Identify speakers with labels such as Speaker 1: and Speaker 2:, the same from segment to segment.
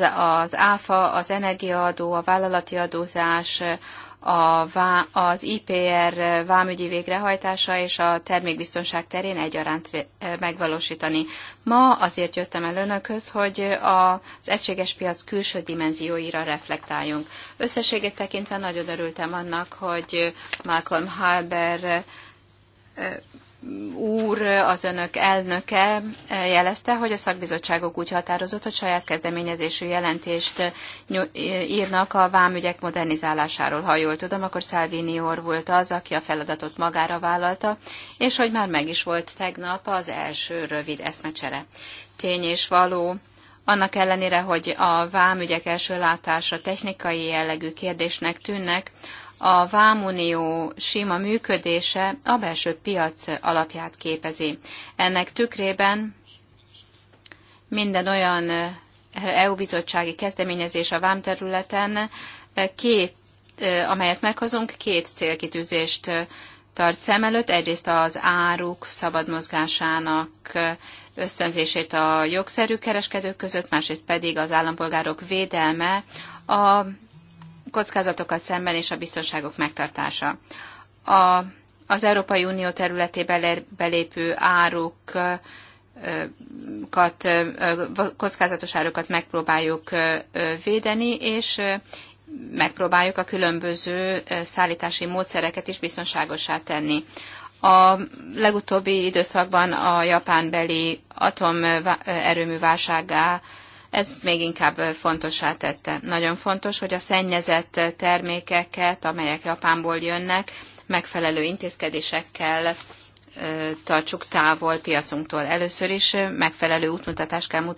Speaker 1: az, az áfa, az energiaadó, a vállalati adózás, a, az IPR vámügyi végrehajtása és a termékbiztonság terén egyaránt eh, megvalósítani. Ma azért jöttem el önökhöz, hogy az egységes piac külső dimenzióira reflektáljunk. Összességét tekintve nagyon örültem annak, hogy Malcolm Harber eh, úr, az önök elnöke jelezte, hogy a szakbizottságok úgy határozott, hogy saját kezdeményezésű jelentést írnak a vámügyek modernizálásáról. Ha jól tudom, akkor Salvini úr volt az, aki a feladatot magára vállalta, és hogy már meg is volt tegnap az első rövid eszmecsere. Tény és való, annak ellenére, hogy a vámügyek első látása technikai jellegű kérdésnek tűnnek, a vámunió sima működése a belső piac alapját képezi. Ennek tükrében minden olyan eh, EU-bizottsági kezdeményezés a vámterületen eh, két eh, amelyet meghozunk, két célkitűzést tart szem előtt. Egyrészt az áruk szabad mozgásának ösztönzését a jogszerű kereskedők között, másrészt pedig az állampolgárok védelme a kockázatokkal szemben és a biztonságok megtartása. A, az Európai Unió területébe belépő áruk kat, kockázatos árukat megpróbáljuk védeni, és megpróbáljuk a különböző szállítási módszereket is biztonságosá tenni. A legutóbbi időszakban a japánbeli atomerőmű válságá ez még inkább fontossá tette. Nagyon fontos, hogy a szennyezett termékeket, amelyek Japánból jönnek, megfelelő intézkedésekkel tartsuk távol piacunktól. Először is megfelelő útmutatást kell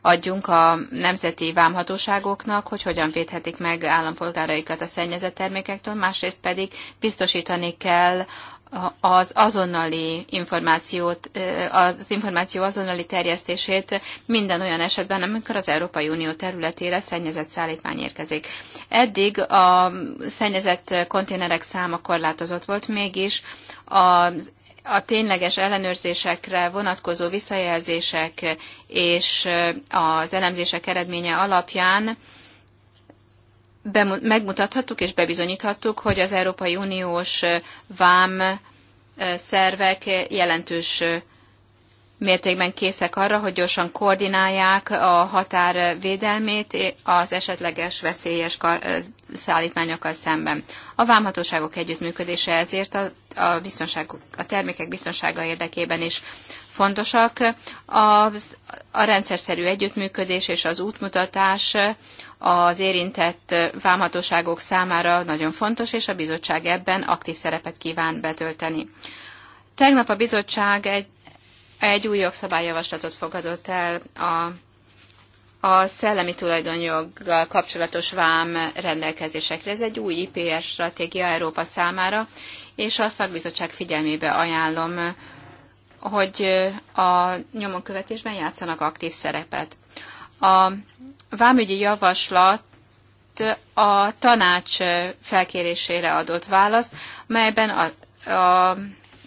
Speaker 1: adjunk a nemzeti vámhatóságoknak, hogy hogyan védhetik meg állampolgáraikat a szennyezett termékektől, másrészt pedig biztosítani kell az azonnali információt, az információ azonnali terjesztését minden olyan esetben, amikor az Európai Unió területére szennyezett szállítmány érkezik. Eddig a szennyezett konténerek száma korlátozott volt, mégis a, a tényleges ellenőrzésekre vonatkozó visszajelzések és az elemzések eredménye alapján megmutathattuk és bebizonyíthattuk, hogy az Európai Uniós vám szervek jelentős mértékben készek arra, hogy gyorsan koordinálják a határ védelmét az esetleges veszélyes szállítmányokkal szemben. A vámhatóságok együttműködése ezért a, a, biztonság, a termékek biztonsága érdekében is fontosak. A, a rendszerszerű együttműködés és az útmutatás az érintett vámhatóságok számára nagyon fontos, és a bizottság ebben aktív szerepet kíván betölteni. Tegnap a bizottság egy, egy új jogszabályjavaslatot fogadott el a a szellemi tulajdonjoggal kapcsolatos vám rendelkezésekre. Ez egy új IPR stratégia Európa számára, és a szakbizottság figyelmébe ajánlom, hogy a nyomon követésben játszanak aktív szerepet. A vámügyi javaslat a tanács felkérésére adott válasz, melyben a, a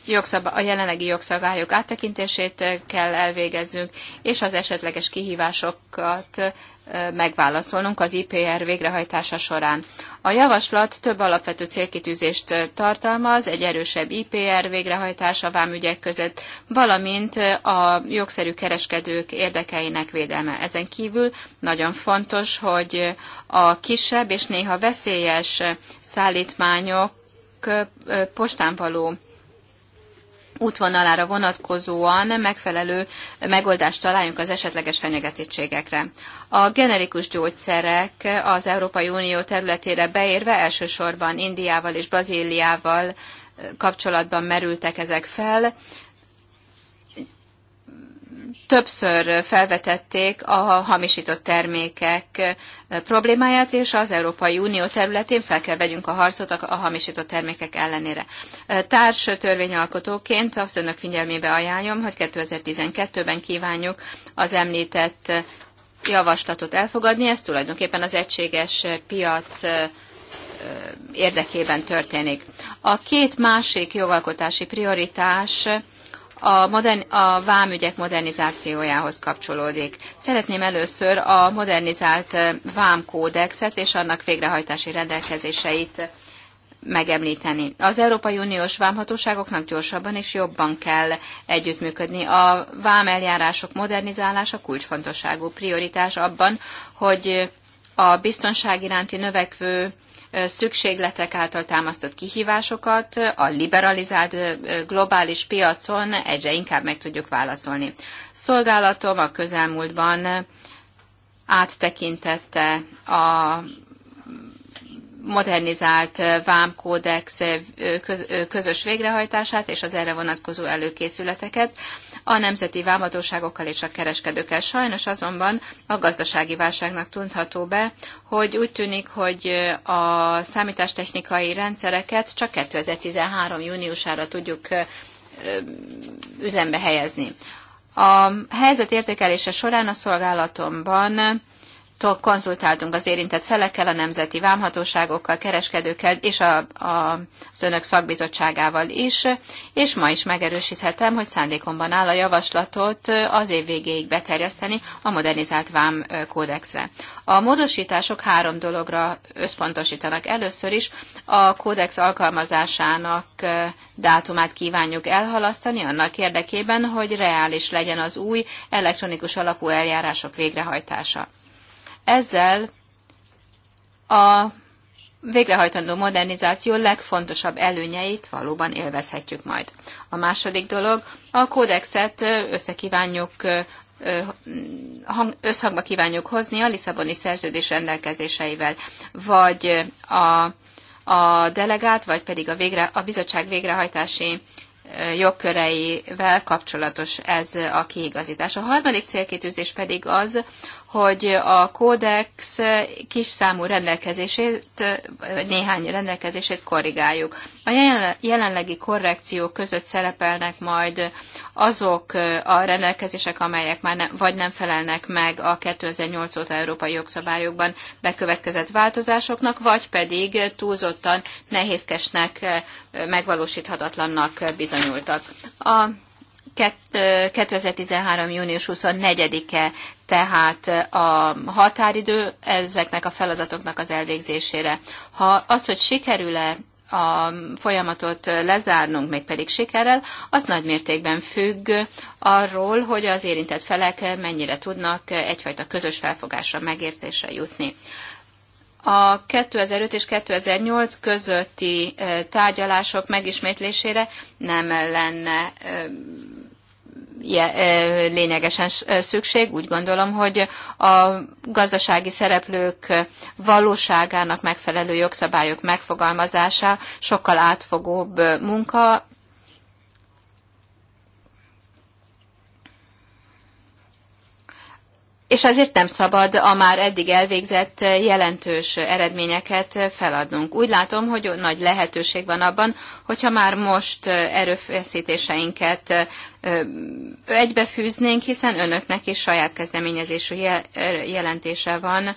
Speaker 1: jogszab- a jelenlegi jogszabályok áttekintését kell elvégezzünk, és az esetleges kihívásokat megválaszolnunk az IPR végrehajtása során. A javaslat több alapvető célkitűzést tartalmaz, egy erősebb IPR végrehajtása vámügyek között, valamint a jogszerű kereskedők érdekeinek védelme. Ezen kívül nagyon fontos, hogy a kisebb és néha veszélyes szállítmányok postán való útvonalára vonatkozóan megfelelő megoldást találjunk az esetleges fenyegetettségekre. A generikus gyógyszerek az Európai Unió területére beérve elsősorban Indiával és Brazíliával kapcsolatban merültek ezek fel, többször felvetették a hamisított termékek eh, problémáját, és az Európai Unió területén fel kell vegyünk a harcot a hamisított termékek ellenére. Eh, társ törvényalkotóként azt önök figyelmébe ajánlom, hogy 2012-ben kívánjuk az említett eh, javaslatot elfogadni, ez tulajdonképpen az egységes piac érdekében történik. A két másik jogalkotási prioritás a, modern, a vámügyek modernizációjához kapcsolódik. Szeretném először a modernizált eh, vámkódexet és annak végrehajtási rendelkezéseit megemlíteni. Az Európai Uniós vámhatóságoknak gyorsabban és jobban kell együttműködni. A vámeljárások modernizálása kulcsfontosságú prioritás abban, hogy a biztonság iránti növekvő szükségletek által támasztott kihívásokat a liberalizált globális piacon egyre inkább meg tudjuk válaszolni. Szolgálatom a közelmúltban áttekintette a modernizált vámkódex közös végrehajtását és az erre vonatkozó előkészületeket a nemzeti vámhatóságokkal és a kereskedőkkel. Sajnos azonban a gazdasági válságnak tudható be, hogy úgy tűnik, hogy a számítástechnikai rendszereket csak 2013. júniusára tudjuk üzembe helyezni. A helyzet értékelése során a szolgálatomban konzultáltunk az érintett felekkel, a nemzeti vámhatóságokkal, kereskedőkkel és a, a, az önök szakbizottságával is, és ma is megerősíthetem, hogy szándékomban áll a javaslatot az év végéig beterjeszteni a modernizált vám kódexre. A módosítások három dologra összpontosítanak. Először is a kódex alkalmazásának dátumát kívánjuk elhalasztani annak érdekében, hogy reális legyen az új elektronikus alapú eljárások végrehajtása. Ezzel a végrehajtandó modernizáció legfontosabb előnyeit valóban élvezhetjük majd. A második dolog, a kódexet összekívánjuk összhangba kívánjuk hozni a Lisszaboni szerződés rendelkezéseivel, vagy a, a delegát, vagy pedig a, végre, a bizottság végrehajtási jogköreivel kapcsolatos ez a kiigazítás. A harmadik célkitűzés pedig az, hogy a kódex kis számú rendelkezését, néhány rendelkezését korrigáljuk. A jelenlegi korrekciók között szerepelnek majd azok a rendelkezések, amelyek már ne, vagy nem felelnek meg a 2008 óta európai jogszabályokban bekövetkezett változásoknak, vagy pedig túlzottan nehézkesnek, megvalósíthatatlannak bizonyultak. A 2013. június 24-e tehát a határidő ezeknek a feladatoknak az elvégzésére. Ha az, hogy sikerül-e a folyamatot lezárnunk, még pedig sikerrel, az nagy mértékben függ arról, hogy az érintett felek mennyire tudnak egyfajta közös felfogásra, megértésre jutni. A 2005 és 2008 közötti tárgyalások megismétlésére nem lenne lényegesen szükség. Úgy gondolom, hogy a gazdasági szereplők valóságának megfelelő jogszabályok megfogalmazása sokkal átfogóbb munka, és ezért nem szabad a már eddig elvégzett jelentős eredményeket feladnunk. Úgy látom, hogy nagy lehetőség van abban, hogyha már most erőfeszítéseinket egybefűznénk, hiszen önöknek is saját kezdeményezésű jelentése van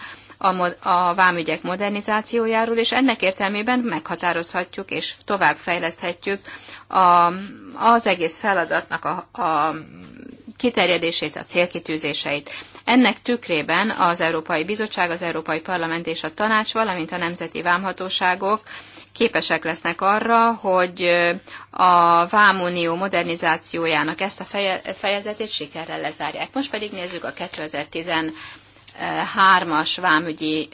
Speaker 1: a, vámügyek modernizációjáról, és ennek értelmében meghatározhatjuk és továbbfejleszthetjük a, az egész feladatnak a, a kiterjedését, a célkitűzéseit. Ennek tükrében az Európai Bizottság, az Európai Parlament és a Tanács, valamint a nemzeti vámhatóságok képesek lesznek arra, hogy a Vámunió modernizációjának ezt a fejezetét sikerrel lezárják. Most pedig nézzük a 2013-as vámügyi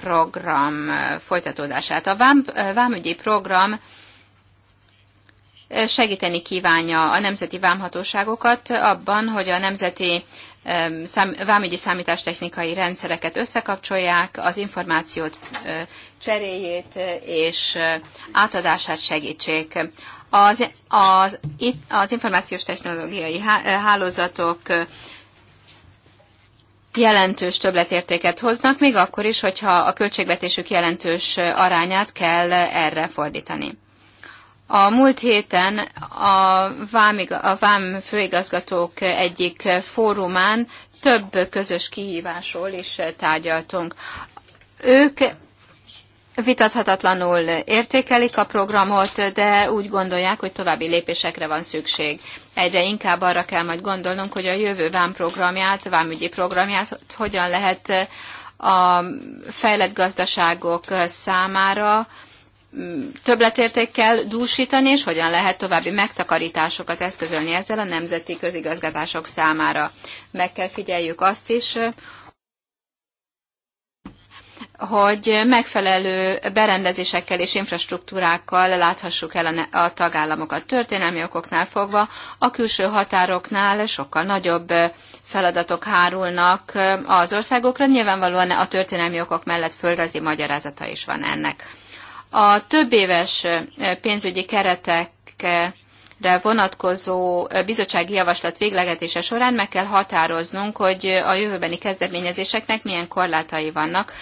Speaker 1: program folytatódását. A vám, vámügyi program segíteni kívánja a nemzeti vámhatóságokat abban, hogy a nemzeti szám, vámügyi számítástechnikai rendszereket összekapcsolják, az információt cseréjét és átadását segítsék. Az, az, az információs technológiai hálózatok jelentős többletértéket hoznak, még akkor is, hogyha a költségvetésük jelentős arányát kell erre fordítani. A múlt héten a VÁM, a VÁM főigazgatók egyik fórumán több közös kihívásról is tárgyaltunk. Ők vitathatatlanul értékelik a programot, de úgy gondolják, hogy további lépésekre van szükség. Egyre inkább arra kell majd gondolnunk, hogy a jövő VÁM programját, vámügyi programját hogyan lehet a fejlett gazdaságok számára többletértékkel dúsítani, és hogyan lehet további megtakarításokat eszközölni ezzel a nemzeti közigazgatások számára. Meg kell figyeljük azt is, hogy megfelelő berendezésekkel és infrastruktúrákkal láthassuk el a, tagállamokat. Történelmi okoknál fogva a külső határoknál sokkal nagyobb feladatok hárulnak az országokra. Nyilvánvalóan a történelmi okok mellett földrajzi magyarázata is van ennek. A több éves pénzügyi keretekre vonatkozó bizottsági javaslat véglegetése során meg kell határoznunk, hogy a jövőbeni kezdeményezéseknek milyen korlátai vannak,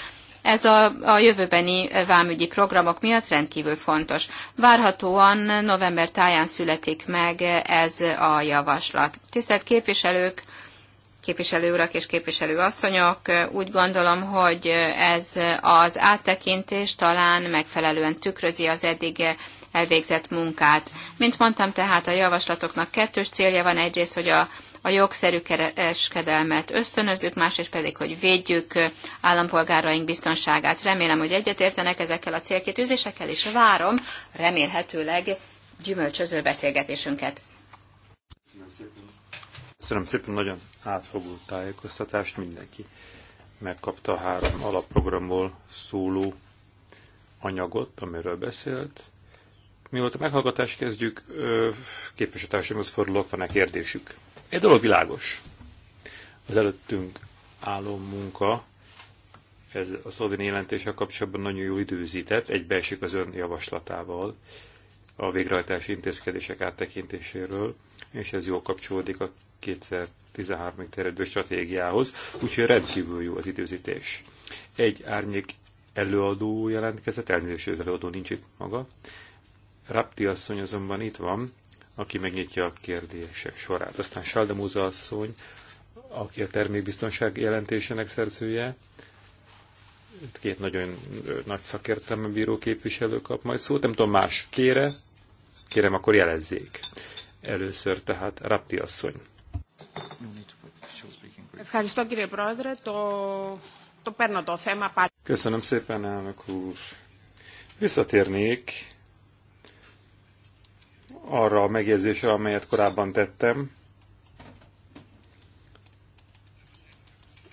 Speaker 1: ez a, a jövőbeni vámügyi programok miatt rendkívül fontos. Várhatóan november táján születik meg ez a javaslat. Tisztelt képviselők, képviselő urak és képviselő asszonyok. Úgy gondolom, hogy ez az áttekintés talán megfelelően tükrözi az eddig elvégzett munkát. Mint mondtam, tehát a javaslatoknak kettős célja van. Egyrészt, hogy a a jogszerű kereskedelmet ösztönözzük, másrészt pedig, hogy védjük állampolgáraink biztonságát. Remélem, hogy egyetértenek ezekkel a célkitűzésekkel, és várom remélhetőleg gyümölcsöző beszélgetésünket.
Speaker 2: Köszönöm szépen. Köszönöm szépen, nagyon átfogó tájékoztatást mindenki. Megkapta a három alapprogramból szóló anyagot, amiről beszélt. Mióta meghallgatást kezdjük, képviselőtársaimhoz fordulok, van-e kérdésük? Egy dolog világos. Az előttünk álló munka, ez a szolvén jelentéssel kapcsolatban nagyon jó időzített, egybeesik az ön javaslatával a végrehajtási intézkedések áttekintéséről, és ez jól kapcsolódik a 2013-ig terjedő stratégiához, úgyhogy rendkívül jó az időzítés. Egy árnyék előadó jelentkezett, elnézést, az előadó nincs itt maga. Rapti asszony azonban itt van, aki megnyitja a kérdések sorát. Aztán Saldemúza asszony, aki a termékbiztonság jelentésének szerzője, két nagyon nagy szakértelme bíró képviselő kap majd szót, nem tudom, más kére, kérem, akkor jelezzék. Először tehát Rapti asszony. Köszönöm szépen, elnök úr. Visszatérnék arra a megjegyzésre, amelyet korábban tettem.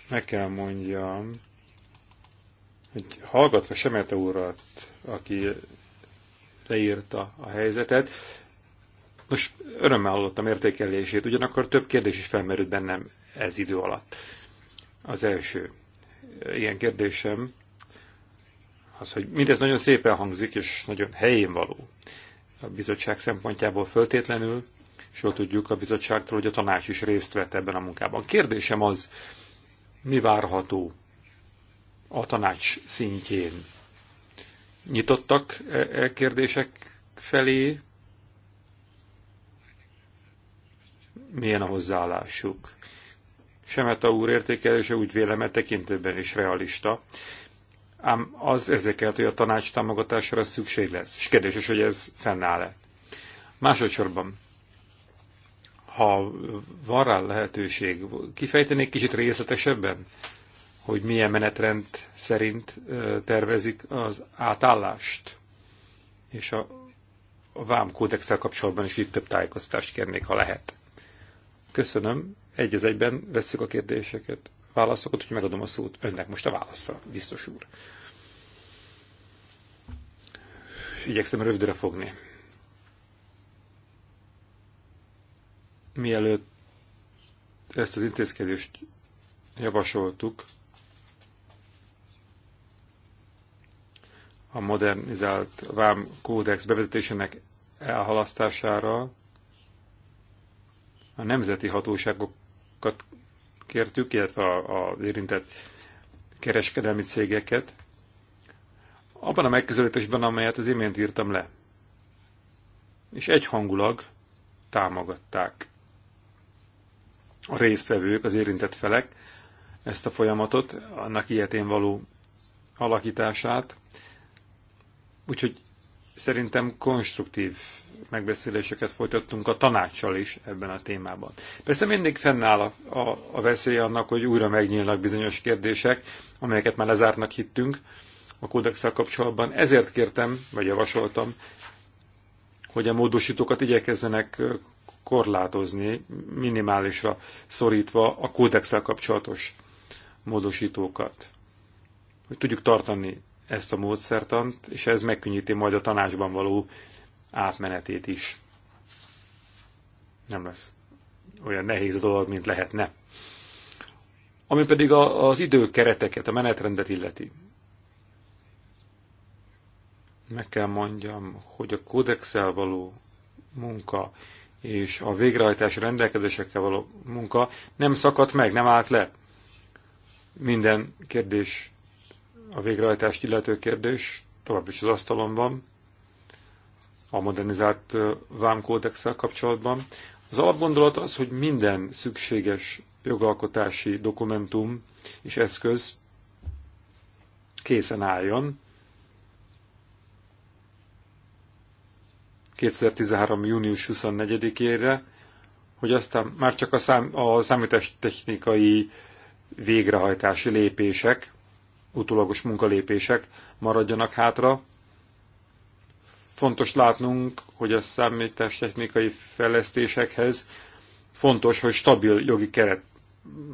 Speaker 2: Meg kell mondjam, hogy hallgatva Semete urat, aki leírta a helyzetet, most örömmel hallottam értékelését, ugyanakkor több kérdés is felmerült bennem ez idő alatt. Az első e, ilyen kérdésem az, hogy mindez nagyon szépen hangzik, és nagyon helyén való a bizottság szempontjából föltétlenül, és ott tudjuk a bizottságtól, hogy a tanács is részt vett ebben a munkában. Kérdésem az, mi várható a tanács szintjén? Nyitottak e, e kérdések felé? Milyen a hozzáállásuk? Semeta úr értékelése úgy véleme tekintőben is realista, ám az érzékelt, hogy a tanács támogatására szükség lesz, és kérdéses, hogy ez fennáll-e. Másodszorban, ha van rá lehetőség, kifejtenék kicsit részletesebben, hogy milyen menetrend szerint tervezik az átállást, és a, a vám kódexel kapcsolatban is itt több tájékoztást kérnék, ha lehet. Köszönöm egy az egyben vesszük a kérdéseket, válaszokat, úgyhogy megadom a szót önnek most a válaszra, biztos úr. Igyekszem rövidre fogni. Mielőtt ezt az intézkedést javasoltuk, a modernizált vám kódex bevezetésének elhalasztására a nemzeti hatóságok bankokat kértük, illetve az érintett kereskedelmi cégeket, abban a megközelítésben, amelyet az imént írtam le. És egyhangulag támogatták a résztvevők, az érintett felek ezt a folyamatot, annak ilyetén való alakítását. Úgyhogy szerintem konstruktív megbeszéléseket folytattunk a tanácssal is ebben a témában. Persze mindig fennáll a, a, a veszély annak, hogy újra megnyílnak bizonyos kérdések, amelyeket már lezártnak hittünk a kódexsel kapcsolatban. Ezért kértem, vagy javasoltam, hogy a módosítókat igyekezzenek korlátozni, minimálisra szorítva a kódexsel kapcsolatos módosítókat. Hogy tudjuk tartani ezt a módszertant, és ez megkönnyíti majd a tanácsban való átmenetét is. Nem lesz olyan nehéz a dolog, mint lehetne. Ami pedig a, az időkereteket, a menetrendet illeti. Meg kell mondjam, hogy a kódexel való munka és a végrehajtás rendelkezésekkel való munka nem szakadt meg, nem állt le. Minden kérdés a végrehajtást illető kérdés tovább is az asztalon van, a modernizált vámkódexsel kapcsolatban. Az alapgondolat az, hogy minden szükséges jogalkotási dokumentum és eszköz készen álljon. 2013. június 24-ére, hogy aztán már csak a, szám, a számítástechnikai végrehajtási lépések utólagos munkalépések maradjanak hátra. Fontos látnunk, hogy a technikai fejlesztésekhez fontos, hogy stabil jogi keret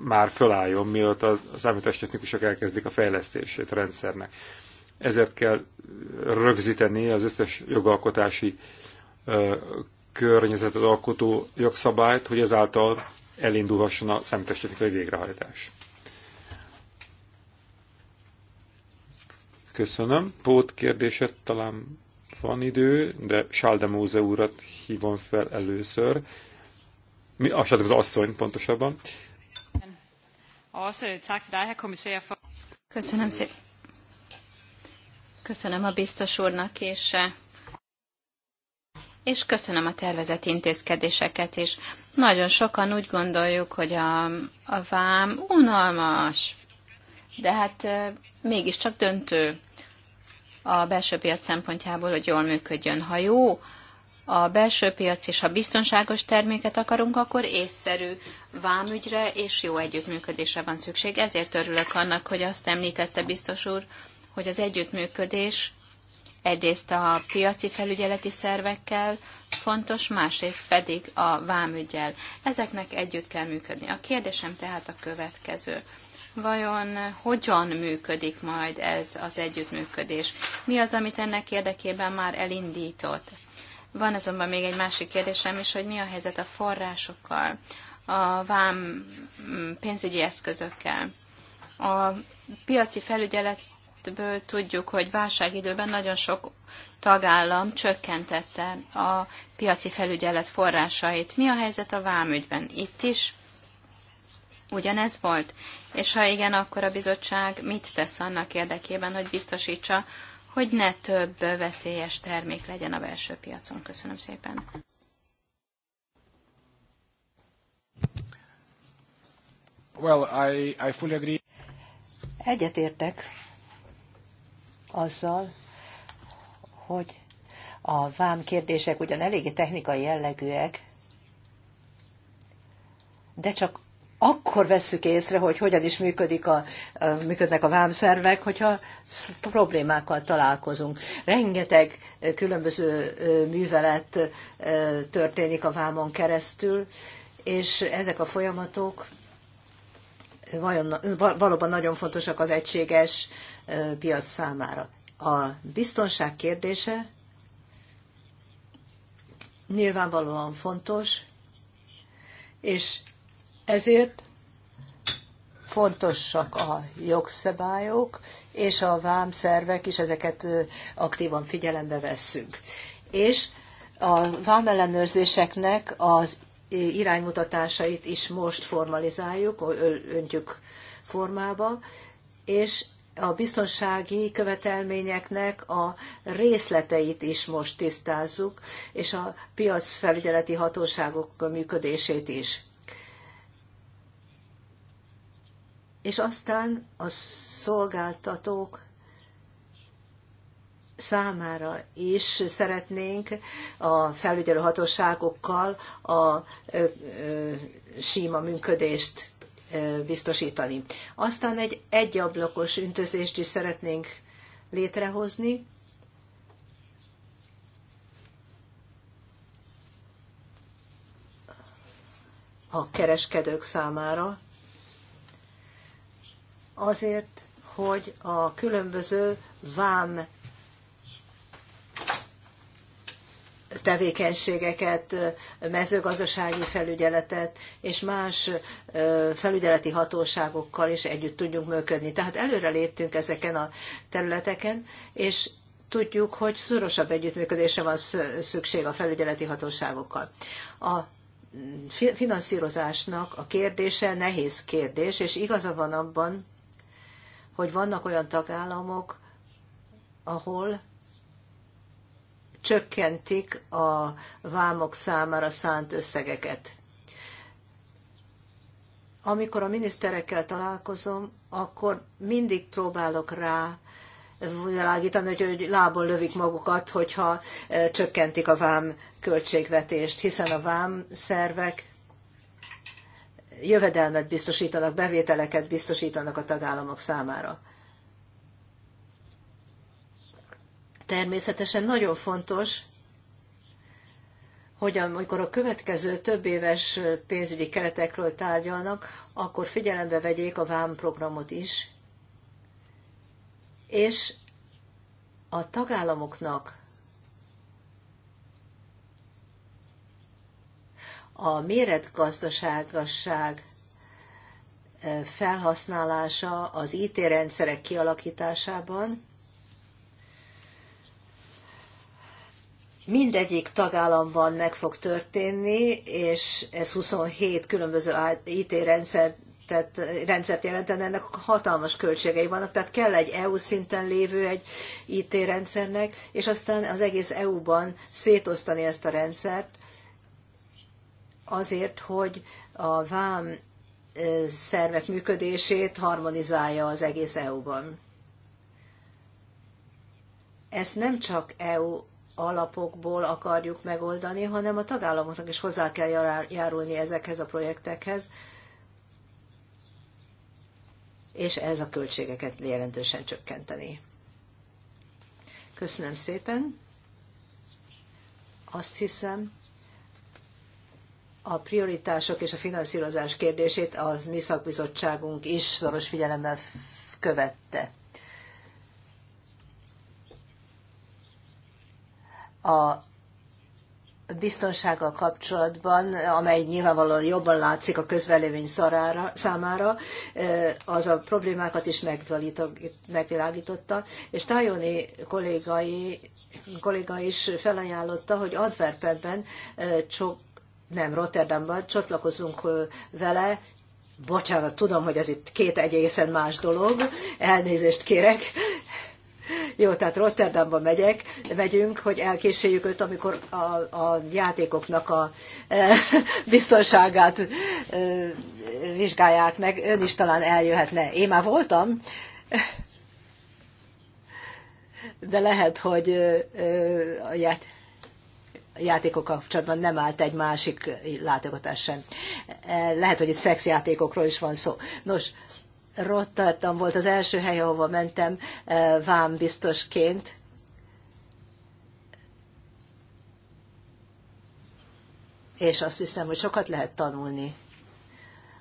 Speaker 2: már fölálljon, mielőtt a technikusok elkezdik a fejlesztését a rendszernek. Ezért kell rögzíteni az összes jogalkotási ö, környezetet alkotó jogszabályt, hogy ezáltal elindulhasson a számítástechnikai végrehajtás. Köszönöm. Pót kérdése talán van idő, de Sáldemóze úrat hívom fel először. Mi, a az asszony pontosabban.
Speaker 1: Köszönöm szépen. Köszönöm a biztos úrnak, és, eh, és köszönöm a tervezett intézkedéseket is. Nagyon sokan úgy gondoljuk, hogy a, a vám unalmas, de hát eh, mégiscsak döntő a belső piac szempontjából, hogy jól működjön. Ha jó a belső piac, és ha biztonságos terméket akarunk, akkor észszerű vámügyre és jó együttműködésre van szükség. Ezért örülök annak, hogy azt említette biztos úr, hogy az együttműködés egyrészt a piaci felügyeleti szervekkel fontos, másrészt pedig a vámügyel. Ezeknek együtt kell működni. A kérdésem tehát a következő vajon hogyan működik majd ez az együttműködés? Mi az, amit ennek érdekében már elindított? Van azonban még egy másik kérdésem is, hogy mi a helyzet a forrásokkal, a vám mm, pénzügyi eszközökkel. A piaci felügyeletből tudjuk, hogy válságidőben nagyon sok tagállam csökkentette a piaci felügyelet forrásait. Mi a helyzet a vámügyben? Itt is Ugyanez volt? És ha igen, akkor a bizottság mit tesz annak érdekében, hogy biztosítsa, hogy ne több veszélyes termék legyen a belső piacon? Köszönöm szépen.
Speaker 3: Well, I, I fully agree. Egyetértek azzal, hogy a vám kérdések ugyan eléggé technikai jellegűek, de csak akkor vesszük észre, hogy hogyan is működik a, működnek a vámszervek, hogyha problémákkal találkozunk. Rengeteg különböző művelet történik a vámon keresztül, és ezek a folyamatok vajon, valóban nagyon fontosak az egységes piac számára. A biztonság kérdése nyilvánvalóan fontos, és ezért fontosak a jogszabályok, és a vámszervek is ezeket aktívan figyelembe vesszünk. És a vámellenőrzéseknek az iránymutatásait is most formalizáljuk, öntjük formába, és a biztonsági követelményeknek a részleteit is most tisztázzuk, és a piacfelügyeleti hatóságok működését is. és aztán a szolgáltatók számára is szeretnénk a felügyelő hatóságokkal a síma működést biztosítani. Aztán egy egyablakos üntözést is szeretnénk létrehozni, a kereskedők számára, azért, hogy a különböző vám tevékenységeket, mezőgazdasági felügyeletet és más felügyeleti hatóságokkal is együtt tudjunk működni. Tehát előre léptünk ezeken a területeken, és tudjuk, hogy szorosabb együttműködésre van szükség a felügyeleti hatóságokkal. A finanszírozásnak a kérdése nehéz kérdés, és igaza van abban, hogy vannak olyan tagállamok, ahol csökkentik a vámok számára szánt összegeket. Amikor a miniszterekkel találkozom, akkor mindig próbálok rá világítani, hogy, hogy lából lövik magukat, hogyha eh, csökkentik a vám költségvetést, hiszen a vám szervek jövedelmet biztosítanak, bevételeket biztosítanak a tagállamok számára. Természetesen nagyon fontos, hogy amikor a következő több éves pénzügyi keretekről tárgyalnak, akkor figyelembe vegyék a vámprogramot is, és a tagállamoknak A méretgazdaságosság felhasználása az IT rendszerek kialakításában mindegyik tagállamban meg fog történni, és ez 27 különböző IT rendszert tehát rendszert jelentene, ennek hatalmas költségei vannak, tehát kell egy EU szinten lévő egy IT rendszernek, és aztán az egész EU-ban szétosztani ezt a rendszert, azért, hogy a vám szervek működését harmonizálja az egész EU-ban. Ezt nem csak EU alapokból akarjuk megoldani, hanem a tagállamoknak is hozzá kell járulni ezekhez a projektekhez, és ez a költségeket jelentősen csökkenteni. Köszönöm szépen. Azt hiszem, a prioritások és a finanszírozás kérdését a mi szakbizottságunk is szoros figyelemmel követte. A biztonsággal kapcsolatban, amely nyilvánvalóan jobban látszik a közvelémény számára, az a problémákat is megvilágította, és Tajoni kollégai kolléga is felajánlotta, hogy Antwerpenben nem Rotterdamban, csatlakozunk vele, bocsánat, tudom, hogy ez itt két egészen más dolog, elnézést kérek, jó, tehát Rotterdamba megyek, megyünk, hogy elkísérjük őt, amikor a, a játékoknak a e, biztonságát e, vizsgálják meg. Ön is talán eljöhetne. Én már voltam, de lehet, hogy e, e, játékok kapcsolatban nem állt egy másik látogatás sem. E, lehet, hogy itt szexjátékokról is van szó. Nos, Rotterdam volt az első hely, ahova mentem e, vám biztosként, és azt hiszem, hogy sokat lehet tanulni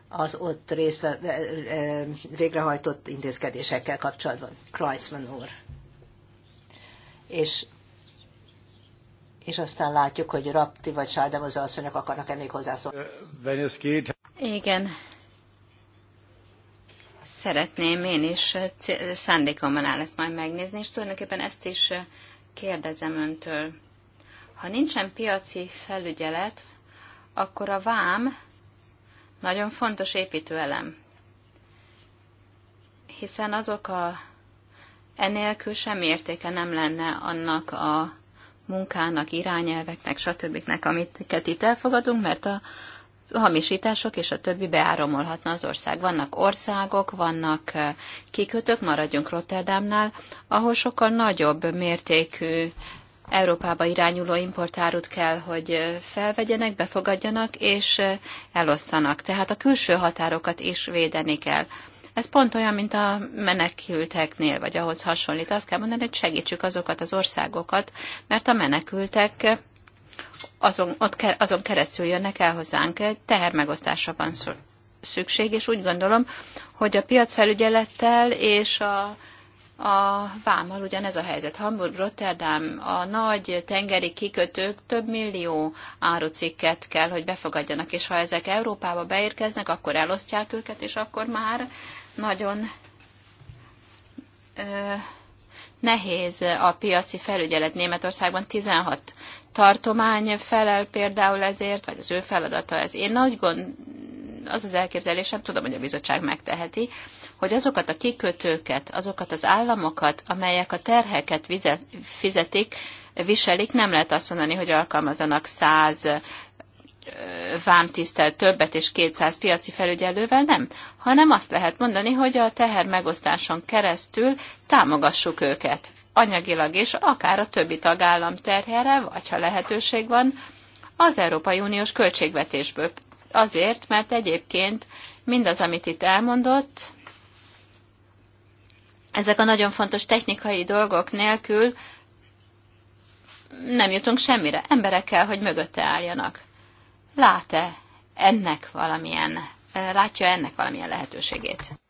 Speaker 3: az ott részve, e, végrehajtott intézkedésekkel kapcsolatban. Kreuzmann úr. És és aztán látjuk, hogy Rapti vagy az asszonyok akarnak-e még
Speaker 1: hozzászólni. Igen. Szeretném én is, eh, szándékomban áll ezt majd megnézni, és tulajdonképpen ezt is eh, kérdezem öntől. Ha nincsen piaci felügyelet, akkor a vám nagyon fontos építőelem. Hiszen azok a enélkül sem értéke nem lenne annak a munkának, irányelveknek, stb. amiket itt elfogadunk, mert a hamisítások és a többi beáramolhatna az ország. Vannak országok, vannak kikötők, maradjunk Rotterdamnál, ahol sokkal nagyobb mértékű Európába irányuló importárut kell, hogy felvegyenek, befogadjanak és elosszanak. Tehát a külső határokat is védeni kell. Ez pont olyan, mint a menekülteknél, vagy ahhoz hasonlít. Azt kell mondani, hogy segítsük azokat az országokat, mert a menekültek azon, ott, azon keresztül jönnek el hozzánk, tehermegosztásra van szükség, és úgy gondolom, hogy a piacfelügyelettel és a a vámmal ugyanez a helyzet. Hamburg, Rotterdam, a nagy tengeri kikötők több millió árucikket kell, hogy befogadjanak, és ha ezek Európába beérkeznek, akkor elosztják őket, és akkor már nagyon ö, nehéz a piaci felügyelet. Németországban 16 tartomány felel például ezért, vagy az ő feladata ez. Én nagy gond, az az elképzelésem, tudom, hogy a bizottság megteheti, hogy azokat a kikötőket, azokat az államokat, amelyek a terheket fizetik, viselik, nem lehet azt mondani, hogy alkalmazanak száz vámtisztel többet és 200 piaci felügyelővel nem, hanem azt lehet mondani, hogy a teher megosztáson keresztül támogassuk őket anyagilag és akár a többi tagállam terhére, vagy ha lehetőség van, az Európai Uniós költségvetésből. Azért, mert egyébként mindaz, amit itt elmondott, ezek a nagyon fontos technikai dolgok nélkül nem jutunk semmire. Emberek kell, hogy mögötte álljanak lát-e ennek valamilyen, látja ennek valamilyen lehetőségét?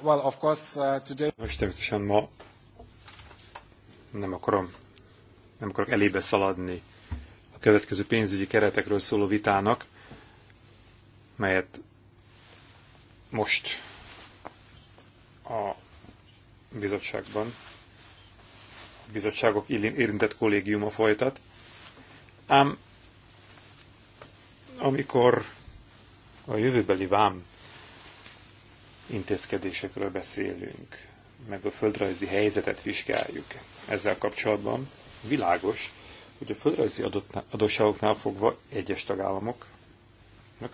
Speaker 2: Well, of course, uh, today... Most természetesen ma nem akarom, nem akarok elébe szaladni a következő pénzügyi keretekről szóló vitának, melyet most a bizottságban bizottságok érintett kollégiuma folytat. Ám amikor a jövőbeli vám intézkedésekről beszélünk, meg a földrajzi helyzetet vizsgáljuk ezzel kapcsolatban, világos, hogy a földrajzi adósságoknál fogva egyes tagállamoknak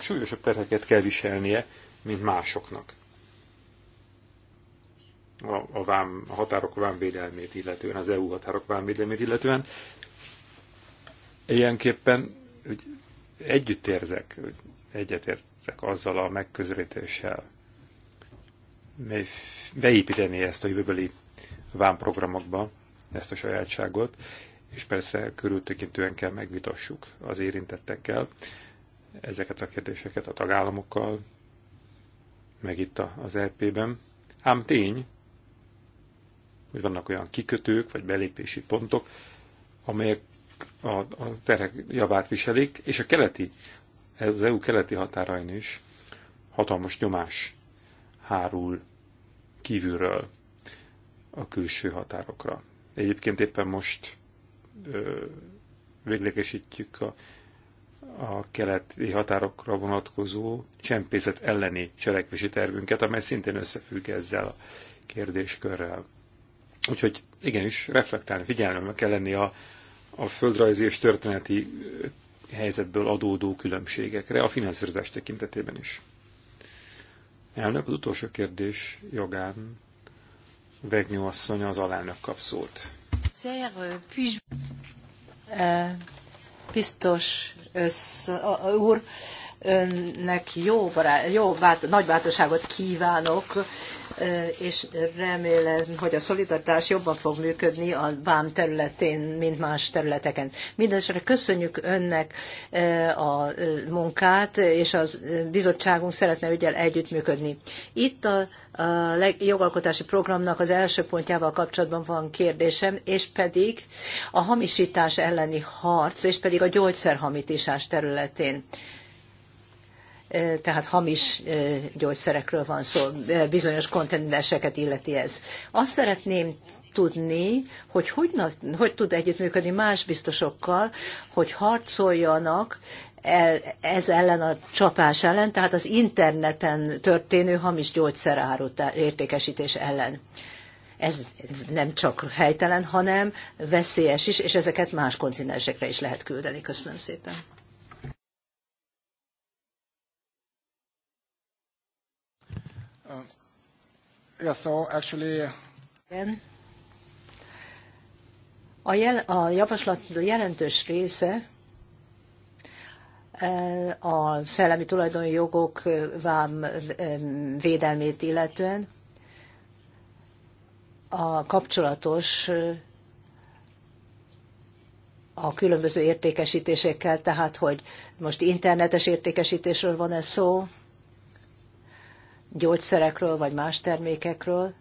Speaker 2: súlyosabb terheket kell viselnie, mint másoknak a, a, vám, a határok vámvédelmét illetően, az EU határok vámvédelmét illetően. Ilyenképpen hogy együtt érzek, hogy egyetértek azzal a megközelítéssel, mely beépíteni ezt a jövőbeli vámprogramokba, ezt a sajátságot, és persze körültekintően kell megvitassuk az érintettekkel ezeket a kérdéseket a tagállamokkal, meg itt az EP-ben. Ám tény, hogy vannak olyan kikötők vagy belépési pontok, amelyek a, a terhek javát viselik, és a keleti, az EU keleti határain is hatalmas nyomás hárul kívülről a külső határokra. Egyébként éppen most ö, véglegesítjük a, a keleti határokra vonatkozó csempészet elleni cselekvési tervünket, amely szintén összefügg ezzel a kérdéskörrel. Úgyhogy igenis, reflektálni, meg kell lenni a, a földrajzi és történeti helyzetből adódó különbségekre, a finanszírozás tekintetében is. Elnök, az utolsó kérdés jogán Vegnyó asszony az alelnök kap szót.
Speaker 1: Eh,
Speaker 3: biztos össz, úr, önnek jó, barát, jó bát, nagy bátorságot kívánok és remélem, hogy a szolidaritás jobban fog működni a vám területén, mint más területeken. Mindenesetre köszönjük önnek a munkát, és az bizottságunk szeretne ügyel együttműködni. Itt a a jogalkotási programnak az első pontjával kapcsolatban van kérdésem, és pedig a hamisítás elleni harc, és pedig a gyógyszerhamisítás területén tehát hamis gyógyszerekről van szó, bizonyos kontinenseket illeti ez. Azt szeretném tudni, hogy hogy, hogy tud együttműködni más biztosokkal, hogy harcoljanak el, ez ellen a csapás ellen, tehát az interneten történő hamis gyógyszeráru értékesítés ellen. Ez nem csak helytelen, hanem veszélyes is, és ezeket más kontinensekre is lehet küldeni. Köszönöm szépen.
Speaker 2: Uh, yeah, so actually...
Speaker 3: A, jel, a javaslat jelentős része eh, a szellemi tulajdoni jogok eh, vám eh, védelmét illetően a kapcsolatos a különböző értékesítésekkel, tehát hogy most internetes értékesítésről van ez szó, gyógyszerekről vagy más termékekről,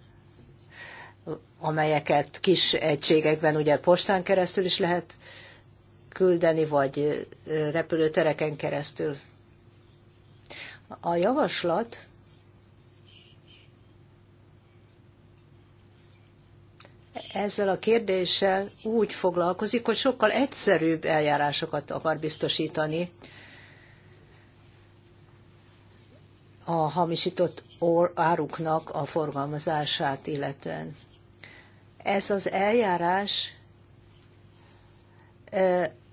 Speaker 3: amelyeket kis egységekben ugye postán keresztül is lehet küldeni, vagy repülőtereken keresztül. A javaslat ezzel a kérdéssel úgy foglalkozik, hogy sokkal egyszerűbb eljárásokat akar biztosítani a hamisított áruknak a forgalmazását illetően. Ez az eljárás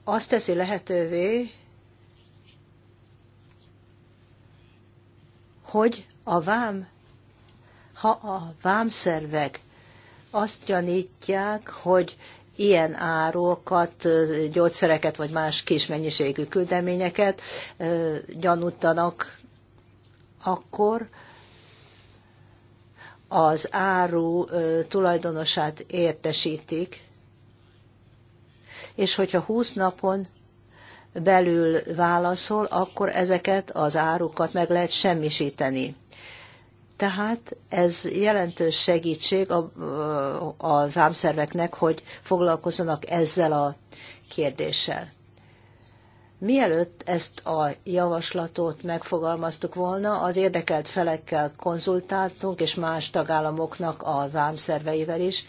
Speaker 3: azt teszi lehetővé, hogy a vám, ha a vámszervek azt gyanítják, hogy ilyen árokat, gyógyszereket vagy más kis mennyiségű küldeményeket gyanúttanak akkor az áru tulajdonosát értesítik, és hogyha 20 napon belül válaszol, akkor ezeket az árukat meg lehet semmisíteni. Tehát ez jelentős segítség a, a vámszerveknek, hogy foglalkozzanak ezzel a kérdéssel. Mielőtt ezt a javaslatot megfogalmaztuk volna, az érdekelt felekkel konzultáltunk, és más tagállamoknak a vámszerveivel is,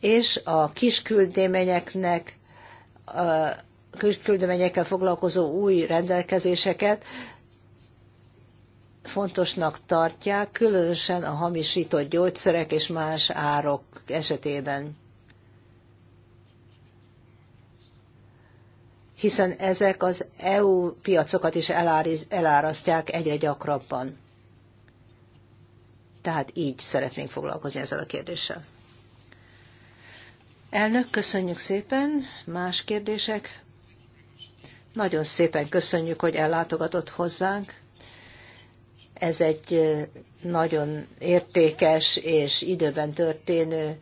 Speaker 3: és a kisküldéményeknek küldeményekkel foglalkozó új rendelkezéseket fontosnak tartják, különösen a hamisított gyógyszerek és más árok esetében. hiszen ezek az EU piacokat is elárasztják egyre gyakrabban. Tehát így szeretnénk foglalkozni ezzel a kérdéssel. Elnök, köszönjük szépen. Más kérdések? Nagyon szépen köszönjük, hogy ellátogatott hozzánk. Ez egy nagyon értékes és időben történő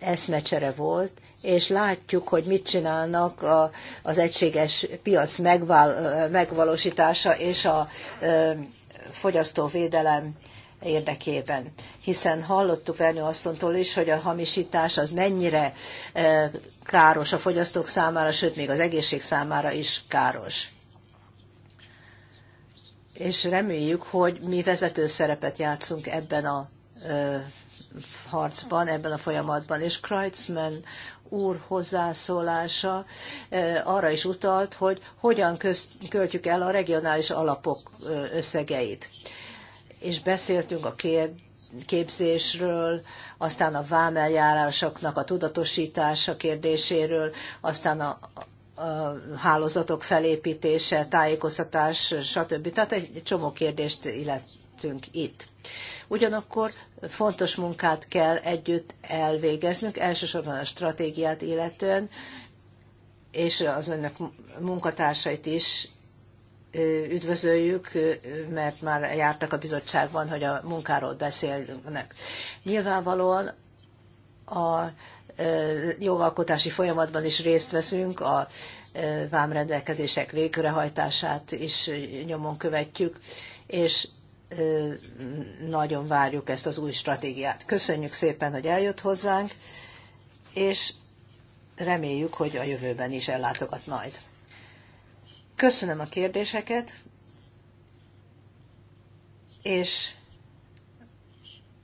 Speaker 3: eszmecsere volt, és látjuk, hogy mit csinálnak a, az egységes piac megvál, megvalósítása és a fogyasztóvédelem érdekében. Hiszen hallottuk Vernő Asztontól is, hogy a hamisítás az mennyire káros a fogyasztók számára, sőt még az egészség számára is káros. És reméljük, hogy mi vezető szerepet játszunk ebben a harcban, ebben a folyamatban. És Kreitzmann úr hozzászólása eh, arra is utalt, hogy hogyan költjük el a regionális alapok eh, összegeit. És beszéltünk a képzésről, aztán a vámeljárásoknak a tudatosítása kérdéséről, aztán a, a hálózatok felépítése, tájékoztatás, stb. Tehát egy csomó kérdést illettünk itt. Ugyanakkor fontos munkát kell együtt elvégeznünk, elsősorban a stratégiát illetően, és az önök munkatársait is üdvözöljük, mert már jártak a bizottságban, hogy a munkáról beszélnek. Nyilvánvalóan a jogalkotási folyamatban is részt veszünk, a vámrendelkezések végrehajtását is nyomon követjük, és nagyon várjuk ezt az új stratégiát. Köszönjük szépen, hogy eljött hozzánk, és reméljük, hogy a jövőben is ellátogat majd. Köszönöm a kérdéseket, és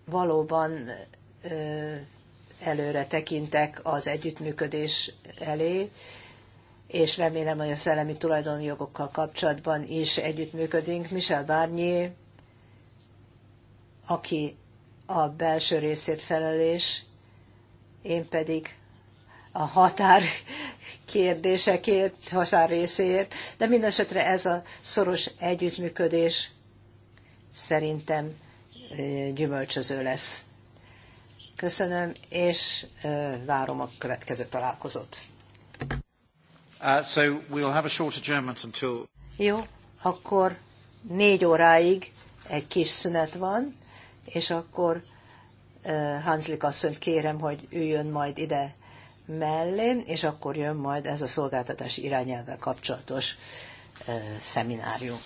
Speaker 3: valóban előre tekintek az együttműködés elé, és remélem, hogy a szellemi tulajdonjogokkal kapcsolatban is együttműködünk. Michel Barnier aki a belső részét felelés, én pedig a határ kérdésekért, határ részéért, de mindesetre ez a szoros együttműködés szerintem gyümölcsöző lesz. Köszönöm, és várom a következő találkozót.
Speaker 2: Uh, so we'll have a short adjournment until...
Speaker 3: Jó, akkor négy óráig egy kis szünet van, és akkor Hanslik asszony kérem, hogy üljön majd ide mellém, és akkor jön majd ez a szolgáltatás irányelvvel kapcsolatos szeminárium.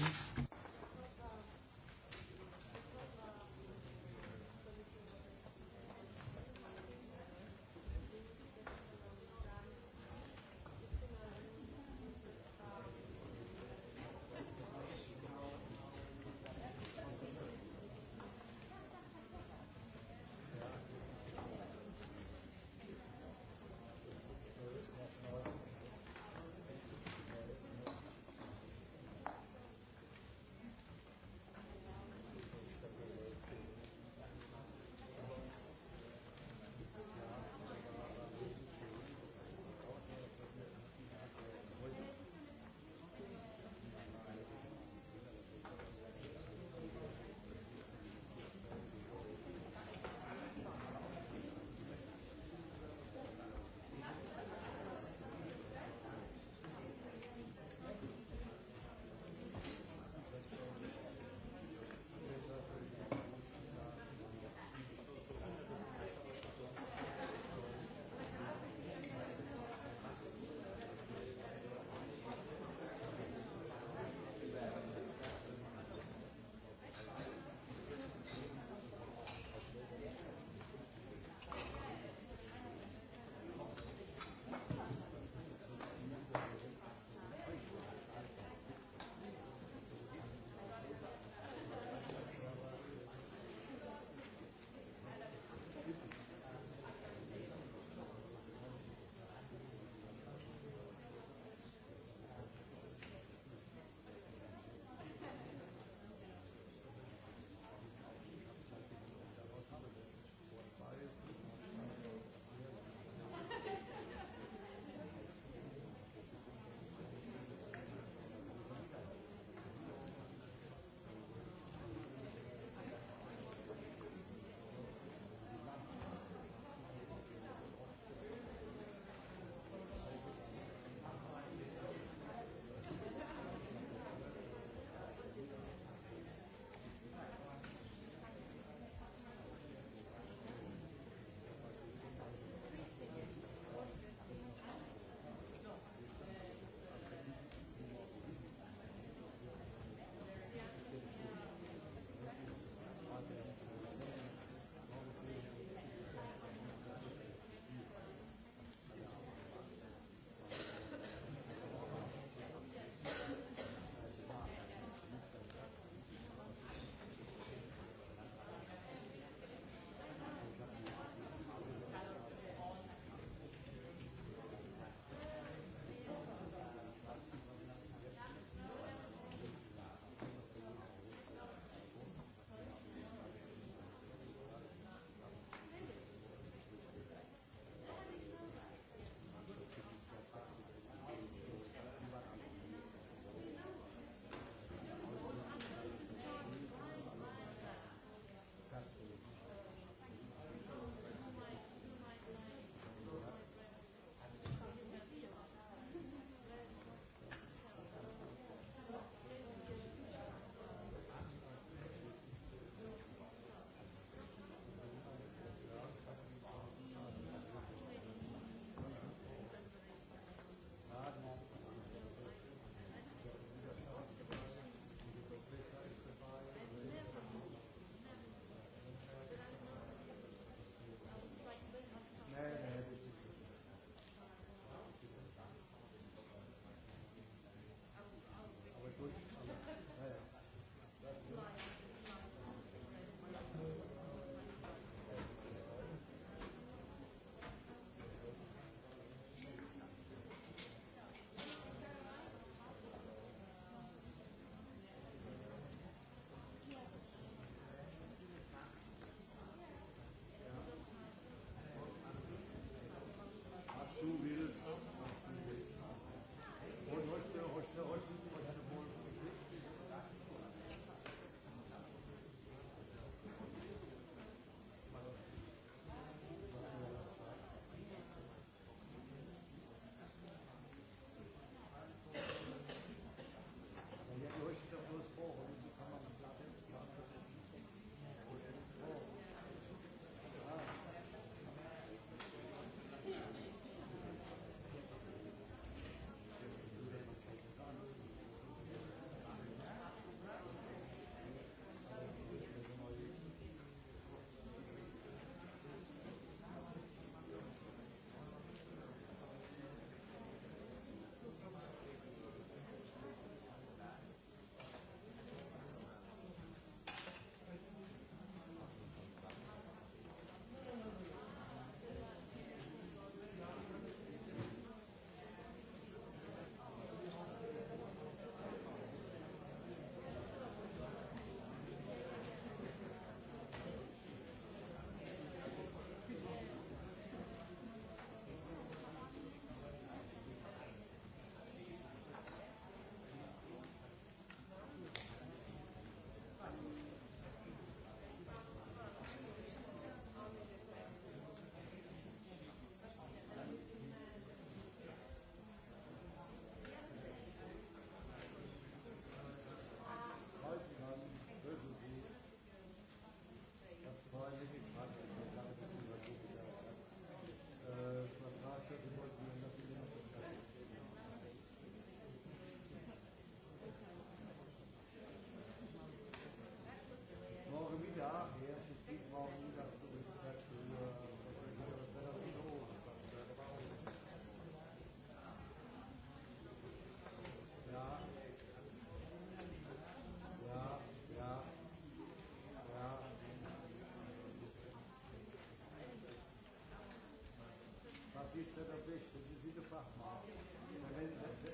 Speaker 2: ist er der Beste. Sie sind der Fachmann. Wenn,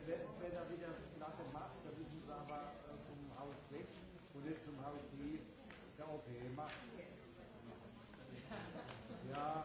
Speaker 2: wenn, wenn er wieder Platte macht, dann müssen Sie aber vom Haus weg und nicht zum Haus hier der OP Ja.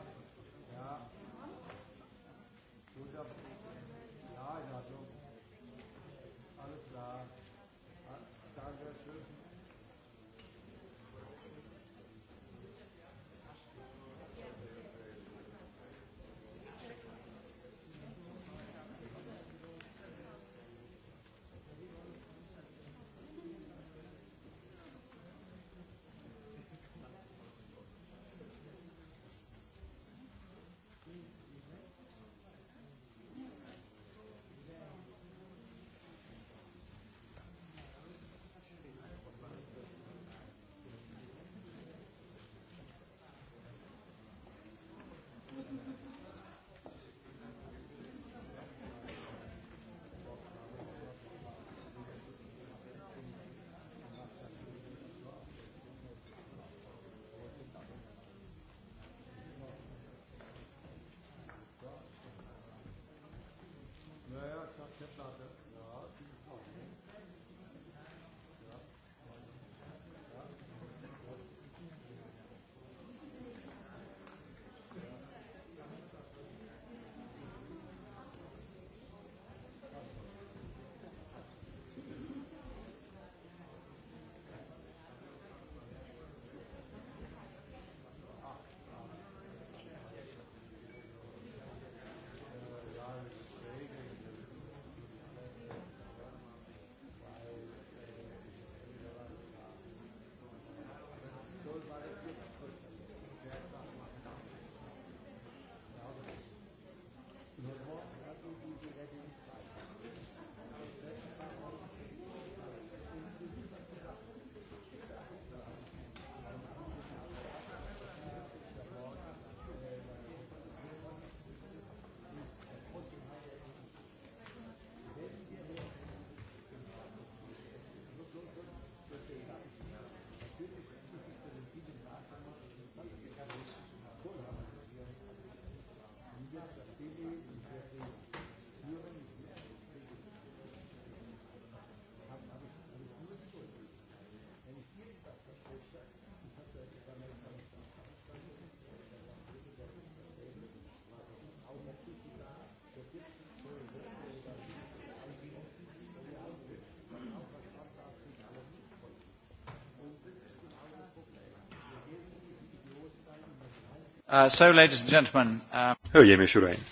Speaker 2: Uh, so, ladies and gentlemen, uh... Hölgyeim és uraim,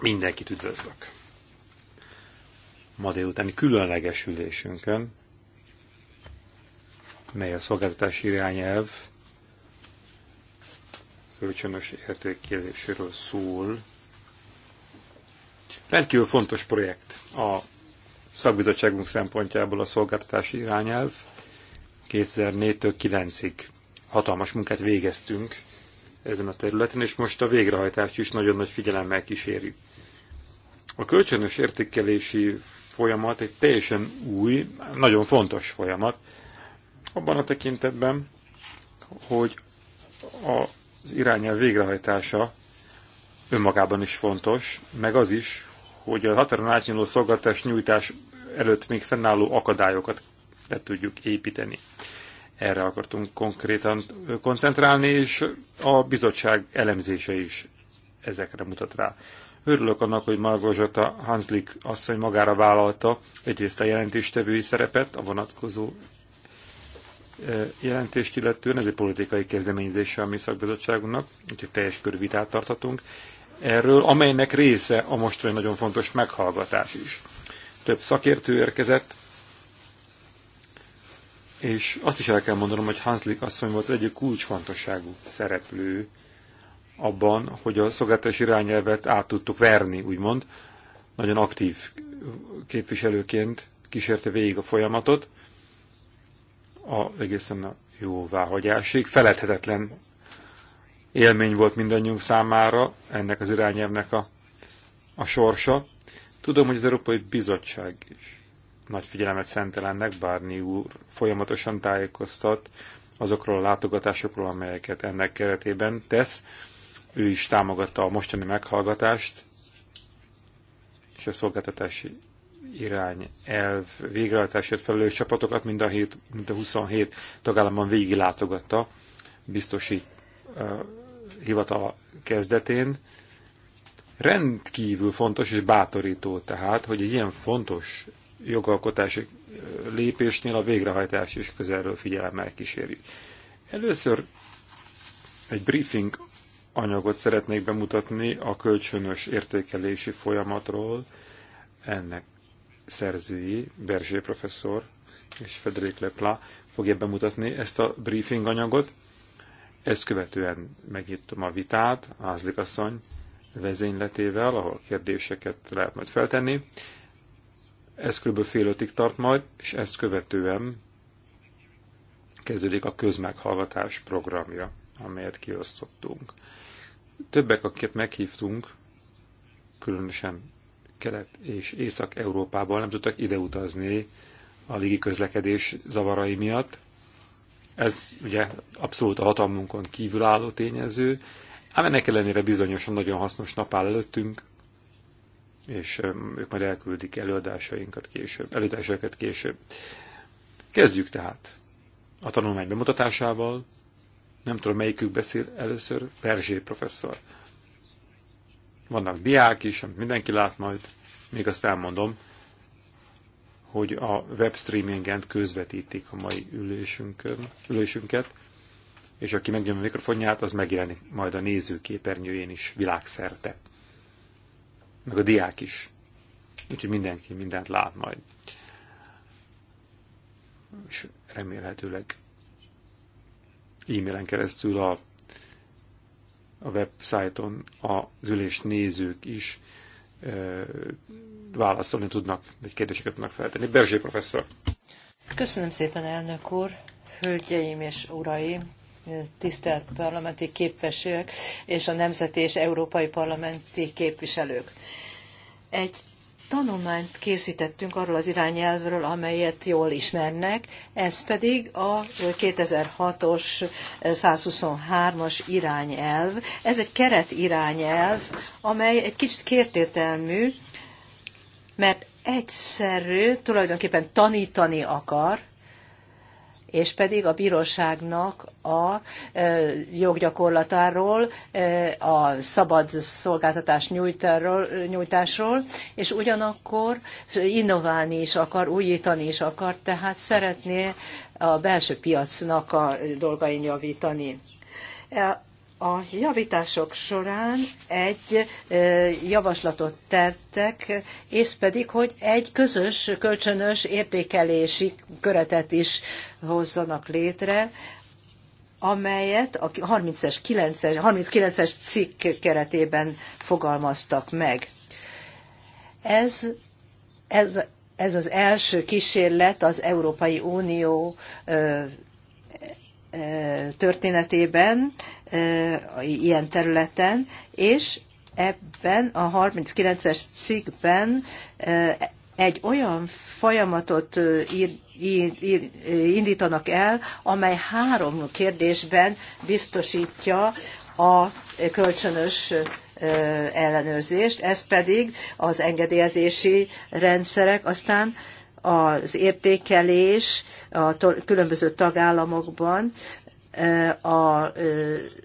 Speaker 2: mindenkit üdvözlök. Ma délutáni különleges ülésünkön, mely a szolgáltatási irányelv kölcsönös értékeléséről szól. Rendkívül fontos projekt a szakbizottságunk szempontjából a szolgáltatási irányelv 2004 9-ig hatalmas munkát végeztünk ezen a területen, és most a végrehajtást is nagyon nagy figyelemmel kíséri. A kölcsönös értékelési folyamat egy teljesen új, nagyon fontos folyamat, abban a tekintetben, hogy az irányelv végrehajtása önmagában is fontos, meg az is, hogy a határon átnyúló szolgáltás nyújtás előtt még fennálló akadályokat le tudjuk építeni. Erre akartunk konkrétan koncentrálni, és a bizottság elemzése is ezekre mutat rá. Örülök annak, hogy Margozsota Hanslik asszony magára vállalta egyrészt a jelentéstevői szerepet, a vonatkozó e, jelentést illetően, ez egy politikai kezdeményezése a mi szakbizottságunknak, úgyhogy teljes körű vitát tarthatunk erről, amelynek része a mostani nagyon fontos meghallgatás is. Több szakértő érkezett, és azt is el kell mondanom, hogy Hanslik asszony volt az egyik kulcsfontosságú szereplő abban, hogy a szolgáltatási irányelvet át tudtuk verni, úgymond. Nagyon aktív képviselőként kísérte végig a folyamatot, a, egészen a jóváhagyásig. Feledhetetlen élmény volt mindannyiunk számára ennek az irányelvnek a, a sorsa. Tudom, hogy az Európai Bizottság is nagy figyelmet szentelennek, bár úr folyamatosan tájékoztat azokról a látogatásokról, amelyeket ennek keretében tesz. Ő is támogatta a mostani meghallgatást, és a szolgáltatási irány elv végrehajtásért felelős csapatokat mind a, 7, mind a 27 tagállamban végiglátogatta biztosi uh, hivatal kezdetén. Rendkívül fontos és bátorító tehát, hogy egy ilyen fontos jogalkotási lépésnél a végrehajtás is közelről figyelemmel kíséri. Először egy briefing anyagot szeretnék bemutatni a kölcsönös értékelési folyamatról. Ennek szerzői, Berzsé professzor és Federic Lepla fogja bemutatni ezt a briefing anyagot. Ezt követően megnyitom a vitát Ázlik asszony vezényletével, ahol kérdéseket lehet majd feltenni, ez kb. fél ötig tart majd, és ezt követően kezdődik a közmeghallgatás programja, amelyet kiosztottunk. Többek, akiket meghívtunk, különösen Kelet- és Észak-Európában nem tudtak ideutazni a légi közlekedés zavarai miatt. Ez ugye abszolút a hatalmunkon kívülálló tényező, ám ennek ellenére bizonyosan nagyon hasznos nap áll előttünk, és ők majd elküldik előadásainkat később, előadásokat később. Kezdjük tehát a tanulmány bemutatásával. Nem tudom, melyikük beszél először, Perzsé professzor. Vannak diák is, amit mindenki lát majd. Még azt elmondom, hogy a webstreamingent közvetítik a mai ülésünkön, ülésünket, és aki megnyomja a mikrofonját, az megjelenik majd a nézőképernyőjén is világszerte meg a diák is. Úgyhogy mindenki mindent lát majd. És remélhetőleg e-mailen keresztül a, a websájton az ülés nézők is ö, válaszolni tudnak, vagy kérdéseket tudnak feltenni. Berzsé professzor!
Speaker 3: Köszönöm szépen, elnök úr! Hölgyeim és uraim! tisztelt parlamenti képviselők és a nemzeti és európai parlamenti képviselők. Egy tanulmányt készítettünk arról az irányelvről, amelyet jól ismernek, ez pedig a 2006-os 123-as irányelv. Ez egy keret irányelv, amely egy kicsit kértértelmű, mert egyszerű, tulajdonképpen tanítani akar, és pedig a bíróságnak a joggyakorlatáról, a szabad szolgáltatás nyújtásról, és ugyanakkor innoválni is akar, újítani is akar, tehát szeretné a belső piacnak a dolgain javítani. A javítások során egy javaslatot tettek, és pedig, hogy egy közös, kölcsönös értékelési köretet is hozzanak létre, amelyet a 39. es es 39 cikk keretében fogalmaztak meg. Ez, ez, ez az első kísérlet az Európai Unió történetében, ilyen területen, és ebben a 39-es cikkben egy olyan folyamatot ír, ír, ír, indítanak el, amely három kérdésben biztosítja a kölcsönös ellenőrzést, ez pedig az engedélyezési rendszerek, aztán az értékelés a különböző tagállamokban eh, a eh,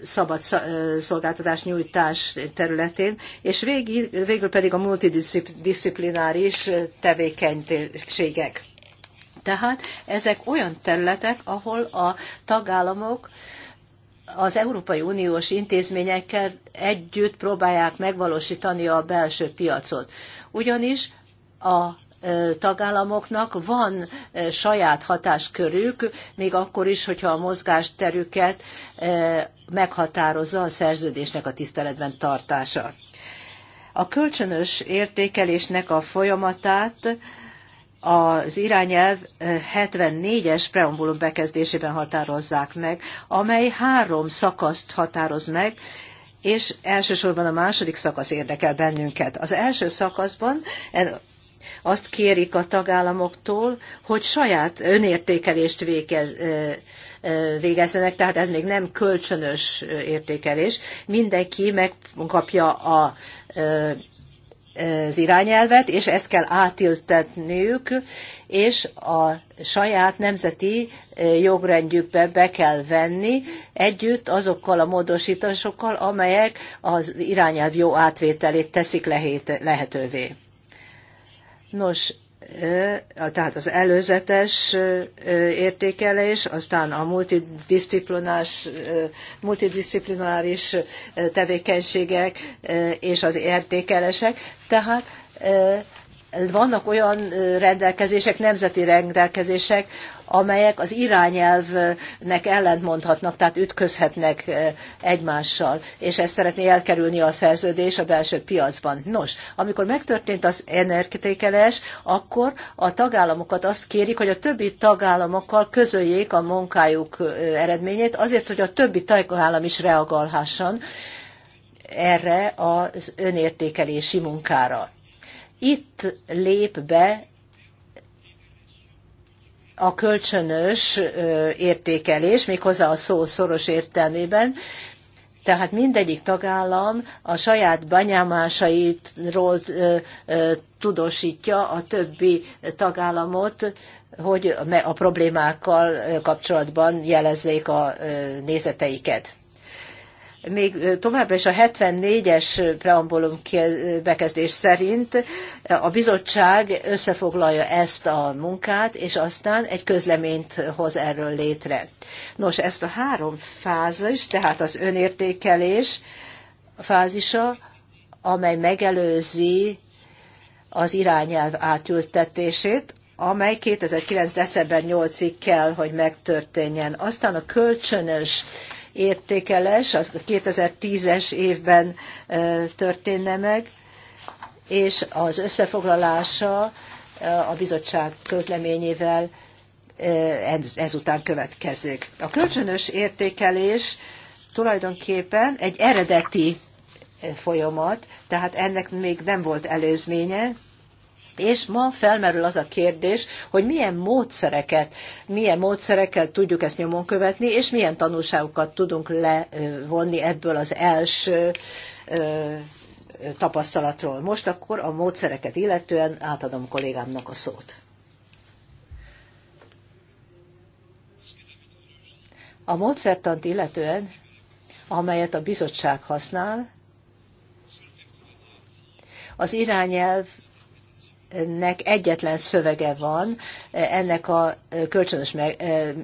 Speaker 3: szabad eh, szolgáltatás nyújtás területén, és végül, végül pedig a multidisziplináris tevékenységek. Tehát ezek olyan területek, ahol a tagállamok az Európai Uniós intézményekkel együtt próbálják megvalósítani a belső piacot. Ugyanis a tagállamoknak van saját hatáskörük, még akkor is, hogyha a mozgásterüket meghatározza a szerződésnek a tiszteletben tartása. A kölcsönös értékelésnek a folyamatát az irányelv 74-es preambulum bekezdésében határozzák meg, amely három szakaszt határoz meg, és elsősorban a második szakasz érdekel bennünket. Az első szakaszban azt kérik a tagállamoktól, hogy saját önértékelést végez, végezzenek, tehát ez még nem kölcsönös értékelés. Mindenki megkapja a az irányelvet, és ezt kell átiltetniük, és a saját nemzeti jogrendjükbe be kell venni, együtt azokkal a módosításokkal, amelyek az irányelv jó átvételét teszik lehetővé. Nos, tehát az előzetes értékelés, aztán a multidisciplinás, multidisciplináris tevékenységek és az értékelések. Tehát vannak olyan rendelkezések, nemzeti rendelkezések, amelyek az irányelvnek ellentmondhatnak, tehát ütközhetnek egymással, és ezt szeretné elkerülni a szerződés a belső piacban. Nos, amikor megtörtént az energetékelés, akkor a tagállamokat azt kérik, hogy a többi tagállamokkal közöljék a munkájuk eredményét, azért, hogy a többi tagállam is reagálhasson erre az önértékelési munkára. Itt lép be a kölcsönös értékelés, méghozzá a szó szoros értelmében, tehát mindegyik tagállam a saját benyomásairól tudósítja a többi tagállamot, hogy a problémákkal kapcsolatban jelezzék a nézeteiket még továbbra is a 74-es preambulum bekezdés szerint a bizottság összefoglalja ezt a munkát, és aztán egy közleményt hoz erről létre. Nos, ezt a három fázis, tehát az önértékelés fázisa, amely megelőzi az irányelv átültetését, amely 2009. december 8-ig kell, hogy megtörténjen. Aztán a kölcsönös értékelés, az 2010-es évben történne meg, és az összefoglalása a bizottság közleményével ezután következik. A kölcsönös értékelés tulajdonképpen egy eredeti folyamat, tehát ennek még nem volt előzménye, és ma felmerül az a kérdés, hogy milyen módszereket, milyen módszerekkel tudjuk ezt nyomon követni, és milyen tanulságokat tudunk levonni ebből az első tapasztalatról. Most akkor a módszereket illetően átadom kollégámnak a szót. A módszertant illetően, amelyet a bizottság használ, az irányelv nek egyetlen szövege van ennek a kölcsönös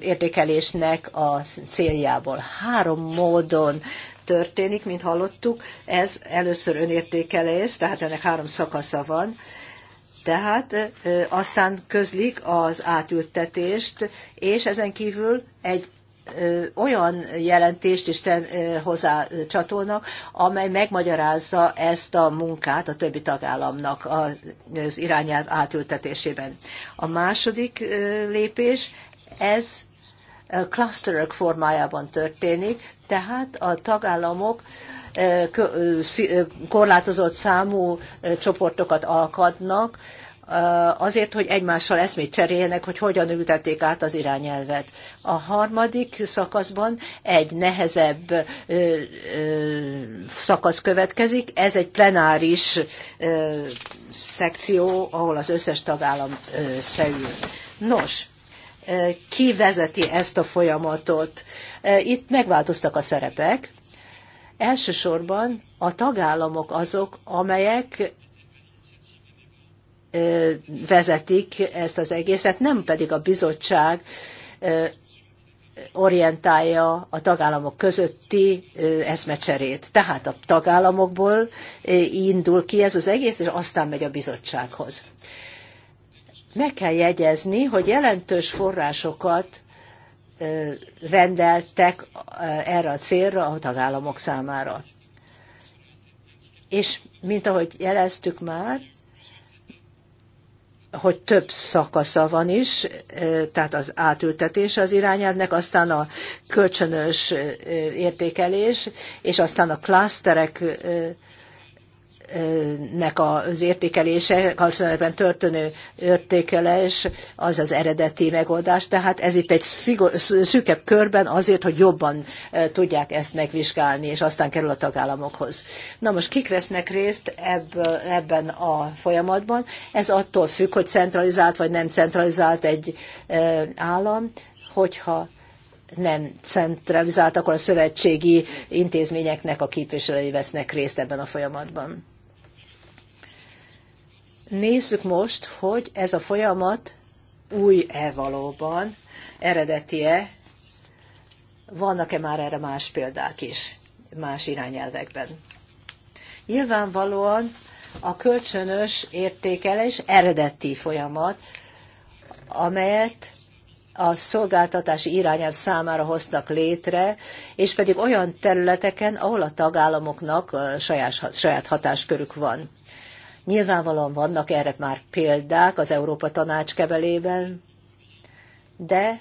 Speaker 3: értékelésnek a céljából. Három módon történik, mint hallottuk, ez először önértékelés, tehát ennek három szakasza van, tehát aztán közlik az átültetést, és ezen kívül egy olyan jelentést is hozzá csatolnak, amely megmagyarázza ezt a munkát a többi tagállamnak az irányelv átültetésében. A második lépés, ez clusterök formájában történik, tehát a tagállamok korlátozott számú csoportokat alkotnak, azért, hogy egymással eszmét cseréljenek, hogy hogyan ültették át az irányelvet. A harmadik szakaszban egy nehezebb szakasz következik, ez egy plenáris szekció, ahol az összes tagállam összeül. Nos, ki vezeti ezt a folyamatot? Itt megváltoztak a szerepek. Elsősorban a tagállamok azok, amelyek vezetik ezt az egészet, nem pedig a bizottság orientálja a tagállamok közötti eszmecserét. Tehát a tagállamokból indul ki ez az egész, és aztán megy a bizottsághoz. Meg kell jegyezni, hogy jelentős forrásokat rendeltek erre a célra a tagállamok számára. És mint ahogy jeleztük már, hogy több szakasza van is, tehát az átültetés az irányelvnek, aztán a kölcsönös értékelés, és aztán a klaszterek nek az értékelése, karcinogénben történő értékelés az az eredeti megoldás, tehát ez itt egy szigor, szűkebb körben azért, hogy jobban e, tudják ezt megvizsgálni, és aztán kerül a tagállamokhoz. Na most kik vesznek részt ebből, ebben a folyamatban? Ez attól függ, hogy centralizált vagy nem centralizált egy e, állam, hogyha nem centralizált, akkor a szövetségi intézményeknek a képviselői vesznek részt ebben a folyamatban. Nézzük most, hogy ez a folyamat új-e valóban, eredeti-e, vannak-e már erre más példák is, más irányelvekben. Nyilvánvalóan a kölcsönös értékelés eredeti folyamat, amelyet a szolgáltatási irányelv számára hoztak létre, és pedig olyan területeken, ahol a tagállamoknak saját, saját hatáskörük van. Nyilvánvalóan vannak erre már példák az Európa Tanács kebelében, de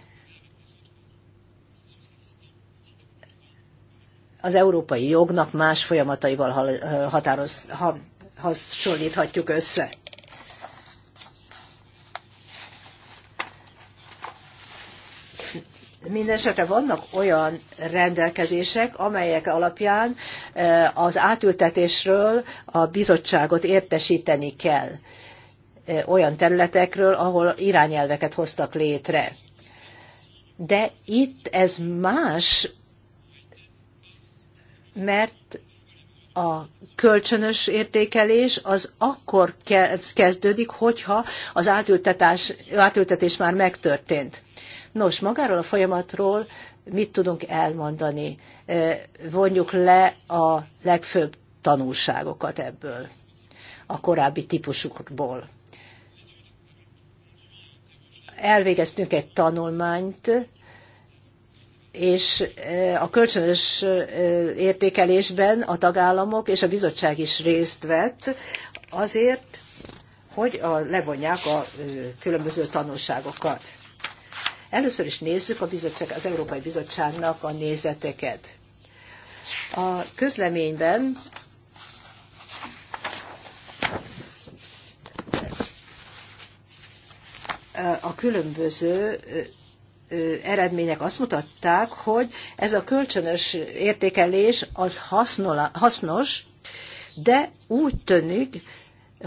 Speaker 3: az európai jognak más folyamataival határoz, ha, hasonlíthatjuk össze. Mindenesetre vannak olyan rendelkezések, amelyek alapján e, az átültetésről a bizottságot értesíteni kell e, olyan területekről, ahol irányelveket hoztak létre. De itt ez más, mert a kölcsönös értékelés az akkor kezdődik, hogyha az átültetés, átültetés már megtörtént. Nos, magáról a folyamatról mit tudunk elmondani? Vonjuk le a legfőbb tanulságokat ebből, a korábbi típusukból. Elvégeztünk egy tanulmányt, és a kölcsönös értékelésben a tagállamok és a bizottság is részt vett azért, hogy a, levonják a különböző tanulságokat. Először is nézzük a bizottság, az Európai Bizottságnak a nézeteket. A közleményben a különböző eredmények azt mutatták, hogy ez a kölcsönös értékelés az hasznola, hasznos, de úgy tűnik,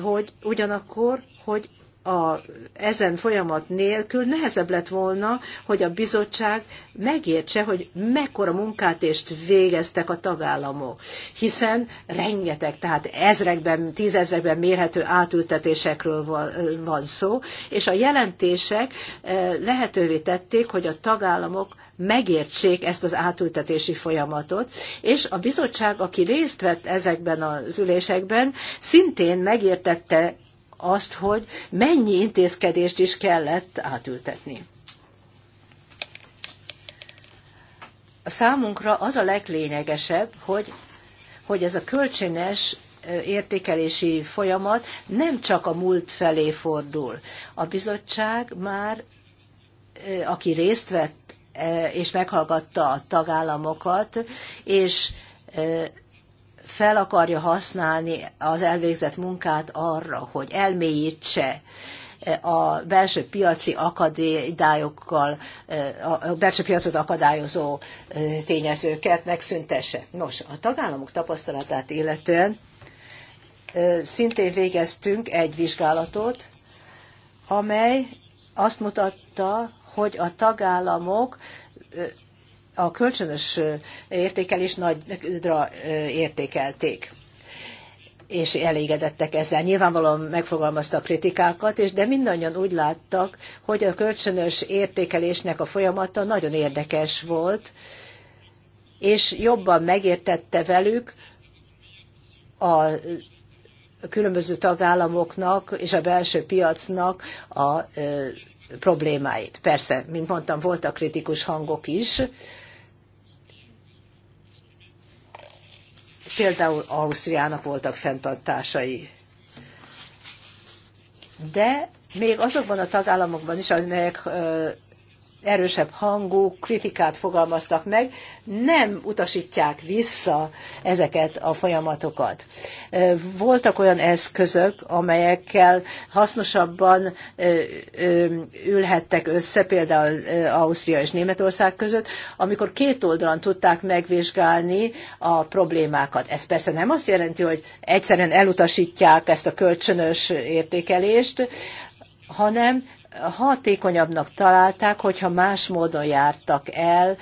Speaker 3: hogy ugyanakkor, hogy a, ezen folyamat nélkül nehezebb lett volna, hogy a bizottság megértse, hogy mekkora munkát és végeztek a tagállamok. Hiszen rengeteg, tehát ezrekben, tízezrekben mérhető átültetésekről van, van szó, és a jelentések eh, lehetővé tették, hogy a tagállamok megértsék ezt az átültetési folyamatot, és a bizottság, aki részt vett ezekben az ülésekben, szintén megértette azt, hogy mennyi intézkedést is kellett átültetni. A Számunkra az a leglényegesebb, hogy, hogy ez a kölcsönös értékelési folyamat nem csak a múlt felé fordul. A bizottság már, aki részt vett és meghallgatta a tagállamokat, és fel akarja használni az elvégzett munkát arra, hogy elmélyítse eh, a belső piaci akadályokkal, eh, a belső piacot akadályozó eh, tényezőket megszüntesse. Nos, a tagállamok tapasztalatát illetően szintén végeztünk egy vizsgálatot, amely azt mutatta, hogy a tagállamok a kölcsönös értékelés nagyra értékelték és elégedettek ezzel. Nyilvánvalóan megfogalmazta a kritikákat, és de mindannyian úgy láttak, hogy a kölcsönös értékelésnek a folyamata nagyon érdekes volt, és jobban megértette velük a különböző tagállamoknak és a belső piacnak a problémáit. Persze, mint mondtam, voltak kritikus hangok is, például Ausztriának voltak fenntartásai. De még azokban a tagállamokban is, amelyek erősebb hangú kritikát fogalmaztak meg, nem utasítják vissza ezeket a folyamatokat. Voltak olyan eszközök, amelyekkel hasznosabban ülhettek össze, például Ausztria és Németország között, amikor két oldalon tudták megvizsgálni a problémákat. Ez persze nem azt jelenti, hogy egyszerűen elutasítják ezt a kölcsönös értékelést, hanem hatékonyabbnak találták, hogyha más módon jártak el,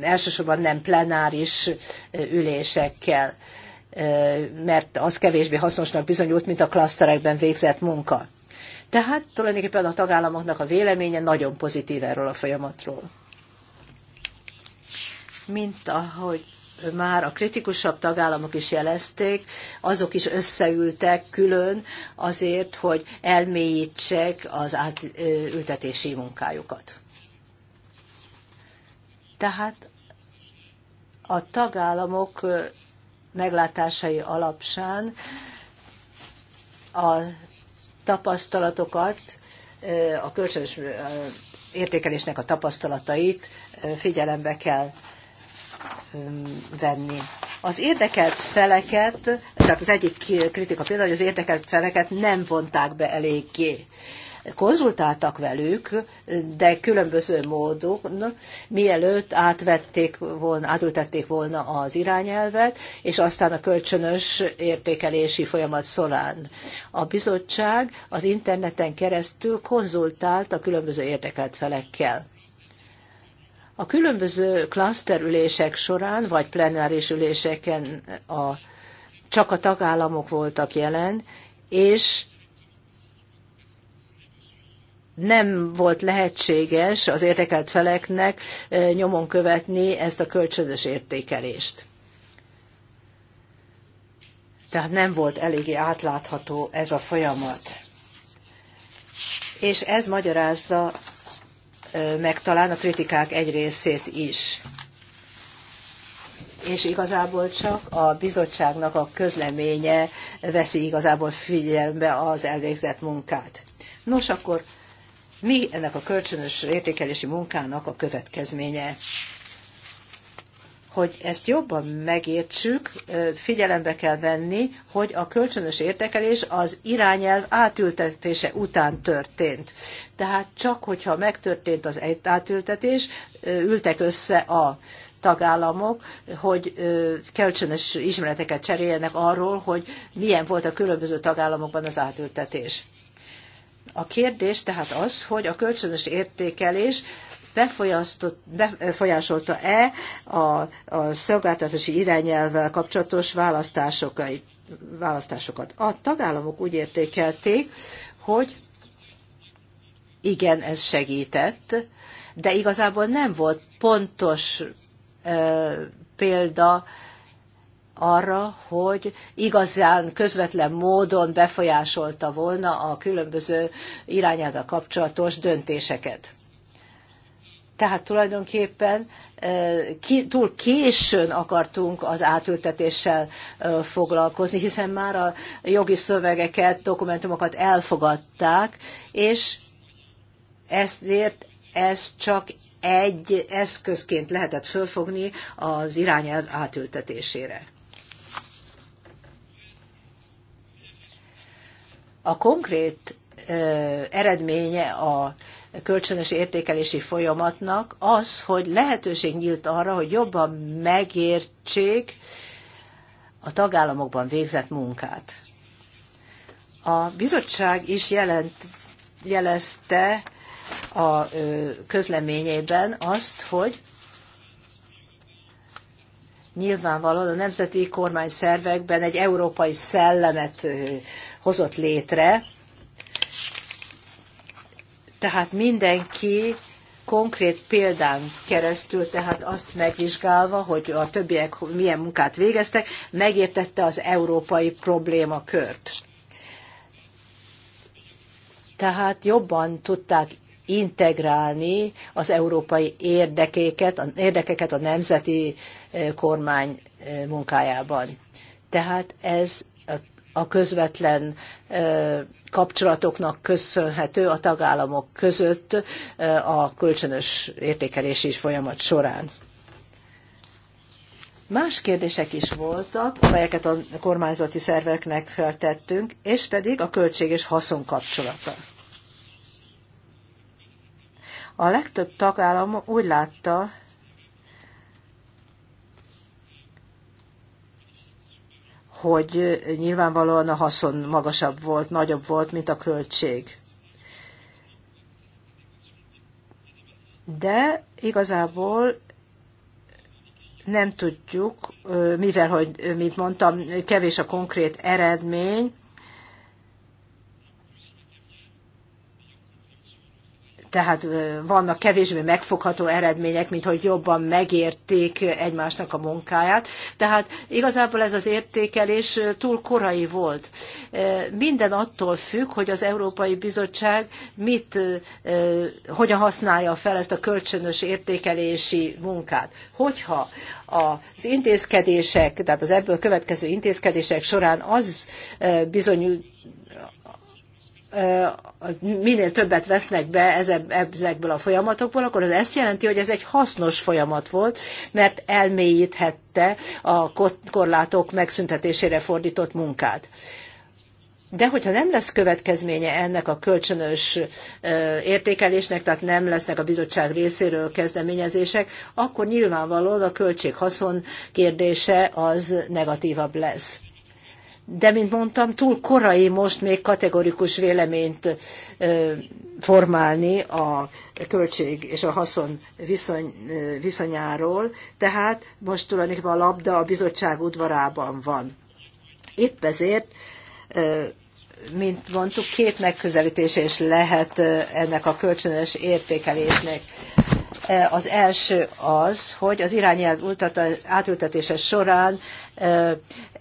Speaker 3: elsősorban nem plenáris ülésekkel, mert az kevésbé hasznosnak bizonyult, mint a klaszterekben végzett munka. Tehát tulajdonképpen a tagállamoknak a véleménye nagyon pozitív erről a folyamatról. Mint ahogy már a kritikusabb tagállamok is jelezték, azok is összeültek külön azért, hogy elmélyítsék az átültetési munkájukat. Tehát a tagállamok meglátásai alapján a tapasztalatokat, a kölcsönös értékelésnek a tapasztalatait figyelembe kell venni. Az érdekelt feleket, tehát az egyik kritika például, hogy az érdekelt feleket nem vonták be eléggé konzultáltak velük, de különböző módon, mielőtt átvették volna, átültették volna az irányelvet, és aztán a kölcsönös értékelési folyamat során. A bizottság az interneten keresztül konzultált a különböző érdekelt felekkel. A különböző klaszterülések során, vagy plenáris üléseken a, csak a tagállamok voltak jelen, és nem volt lehetséges az érdekelt feleknek nyomon követni ezt a kölcsönös értékelést. Tehát nem volt eléggé átlátható ez a folyamat. És ez magyarázza meg talán a kritikák egy részét is. És igazából csak a bizottságnak a közleménye veszi igazából figyelembe az elvégzett munkát. Nos, akkor mi ennek a kölcsönös értékelési munkának a következménye? hogy ezt jobban megértsük, figyelembe kell venni, hogy a kölcsönös értekelés az irányelv átültetése után történt. Tehát csak hogyha megtörtént az átültetés, ültek össze a tagállamok, hogy kölcsönös ismereteket cseréljenek arról, hogy milyen volt a különböző tagállamokban az átültetés. A kérdés tehát az, hogy a kölcsönös értékelés befolyásolta-e a, a szolgáltatási irányelvvel kapcsolatos választásokat. A tagállamok úgy értékelték, hogy igen, ez segített, de igazából nem volt pontos ö, példa arra, hogy igazán közvetlen módon befolyásolta volna a különböző irányával kapcsolatos döntéseket. Tehát tulajdonképpen túl későn akartunk az átültetéssel foglalkozni, hiszen már a jogi szövegeket, dokumentumokat elfogadták, és ezért ez csak egy eszközként lehetett fölfogni az irányelv átültetésére. A konkrét eredménye a kölcsönös értékelési folyamatnak az, hogy lehetőség nyílt arra, hogy jobban megértsék a tagállamokban végzett munkát. A bizottság is jelent, jelezte a közleményében azt, hogy nyilvánvalóan a nemzeti kormányszervekben egy európai szellemet hozott létre, tehát mindenki konkrét példán keresztül, tehát azt megvizsgálva, hogy a többiek milyen munkát végeztek, megértette az európai problémakört. Tehát jobban tudták integrálni az európai érdekeket, érdekeket a nemzeti eh, kormány eh, munkájában. Tehát ez a közvetlen kapcsolatoknak köszönhető a tagállamok között a kölcsönös értékelési folyamat során. Más kérdések is voltak, amelyeket a kormányzati szerveknek feltettünk, és pedig a költség és haszon kapcsolata. A legtöbb tagállam úgy látta, hogy nyilvánvalóan a haszon magasabb volt, nagyobb volt, mint a költség. De igazából nem tudjuk, mivel, hogy, mint mondtam, kevés a konkrét eredmény, tehát vannak kevésbé megfogható eredmények, mint hogy jobban megérték egymásnak a munkáját. Tehát igazából ez az értékelés túl korai volt. Minden attól függ, hogy az Európai Bizottság mit, hogyan használja fel ezt a kölcsönös értékelési munkát. Hogyha az intézkedések, tehát az ebből következő intézkedések során az bizonyul minél többet vesznek be ezekből a folyamatokból, akkor az ezt jelenti, hogy ez egy hasznos folyamat volt, mert elmélyíthette a korlátok megszüntetésére fordított munkát. De hogyha nem lesz következménye ennek a kölcsönös értékelésnek, tehát nem lesznek a bizottság részéről kezdeményezések, akkor nyilvánvalóan a költség-haszon kérdése az negatívabb lesz de mint mondtam, túl korai most még kategorikus véleményt formálni a költség és a haszon viszony, viszonyáról, tehát most tulajdonképpen a labda a bizottság udvarában van. Épp ezért, mint mondtuk, két megközelítés is lehet ennek a kölcsönös értékelésnek az első az, hogy az irányelv átültetése során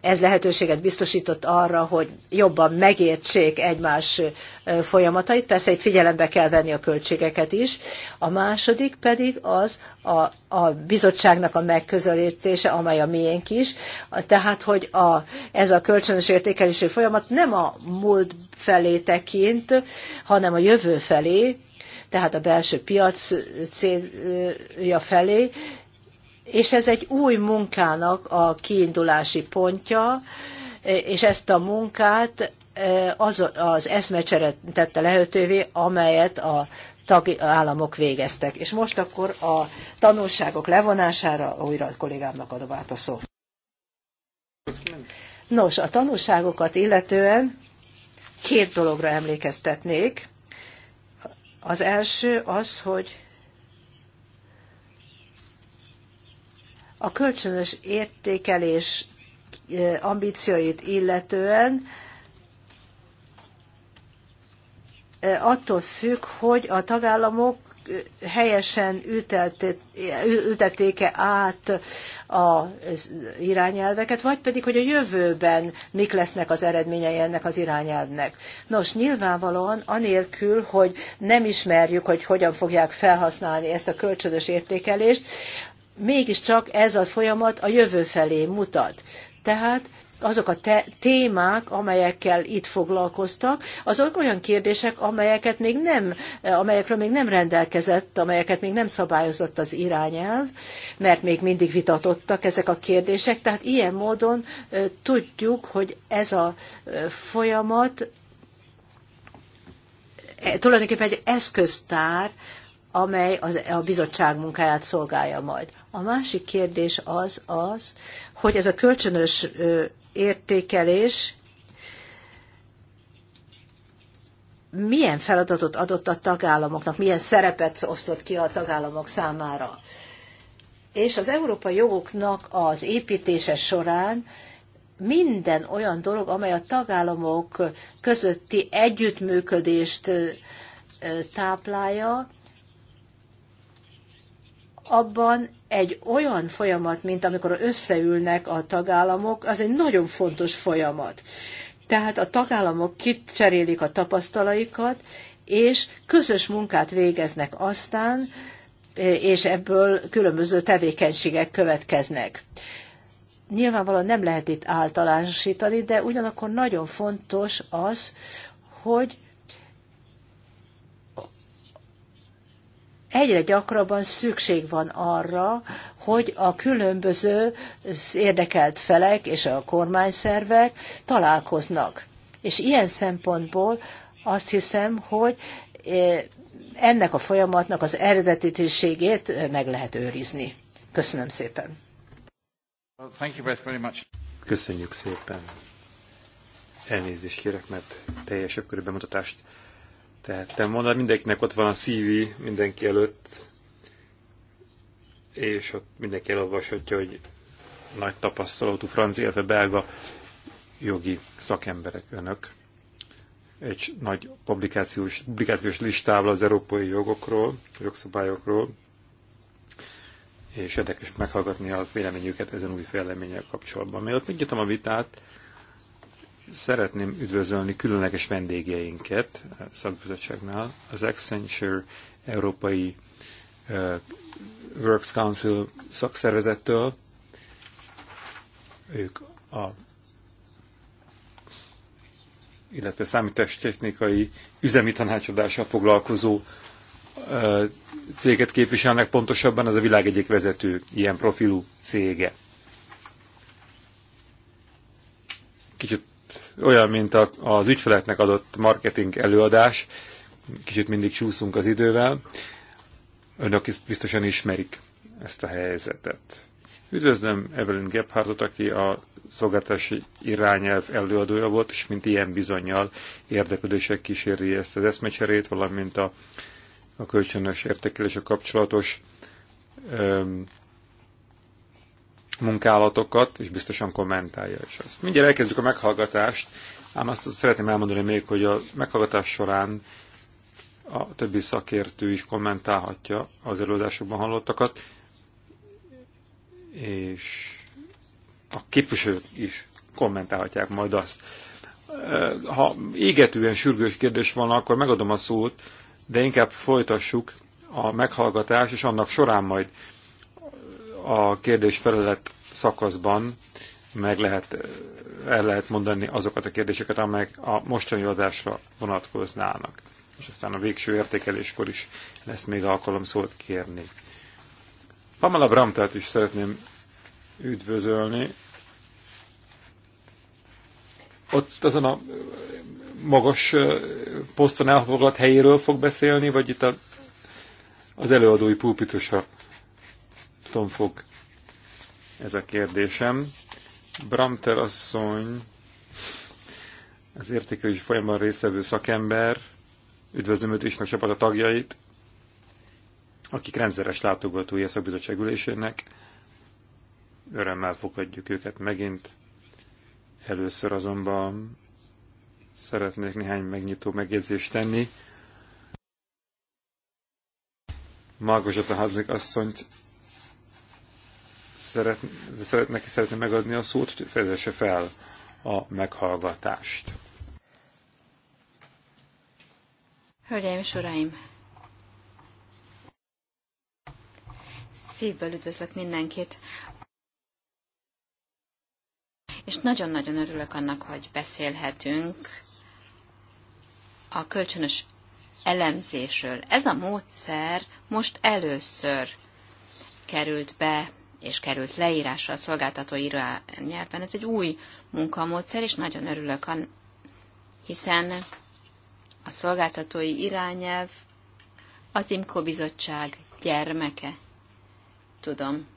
Speaker 3: ez lehetőséget biztosított arra, hogy jobban megértsék egymás folyamatait. Persze itt figyelembe kell venni a költségeket is. A második pedig az a, a bizottságnak a megközelítése, amely a miénk is. Tehát, hogy a, ez a kölcsönös értékelési folyamat nem a múlt felé tekint, hanem a jövő felé, tehát a belső piac célja felé, és ez egy új munkának a kiindulási pontja, és ezt a munkát e, az, az eszmecsere tette lehetővé, amelyet a tagállamok végeztek. És most akkor a tanulságok levonására újra a kollégámnak adom át a szót. Nos, a tanulságokat illetően két dologra emlékeztetnék. Az első az, hogy a kölcsönös értékelés ambícióit illetően attól függ, hogy a tagállamok helyesen ültették-e át az irányelveket, vagy pedig, hogy a jövőben mik lesznek az eredményei ennek az irányelvnek. Nos, nyilvánvalóan anélkül, hogy nem ismerjük, hogy hogyan fogják felhasználni ezt a kölcsönös értékelést, mégiscsak ez a folyamat a jövő felé mutat. Tehát azok a te, témák, amelyekkel itt foglalkoztak, azok olyan kérdések, amelyeket még nem, amelyekről még nem rendelkezett, amelyeket még nem szabályozott az irányelv, mert még mindig vitatottak ezek a kérdések, tehát ilyen módon tudjuk, hogy ez a folyamat e, tulajdonképpen egy eszköztár, amely az, a bizottság munkáját szolgálja majd. A másik kérdés az az, hogy ez a kölcsönös értékelés milyen feladatot adott a tagállamoknak, milyen szerepet osztott ki a tagállamok számára. És az európai jogoknak az építése során minden olyan dolog, amely a tagállamok közötti együttműködést táplálja, abban egy olyan folyamat, mint amikor összeülnek a tagállamok, az egy nagyon fontos folyamat. Tehát a tagállamok kicserélik a tapasztalaikat, és közös munkát végeznek aztán, és ebből különböző tevékenységek következnek. Nyilvánvalóan nem lehet itt általánosítani, de ugyanakkor nagyon fontos az, hogy egyre gyakrabban szükség van arra, hogy a különböző érdekelt felek és a kormányszervek találkoznak. És ilyen szempontból azt hiszem, hogy eh, ennek a folyamatnak az eredetiségét eh, meg lehet őrizni. Köszönöm szépen.
Speaker 2: Köszönjük szépen. Elnézést kérek, mert teljesebb körű bemutatást tehettem volna. Mindenkinek ott van a CV mindenki előtt, és ott mindenki elolvashatja, hogy nagy tapasztalatú francia, illetve belga jogi szakemberek önök. Egy nagy publikációs, publikációs listával az európai jogokról, jogszabályokról, és érdekes meghallgatni a véleményüket ezen új fejleménnyel kapcsolatban. Mielőtt megnyitom a vitát, Szeretném üdvözölni különleges vendégeinket a szakbizottságnál, az Accenture Európai Works Council szakszervezettől. Ők a illetve számítástechnikai üzemi tanácsadással foglalkozó céget képviselnek, pontosabban az a világ egyik vezető ilyen profilú cége. Kicsit olyan, mint a, az ügyfeleknek adott marketing előadás, kicsit mindig csúszunk az idővel, önök is biztosan ismerik ezt a helyzetet. Üdvözlöm Evelyn Gebhardtot, aki a szolgáltási irányelv előadója volt, és mint ilyen bizonyal érdeklődések kíséri ezt az eszmecserét, valamint a, a kölcsönös a kapcsolatos öm, munkálatokat, és biztosan kommentálja is azt. Mindjárt elkezdjük a meghallgatást, ám azt szeretném elmondani még, hogy a meghallgatás során a többi szakértő is kommentálhatja az előadásokban hallottakat, és a képviselők is kommentálhatják majd azt. Ha égetően sürgős kérdés van, akkor megadom a szót, de inkább folytassuk a meghallgatás, és annak során majd a kérdés-felelet szakaszban meg lehet, el lehet mondani azokat a kérdéseket, amelyek a mostani adásra vonatkoznának. És aztán a végső értékeléskor is lesz még alkalom szót kérni. Pamela Bramtát is szeretném üdvözölni. Ott azon a magas poszton elfoglalt helyéről fog beszélni, vagy itt a, az előadói pulpitusra Fordítom fog ez a kérdésem. Bramter asszony, az értékelési folyamban résztvevő szakember, üdvözlöm őt is, meg a tagjait, akik rendszeres látogatói a szakbizottság ülésének. Örömmel fogadjuk őket megint. Először azonban szeretnék néhány megnyitó megjegyzést tenni. Margosat a asszonyt szeret, szeret, neki szeretném megadni a szót, hogy fedesse fel a meghallgatást.
Speaker 1: Hölgyeim és Uraim! Szívből üdvözlök mindenkit! És nagyon-nagyon örülök annak, hogy beszélhetünk a kölcsönös elemzésről. Ez a módszer most először került be és került leírásra a szolgáltató nyelven. Ez egy új munkamódszer, és nagyon örülök, hiszen a szolgáltatói irányelv az IMKO bizottság gyermeke. Tudom,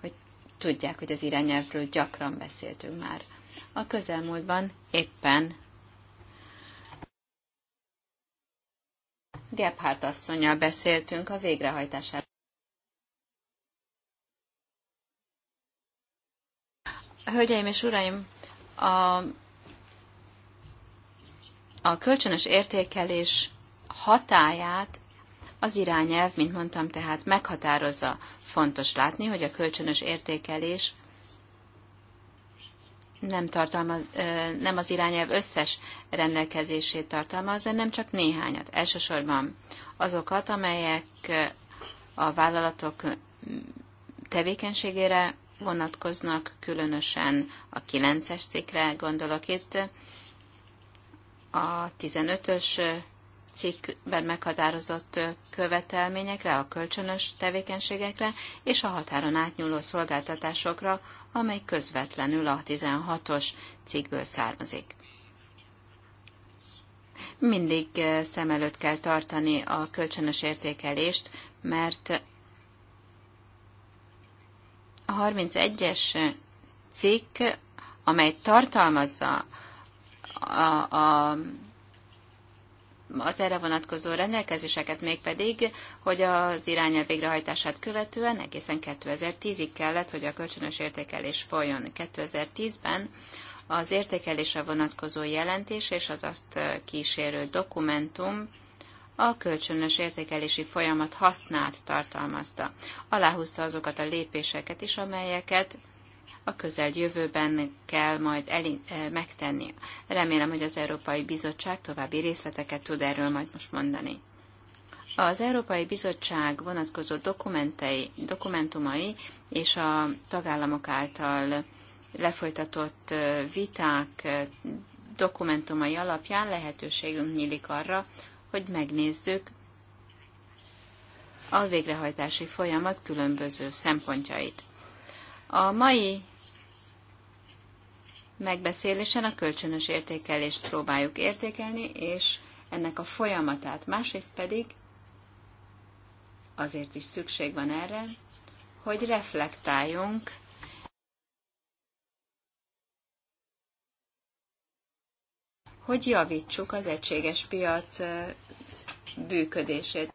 Speaker 1: hogy tudják, hogy az irányelvről gyakran beszéltünk már. A közelmúltban éppen Gebhardt asszonyjal beszéltünk a végrehajtásáról. Hölgyeim és uraim, a, a kölcsönös értékelés hatáját az irányelv, mint mondtam, tehát meghatározza. Fontos látni, hogy a kölcsönös értékelés nem, tartalmaz, nem az irányelv összes rendelkezését tartalmaz, de nem csak néhányat. Elsősorban azokat, amelyek a vállalatok tevékenységére vonatkoznak, különösen a 9-es cikkre gondolok itt. A 15-ös cikkben meghatározott követelményekre, a kölcsönös tevékenységekre és a határon átnyúló szolgáltatásokra, amely közvetlenül a 16-os cikkből származik. Mindig szem előtt kell tartani a kölcsönös értékelést, mert a 31-es cikk, amely tartalmazza a, a, az erre vonatkozó rendelkezéseket, mégpedig, hogy az irányel végrehajtását követően egészen 2010-ig kellett, hogy a kölcsönös értékelés folyjon. 2010-ben az értékelésre vonatkozó jelentés és az azt kísérő dokumentum a kölcsönös értékelési folyamat hasznát tartalmazta. Aláhúzta azokat a lépéseket is, amelyeket a közel jövőben kell majd e, megtenni. Remélem, hogy az Európai Bizottság további részleteket tud erről majd most mondani. Az Európai Bizottság vonatkozó dokumentei, dokumentumai és a tagállamok által lefolytatott eh, viták eh, dokumentumai alapján lehetőségünk nyílik arra, hogy megnézzük a végrehajtási folyamat különböző szempontjait. A mai megbeszélésen a kölcsönös értékelést próbáljuk értékelni, és ennek a folyamatát. Másrészt pedig azért is szükség van erre, hogy reflektáljunk hogy javítsuk az egységes piac bűködését.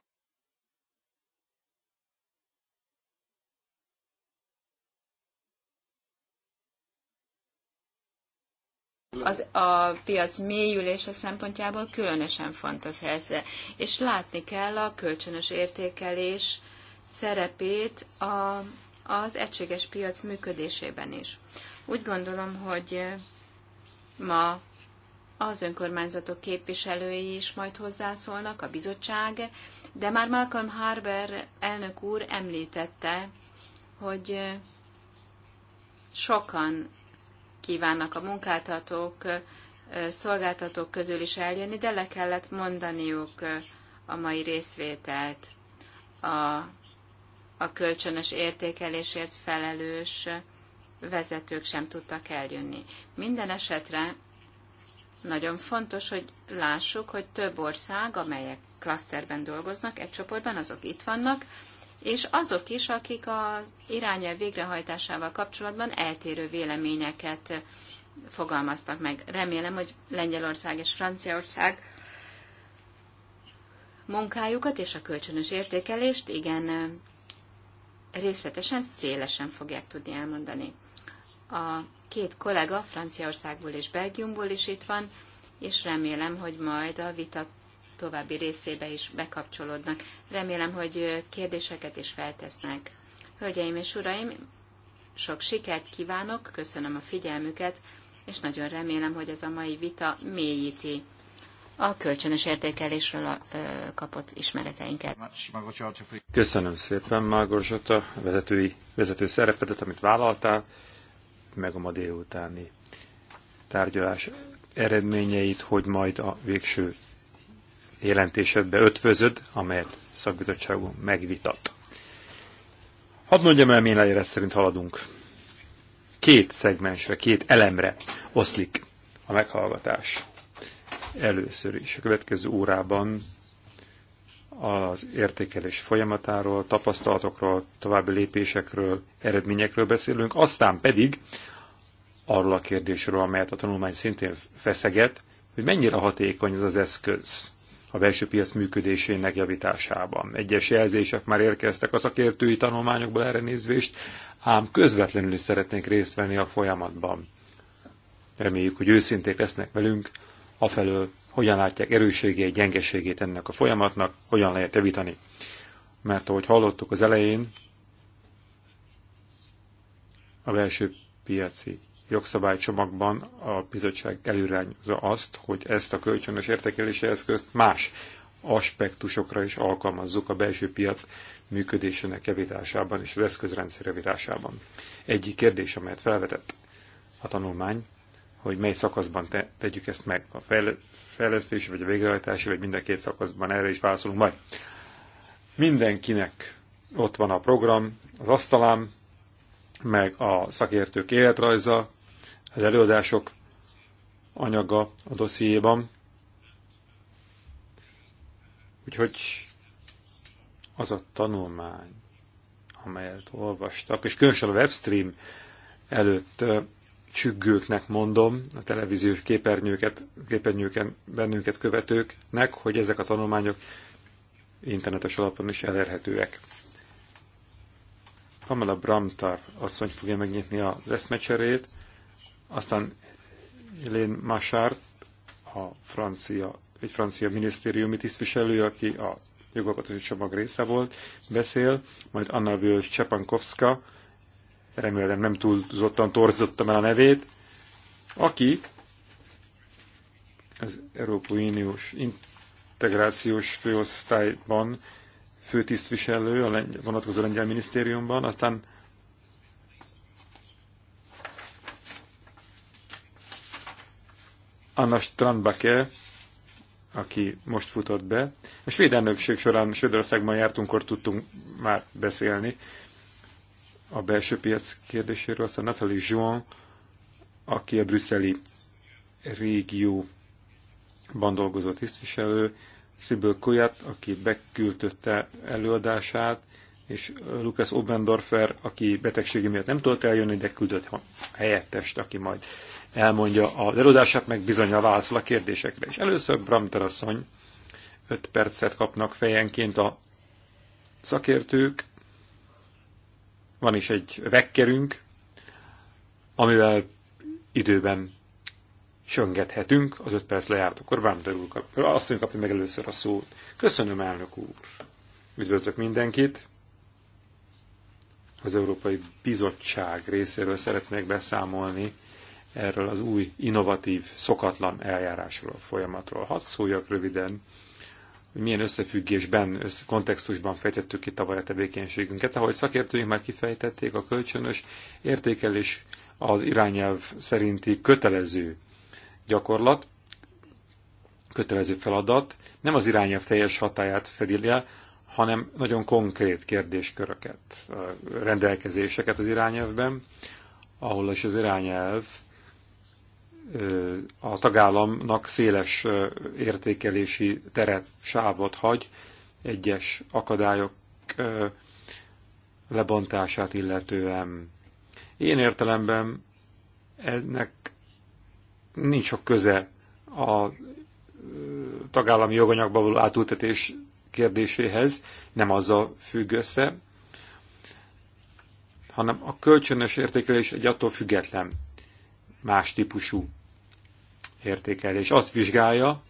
Speaker 1: az, a piac mélyülése szempontjából különösen fontos ez. És látni kell a kölcsönös értékelés szerepét a, az egységes piac működésében is. Úgy gondolom, hogy ma az önkormányzatok képviselői is majd hozzászólnak, a bizottság, de már Malcolm Harber elnök úr említette, hogy sokan kívánnak a munkáltatók, szolgáltatók közül is eljönni, de le kellett mondaniuk a mai részvételt a, a kölcsönös értékelésért felelős vezetők sem tudtak eljönni. Minden esetre nagyon fontos, hogy lássuk, hogy több ország, amelyek klaszterben dolgoznak, egy csoportban azok itt vannak, és azok is, akik az irányelv végrehajtásával kapcsolatban eltérő véleményeket fogalmaztak meg. Remélem, hogy Lengyelország és Franciaország munkájukat és a kölcsönös értékelést igen részletesen, szélesen fogják tudni elmondani a két kollega Franciaországból és Belgiumból is itt van, és remélem, hogy majd a vita további részébe is bekapcsolódnak. Remélem, hogy kérdéseket is feltesznek. Hölgyeim és uraim, sok sikert kívánok, köszönöm a figyelmüket, és nagyon remélem, hogy ez a mai vita mélyíti a kölcsönös értékelésről a, ö, kapott ismereteinket.
Speaker 2: Köszönöm szépen, Margorzsot, a vezetői, vezető szerepedet, amit vállaltál meg a ma délutáni tárgyalás eredményeit, hogy majd a végső jelentésedbe ötvözöd, amelyet szakbizottságunk megvitat. Hadd mondjam el, milyen eljárás szerint haladunk. Két szegmensre, két elemre oszlik a meghallgatás. Először is a következő órában az értékelés folyamatáról, tapasztalatokról, további lépésekről, eredményekről beszélünk, aztán pedig arról a kérdésről, amelyet a tanulmány szintén feszeget, hogy mennyire hatékony ez az eszköz a belső piac működésének javításában. Egyes jelzések már érkeztek a szakértői tanulmányokból erre nézvést, ám közvetlenül is szeretnénk részt venni a folyamatban. Reméljük, hogy őszinték lesznek velünk, afelől, hogyan látják erősségét, gyengeségét ennek a folyamatnak, hogyan lehet evitani. Mert ahogy hallottuk az elején, a belső piaci jogszabálycsomagban a bizottság előrányozza azt, hogy ezt a kölcsönös értékelési eszközt más aspektusokra is alkalmazzuk a belső piac működésének evitásában és az eszközrendszer evitásában. Egyik kérdés, amelyet felvetett a tanulmány, hogy mely szakaszban te, tegyük ezt meg, a fejlesztési, vagy a végrehajtási, vagy mind a két szakaszban erre is válaszolunk majd. Mindenkinek ott van a program, az asztalám, meg a szakértők életrajza, az előadások anyaga a dossziéban. Úgyhogy az a tanulmány, amelyet olvastak, és különösen a webstream előtt csüggőknek mondom, a televíziós képernyőket, képernyőken bennünket követőknek, hogy ezek a tanulmányok internetes alapon is elérhetőek. Pamela Bramtar asszony fogja megnyitni az eszmecserét, aztán Lén Machart, a francia, egy francia minisztériumi tisztviselő, aki a jogokat jogalkotási csomag része volt, beszél, majd Anna Vős Csepankovska, remélem nem túlzottan torzottam el a nevét, aki az Európai Uniós integrációs főosztályban főtisztviselő a lengy- vonatkozó lengyel minisztériumban, aztán Anna Strandbake, aki most futott be. A svéd elnökség során Svédországban jártunk, akkor tudtunk már beszélni a belső piac kérdéséről, aztán Nathalie Jean, aki a brüsszeli régióban dolgozó tisztviselő, Sibyl Kujat, aki beküldötte előadását, és Lukas Obendorfer, aki betegségi miatt nem tudott eljönni, de küldött helyettest, aki majd elmondja a előadását, meg bizony a válaszol a kérdésekre. És először Bramter asszony, 5 percet kapnak fejenként a szakértők, van is egy vekkerünk, amivel időben söngethetünk, az öt perc lejárt, akkor Vámter úr kap, mondjuk kapja meg először a szót. Köszönöm, elnök úr! Üdvözlök mindenkit! Az Európai Bizottság részéről szeretnék beszámolni erről az új, innovatív, szokatlan eljárásról, folyamatról. Hadd szóljak röviden hogy milyen összefüggésben, össze, kontextusban fejtettük ki tavaly a tevékenységünket. Ahogy szakértőink már kifejtették, a kölcsönös értékelés az irányelv szerinti kötelező gyakorlat, kötelező feladat, nem az irányelv teljes hatáját fedi le, hanem nagyon konkrét kérdésköröket, rendelkezéseket az irányelvben, ahol is az irányelv a tagállamnak széles értékelési teret, sávot hagy egyes akadályok lebontását illetően. Én értelemben ennek nincs sok köze a tagállami joganyagba való átültetés kérdéséhez, nem azzal függ össze, hanem a kölcsönös értékelés egy attól független más típusú értékelés. Azt vizsgálja,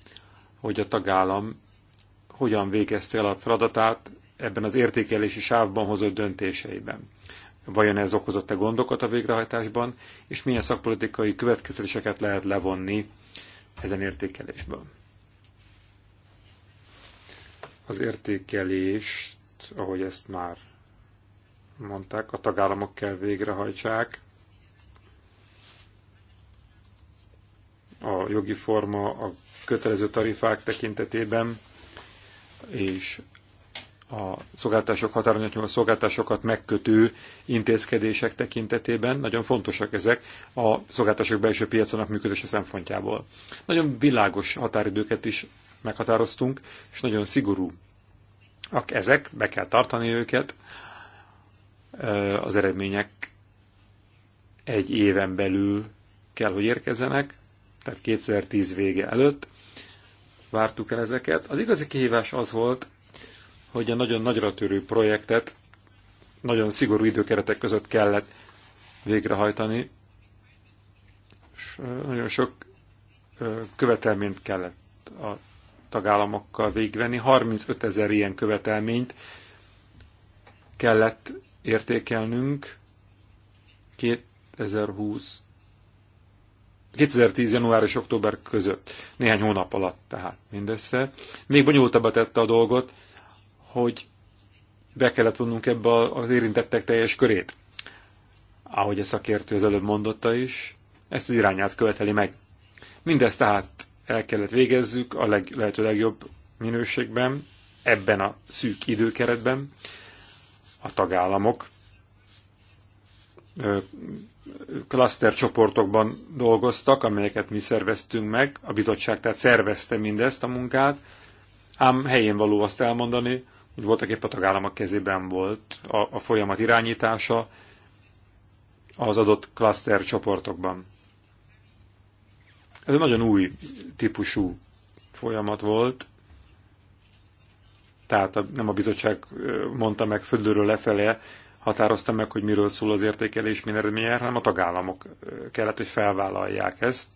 Speaker 2: hogy a tagállam hogyan végezte el a feladatát ebben az értékelési sávban hozott döntéseiben. Vajon ez okozott-e gondokat a végrehajtásban, és milyen szakpolitikai következtetéseket lehet levonni ezen értékelésből? Az értékelést, ahogy ezt már mondták, a tagállamok kell végrehajtsák, a jogi forma a kötelező tarifák tekintetében, és a szolgáltások határon a szolgáltásokat megkötő intézkedések tekintetében. Nagyon fontosak ezek a szolgáltások belső piacának működése szempontjából. Nagyon világos határidőket is meghatároztunk, és nagyon szigorú. Ezek, be kell tartani őket, az eredmények egy éven belül kell, hogy érkezzenek, tehát 2010 vége előtt vártuk el ezeket. Az igazi kihívás az volt, hogy a nagyon nagyra törő projektet nagyon szigorú időkeretek között kellett végrehajtani, és nagyon sok követelményt kellett a tagállamokkal végvenni. 35 ezer ilyen követelményt kellett értékelnünk 2020 2010. január és október között, néhány hónap alatt tehát mindössze. Még bonyolultabbá tette a dolgot, hogy be kellett vonnunk ebbe az érintettek teljes körét. Ahogy a szakértő az előbb mondotta is, ezt az irányát követeli meg. Mindezt tehát el kellett végezzük a leg, lehető legjobb minőségben, ebben a szűk időkeretben a tagállamok klasztercsoportokban dolgoztak, amelyeket mi szerveztünk meg, a bizottság tehát szervezte mindezt a munkát, ám helyén való azt elmondani, hogy voltak épp a tagállamok kezében volt a, a folyamat irányítása az adott klasztercsoportokban. Ez egy nagyon új típusú folyamat volt, tehát a, nem a bizottság mondta meg földről lefele, határozta meg, hogy miről szól az értékelés, mi eredménye, hanem a tagállamok kellett, hogy felvállalják ezt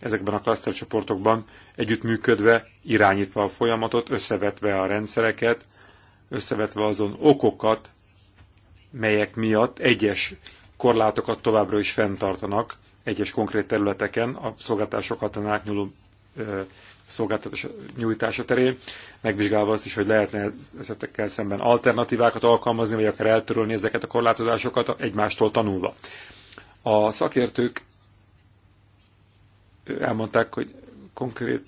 Speaker 2: ezekben a klasztercsoportokban együttműködve, irányítva a folyamatot, összevetve a rendszereket, összevetve azon okokat, melyek miatt egyes korlátokat továbbra is fenntartanak egyes konkrét területeken a szolgáltások határán átnyúló szolgáltatás nyújtása terén, megvizsgálva azt is, hogy lehetne ezekkel szemben alternatívákat alkalmazni, vagy akár eltörölni ezeket a korlátozásokat egymástól tanulva. A szakértők elmondták, hogy konkrét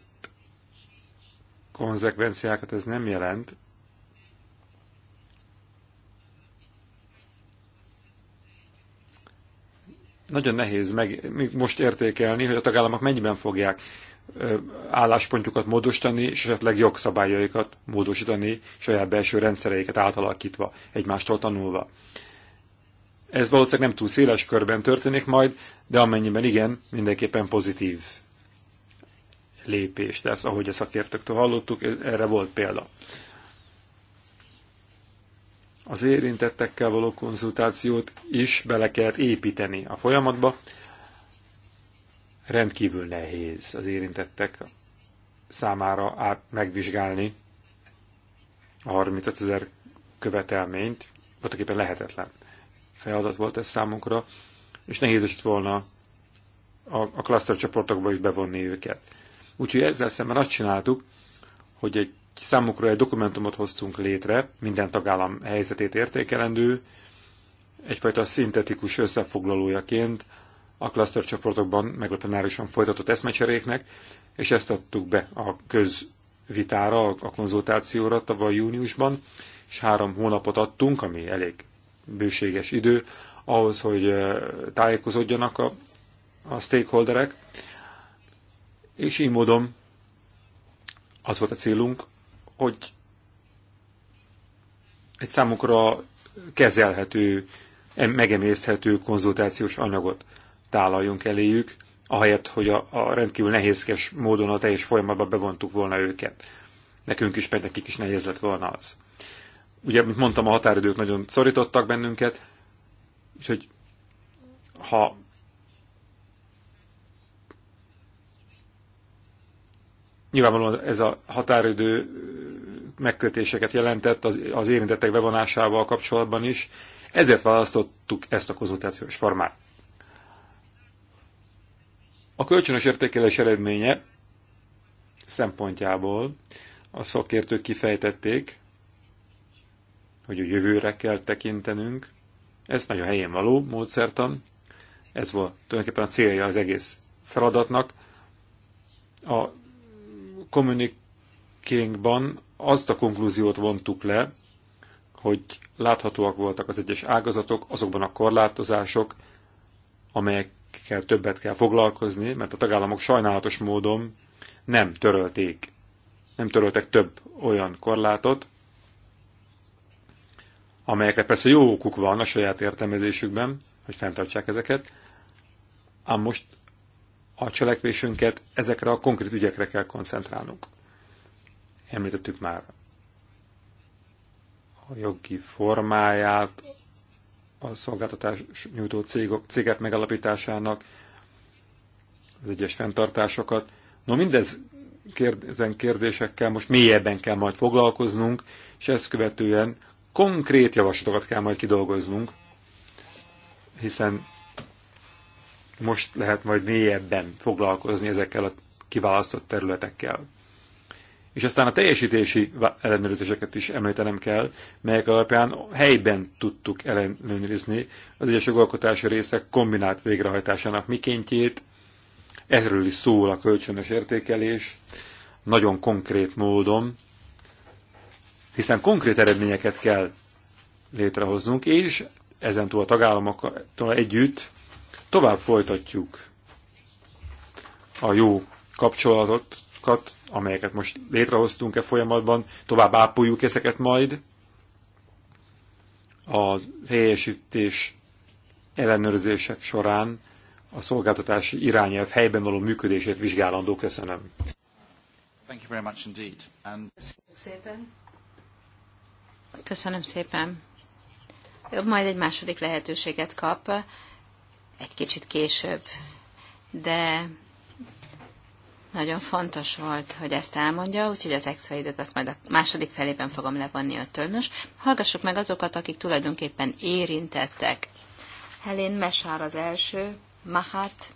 Speaker 2: konzekvenciákat ez nem jelent, nagyon nehéz meg, most értékelni, hogy a tagállamok mennyiben fogják álláspontjukat módosítani, és esetleg jogszabályaikat módosítani, saját belső rendszereiket átalakítva, egymástól tanulva. Ez valószínűleg nem túl széles körben történik majd, de amennyiben igen, mindenképpen pozitív lépés lesz, ahogy a szakértőktől hallottuk, erre volt példa. Az érintettekkel való konzultációt is bele kellett építeni a folyamatba, rendkívül nehéz az érintettek számára át megvizsgálni a 35 ezer követelményt, éppen lehetetlen feladat volt ez számunkra, és nehéz is volna a, a cluster csoportokba is bevonni őket. Úgyhogy ezzel szemben azt csináltuk, hogy egy számukra egy dokumentumot hoztunk létre, minden tagállam helyzetét értékelendő, egyfajta szintetikus összefoglalójaként a cluster csoportokban meglepően folytatott eszmecseréknek, és ezt adtuk be a közvitára, a konzultációra tavaly júniusban, és három hónapot adtunk, ami elég bőséges idő, ahhoz, hogy tájékozódjanak a, a stakeholderek, és így módon az volt a célunk, hogy egy számukra kezelhető, megemészthető konzultációs anyagot tálaljunk eléjük, ahelyett, hogy a, a rendkívül nehézkes módon a teljes folyamatba bevontuk volna őket. Nekünk is, pedig nekik is nehéz lett volna az. Ugye, mint mondtam, a határidők nagyon szorítottak bennünket, úgyhogy ha nyilvánvalóan ez a határidő megkötéseket jelentett az, az érintettek bevonásával kapcsolatban is, ezért választottuk ezt a konzultációs formát. A kölcsönös értékelés eredménye szempontjából a szakértők kifejtették, hogy a jövőre kell tekintenünk. Ez nagyon helyén való módszertan. Ez volt tulajdonképpen a célja az egész feladatnak. A kommunikénkban azt a konklúziót vontuk le, hogy láthatóak voltak az egyes ágazatok, azokban a korlátozások, amelyek amikkel többet kell foglalkozni, mert a tagállamok sajnálatos módon nem törölték, nem töröltek több olyan korlátot, amelyekre persze jó okuk van a saját értelmezésükben, hogy fenntartsák ezeket, ám most a cselekvésünket ezekre a konkrét ügyekre kell koncentrálnunk. Említettük már a jogi formáját, a szolgáltatás nyújtó cégok, cégek megalapításának, az egyes fenntartásokat. No, mindez kérd, ezen kérdésekkel most mélyebben kell majd foglalkoznunk, és ezt követően konkrét javaslatokat kell majd kidolgoznunk, hiszen most lehet majd mélyebben foglalkozni ezekkel a kiválasztott területekkel. És aztán a teljesítési ellenőrzéseket is említenem kell, melyek alapján helyben tudtuk ellenőrizni az egyes jogalkotási részek kombinált végrehajtásának mikéntjét. Erről is szól a kölcsönös értékelés, nagyon konkrét módon, hiszen konkrét eredményeket kell létrehoznunk, és ezentúl a tagállamokkal együtt tovább folytatjuk a jó kapcsolatokat amelyeket most létrehoztunk e folyamatban, tovább ápoljuk ezeket majd. A helyesítés ellenőrzések során a szolgáltatási irányelv helyben való működését vizsgálandó. Köszönöm. Thank you very much indeed. And... Köszönöm szépen.
Speaker 1: Köszönöm szépen. Majd egy második lehetőséget kap, egy kicsit később, de nagyon fontos volt, hogy ezt elmondja, úgyhogy az extra időt azt majd a második felében fogom levonni a tölnös. Hallgassuk meg azokat, akik tulajdonképpen érintettek. Helen Mesár az első, Mahat,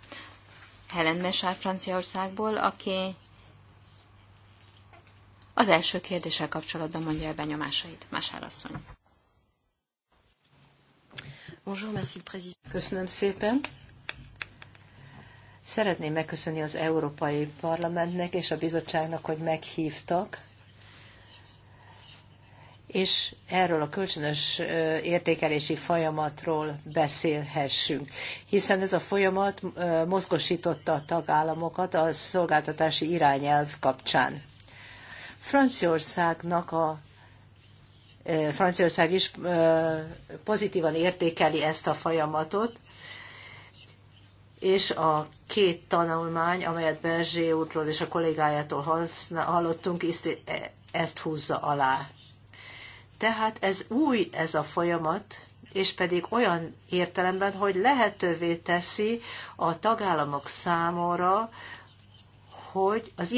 Speaker 1: Helen Mesár Franciaországból, aki az első kérdéssel kapcsolatban mondja el benyomásait. Mesár asszony. Köszönöm szépen.
Speaker 3: Szeretném megköszönni az Európai Parlamentnek és a bizottságnak, hogy meghívtak, és erről a kölcsönös értékelési folyamatról beszélhessünk. Hiszen ez a folyamat mozgosította a tagállamokat a szolgáltatási irányelv kapcsán. Franciaországnak a Franciaország is pozitívan értékeli ezt a folyamatot, és a két tanulmány, amelyet Berzsé útról és a kollégájától hallottunk, e- ezt húzza alá. Tehát ez új ez a folyamat, és pedig olyan értelemben, hogy lehetővé teszi a tagállamok számára, hogy az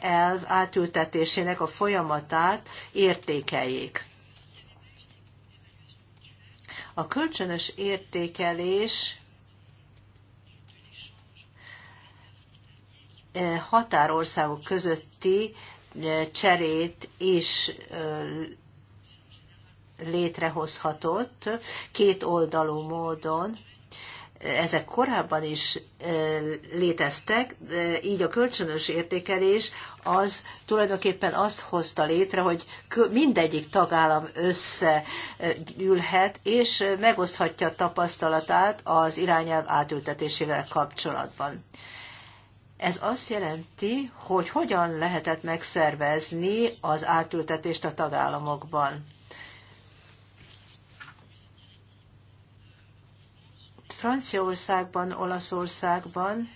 Speaker 3: elv átültetésének a folyamatát értékeljék. A kölcsönös értékelés határországok közötti cserét is létrehozhatott két oldalú módon. Ezek korábban is léteztek, így a kölcsönös értékelés az tulajdonképpen azt hozta létre, hogy mindegyik tagállam összeülhet, és megoszthatja tapasztalatát az irányelv átültetésével kapcsolatban. Ez azt jelenti, hogy hogyan lehetett megszervezni az átültetést a tagállamokban. Franciaországban, Olaszországban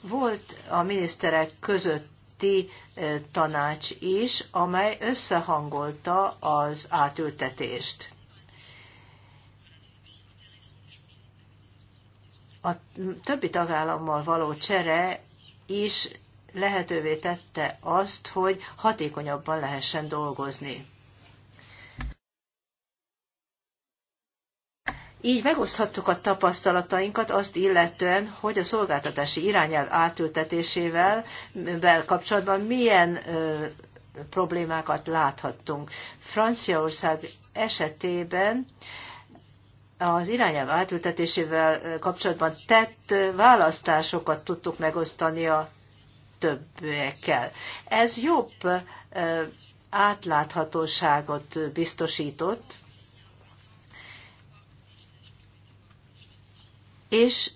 Speaker 3: volt a miniszterek közötti eh, tanács is, amely összehangolta az átültetést. A többi tagállammal való csere is lehetővé tette azt, hogy hatékonyabban lehessen dolgozni. Így megoszthattuk a tapasztalatainkat azt illetően, hogy a szolgáltatási irányelv átültetésével kapcsolatban milyen ö, problémákat láthattunk. Franciaország esetében ö, az irányelv átültetésével kapcsolatban tett választásokat tudtuk megosztani a többiekkel. Ez jobb átláthatóságot biztosított, és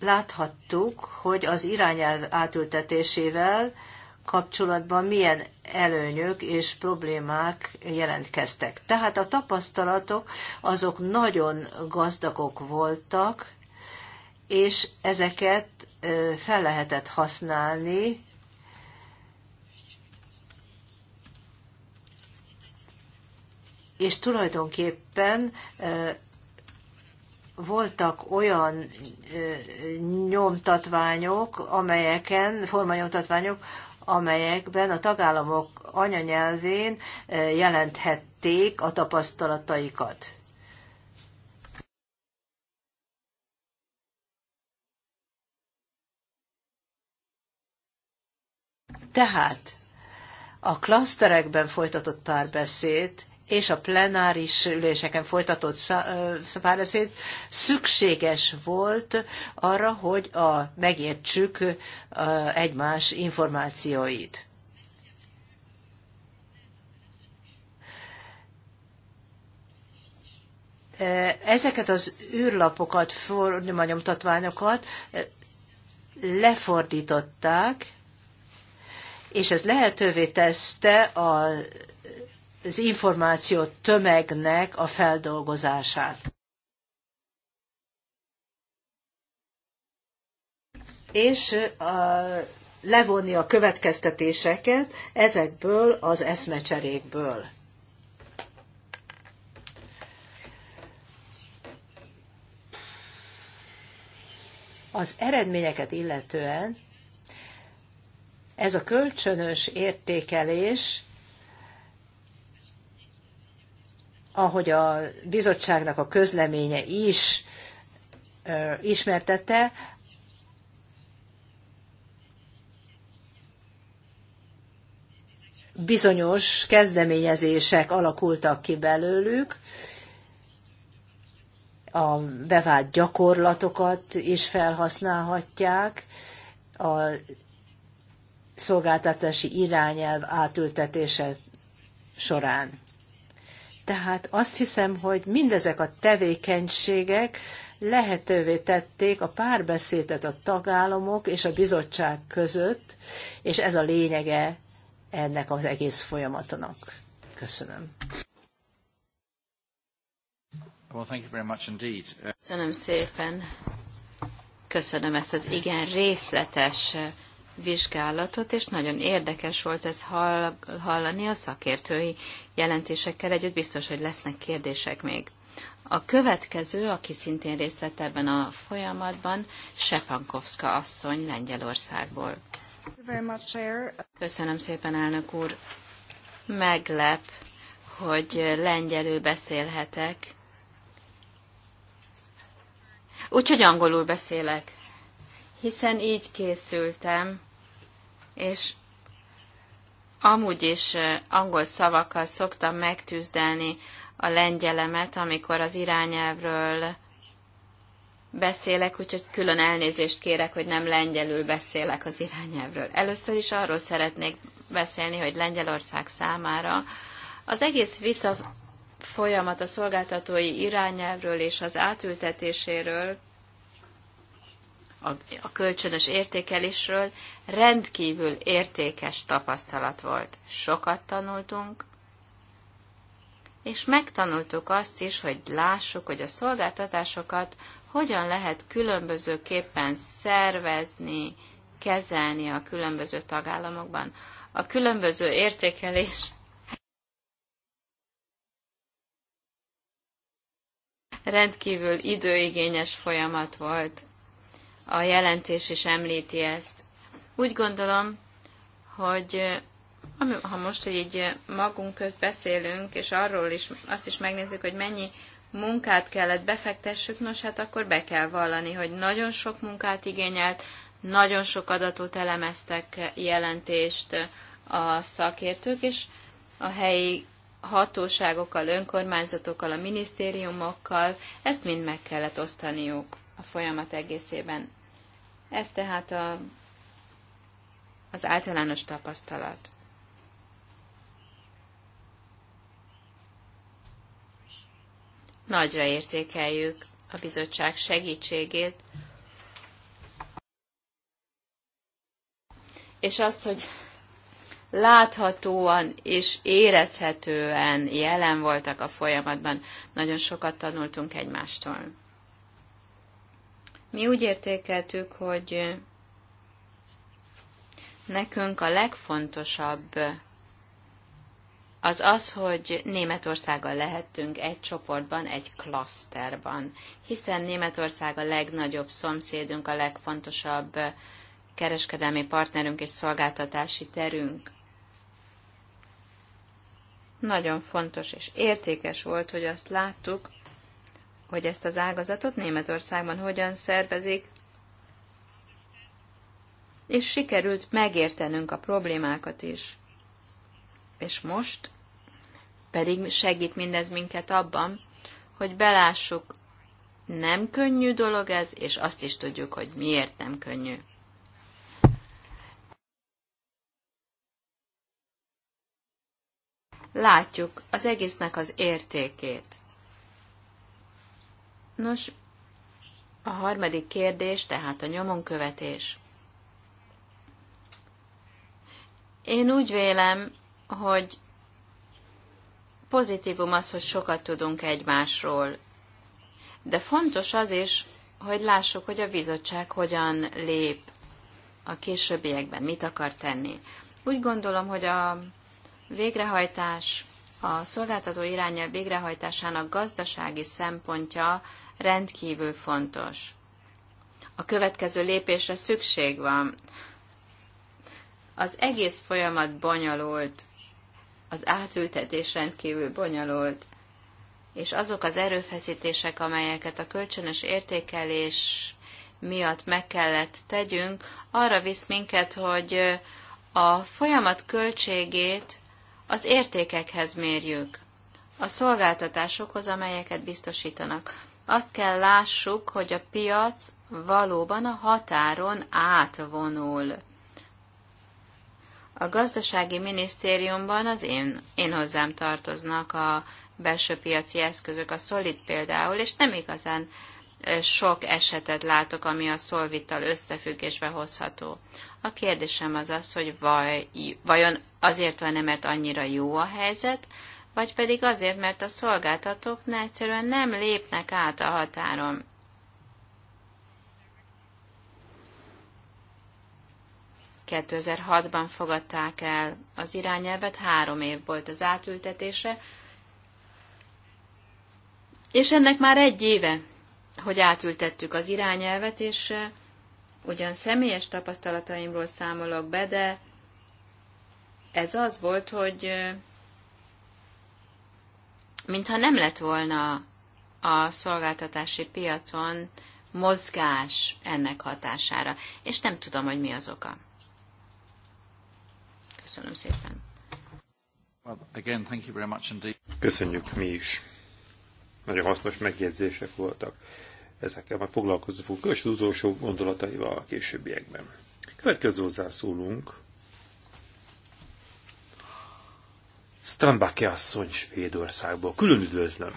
Speaker 3: láthattuk, hogy az irányelv átültetésével kapcsolatban milyen előnyök és problémák jelentkeztek. Tehát a tapasztalatok azok nagyon gazdagok voltak, és ezeket fel lehetett használni és tulajdonképpen voltak olyan nyomtatványok, amelyeken, formanyomtatványok, amelyekben a tagállamok anyanyelvén eh, jelenthették a tapasztalataikat. Tehát a klaszterekben folytatott párbeszéd és a plenáris üléseken folytatott párbeszéd szükséges volt arra, hogy a, megértsük egymás információit. Ezeket az űrlapokat, nyomtatványokat lefordították, és ez lehetővé tette a az információ tömegnek a feldolgozását. És a, levonni a következtetéseket ezekből az eszmecserékből. Az eredményeket illetően ez a kölcsönös értékelés ahogy a bizottságnak a közleménye is ismertette, bizonyos kezdeményezések alakultak ki belőlük, a bevált gyakorlatokat is felhasználhatják, a szolgáltatási irányelv átültetése során. Tehát azt hiszem, hogy mindezek a tevékenységek lehetővé tették a párbeszédet a tagállamok és a bizottság között, és ez a lényege ennek az egész folyamatnak. Köszönöm.
Speaker 2: Well, thank you very much indeed.
Speaker 1: Köszönöm szépen. Köszönöm ezt az igen részletes vizsgálatot, és nagyon érdekes volt ez hallani a szakértői jelentésekkel együtt, biztos, hogy lesznek kérdések még. A következő, aki szintén részt vett ebben a folyamatban, Sepankovska asszony Lengyelországból. Köszönöm szépen, elnök úr. Meglep, hogy lengyelül beszélhetek. Úgyhogy angolul beszélek, hiszen így készültem és amúgy is angol szavakkal szoktam megtűzdelni a lengyelemet, amikor az irányelvről beszélek, úgyhogy külön elnézést kérek, hogy nem lengyelül beszélek az irányelvről. Először is arról szeretnék beszélni, hogy Lengyelország számára az egész vita folyamat a szolgáltatói irányelvről és az átültetéséről a, a kölcsönös értékelésről rendkívül értékes tapasztalat volt. Sokat tanultunk, és megtanultuk azt is, hogy lássuk, hogy a szolgáltatásokat hogyan lehet különbözőképpen szervezni, kezelni a különböző tagállamokban. A különböző értékelés rendkívül időigényes folyamat volt a jelentés is említi ezt. Úgy gondolom, hogy ha most így magunk közt beszélünk, és arról is azt is megnézzük, hogy mennyi munkát kellett befektessük, nos hát akkor be kell vallani, hogy nagyon sok munkát igényelt, nagyon sok adatot elemeztek, jelentést a szakértők, és a helyi hatóságokkal, önkormányzatokkal, a minisztériumokkal, ezt mind meg kellett osztaniuk a folyamat egészében. Ez tehát a, az általános tapasztalat. Nagyra értékeljük a bizottság segítségét, és azt, hogy láthatóan és érezhetően jelen voltak a folyamatban. Nagyon sokat tanultunk egymástól. Mi úgy értékeltük, hogy nekünk a legfontosabb az az, hogy Németországgal lehettünk egy csoportban, egy klaszterban, hiszen Németország a legnagyobb szomszédunk, a legfontosabb kereskedelmi partnerünk és szolgáltatási terünk. Nagyon fontos és értékes volt, hogy azt láttuk, hogy ezt az ágazatot Németországban hogyan szervezik, és sikerült megértenünk a problémákat is. És most pedig segít mindez minket abban, hogy belássuk, nem könnyű dolog ez, és azt is tudjuk, hogy miért nem könnyű. Látjuk az egésznek az értékét. Nos, a harmadik kérdés, tehát a nyomonkövetés. Én úgy vélem, hogy pozitívum az, hogy sokat tudunk egymásról. De fontos az is, hogy lássuk, hogy a bizottság hogyan lép a későbbiekben, mit akar tenni. Úgy gondolom, hogy a végrehajtás, a szolgáltató irányel végrehajtásának gazdasági szempontja rendkívül fontos. A következő lépésre szükség van. Az egész folyamat bonyolult, az átültetés rendkívül bonyolult, és azok az erőfeszítések, amelyeket a kölcsönös értékelés miatt meg kellett tegyünk, arra visz minket, hogy a folyamat költségét az értékekhez mérjük, a szolgáltatásokhoz, amelyeket biztosítanak. Azt kell lássuk, hogy a piac valóban a határon átvonul. A gazdasági minisztériumban az én, én hozzám tartoznak a belső piaci eszközök, a Solid például, és nem igazán sok esetet látok, ami a szolvittal összefüggésbe hozható. A kérdésem az az, hogy vaj, vajon azért van-e, mert annyira jó a helyzet, vagy pedig azért, mert a szolgáltatók ne, egyszerűen nem lépnek át a határon. ban fogadták el az irányelvet, három év volt az átültetése, és ennek már egy éve, hogy átültettük az irányelvet, és ugyan személyes tapasztalataimról számolok be, de ez az volt, hogy mintha nem lett volna a szolgáltatási piacon mozgás ennek hatására, és nem tudom, hogy mi az oka.
Speaker 2: Köszönöm szépen. Köszönjük mi is. Nagyon hasznos megjegyzések voltak. Ezekkel már foglalkozni fogunk, és az utolsó gondolataival a későbbiekben. Következő hozzászólunk Strandbaki asszony Svédországból. Külön üdvözlöm.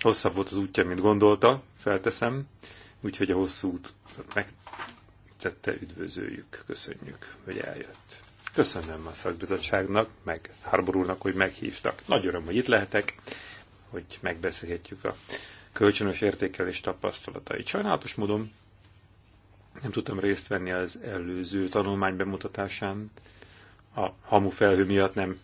Speaker 2: Hosszabb volt az útja, mint gondolta, felteszem, úgyhogy a hosszú út megtette, üdvözöljük, köszönjük, hogy eljött. Köszönöm a szakbizottságnak, meg Harbor hogy meghívtak. Nagy öröm, hogy itt lehetek, hogy megbeszélhetjük a kölcsönös értékelés tapasztalatait. Sajnálatos módon nem tudtam részt venni az előző tanulmány bemutatásán, a hamu felhő miatt nem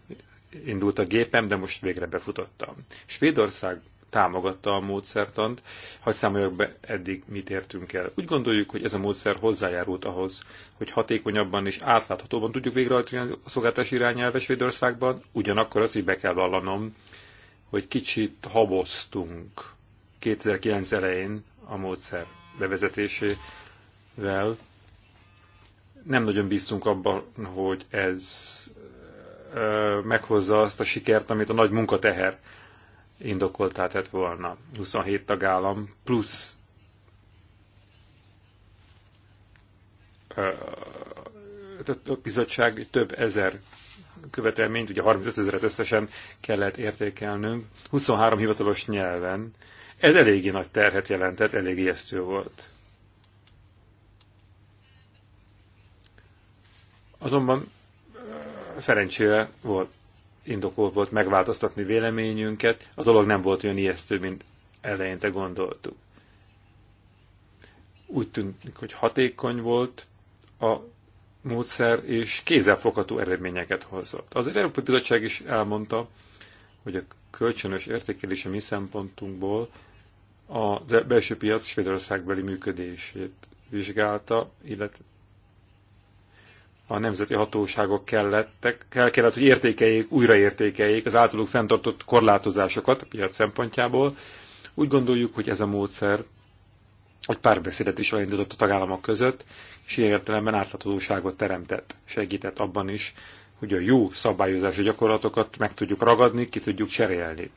Speaker 2: indult a gépem, de most végre befutottam. Svédország támogatta a módszertant, Ha számoljak be eddig mit értünk el. Úgy gondoljuk, hogy ez a módszer hozzájárult ahhoz, hogy hatékonyabban és átláthatóban tudjuk végrehajtani a szolgáltás irányelve Svédországban, ugyanakkor az, hogy be kell vallanom, hogy kicsit haboztunk 2009 elején a módszer bevezetésével, nem nagyon bízunk abban, hogy ez meghozza azt a sikert, amit a nagy munkateher indokoltá tett volna. 27 tagállam plusz a bizottság több ezer követelményt, ugye 35 ezeret összesen kellett értékelnünk, 23 hivatalos nyelven. Ez eléggé nagy terhet jelentett, elég ijesztő volt. Azonban szerencsére volt indokolt volt megváltoztatni véleményünket, a dolog nem volt olyan ijesztő, mint eleinte gondoltuk. Úgy tűnik, hogy hatékony volt a módszer, és kézzelfogható eredményeket hozott. Az Európai Bizottság is elmondta, hogy a kölcsönös értékelése mi szempontunkból a belső piac Svédországbeli működését vizsgálta, illetve a nemzeti hatóságok kellettek, kell kellett, hogy értékeljék, újraértékeljék az általuk fenntartott korlátozásokat a piac szempontjából. Úgy gondoljuk, hogy ez a módszer egy párbeszédet is elindított a tagállamok között, és ilyen értelemben átláthatóságot teremtett, segített abban is, hogy a jó szabályozási gyakorlatokat meg tudjuk ragadni, ki tudjuk cserélni.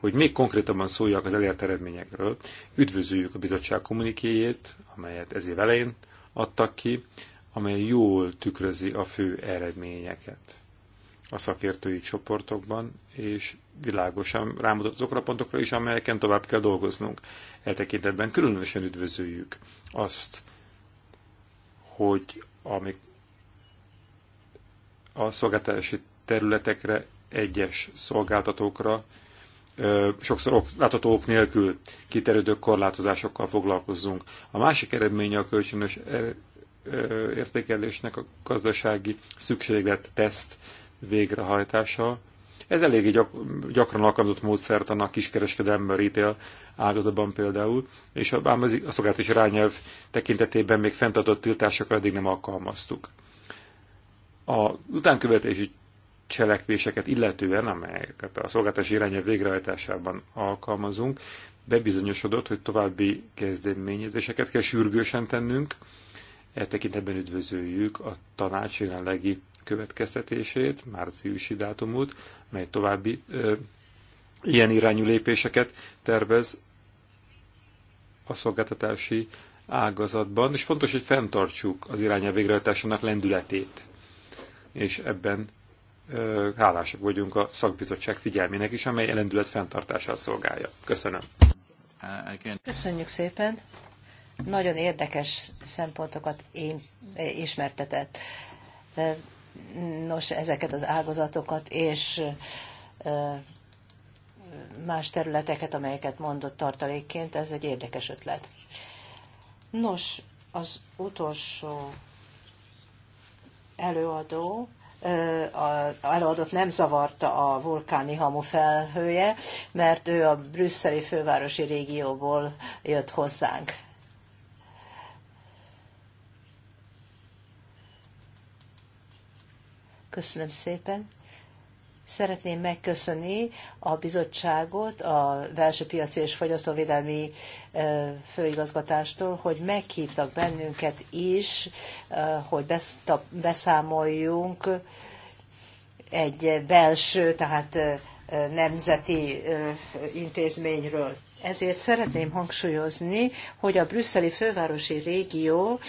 Speaker 2: Hogy még konkrétabban szóljak az elért eredményekről, üdvözöljük a bizottság kommunikéjét, amelyet ez év elején adtak ki, amely jól tükrözi a fő eredményeket a szakértői csoportokban, és világosan rámutat azokra a pontokra is, amelyeken tovább kell dolgoznunk. E tekintetben különösen üdvözöljük azt, hogy amik a szolgáltatási területekre, egyes szolgáltatókra, sokszor látható ok nélkül kiterjedő korlátozásokkal foglalkozzunk. A másik eredménye a kölcsönös er- értékelésnek a gazdasági szükséglet teszt végrehajtása. Ez eléggé gyak, gyakran alkalmazott módszert annak kiskereskedelmi retail ágazatban például, és a, ám a is irányelv tekintetében még fenntartott tiltásokra eddig nem alkalmaztuk. A utánkövetési cselekvéseket illetően, amelyeket a szolgáltatási irányelv végrehajtásában alkalmazunk, bebizonyosodott, hogy további kezdeményezéseket kell sürgősen tennünk, E tekintetben üdvözöljük a tanács jelenlegi következtetését, márciusi dátumot, mely további ö, ilyen irányú lépéseket tervez a szolgáltatási ágazatban, és fontos, hogy fenntartsuk az irányel végrehajtásának lendületét. És ebben ö, hálásak vagyunk a szakbizottság figyelmének is, amely lendület fenntartását szolgálja. Köszönöm. Uh,
Speaker 3: Köszönjük szépen nagyon érdekes szempontokat én e, ismertetett. E, nos, ezeket az ágazatokat és e, más területeket, amelyeket mondott tartalékként, ez egy érdekes ötlet. Nos, az utolsó előadó, a előadót nem zavarta a vulkáni hamu felhője, mert ő a brüsszeli fővárosi régióból jött hozzánk. Köszönöm szépen. Szeretném megköszönni a bizottságot, a belső piaci és fogyasztóvédelmi főigazgatástól, hogy meghívtak bennünket is, hogy beszámoljunk egy belső, tehát nemzeti intézményről. Ezért szeretném hangsúlyozni, hogy a brüsszeli fővárosi régió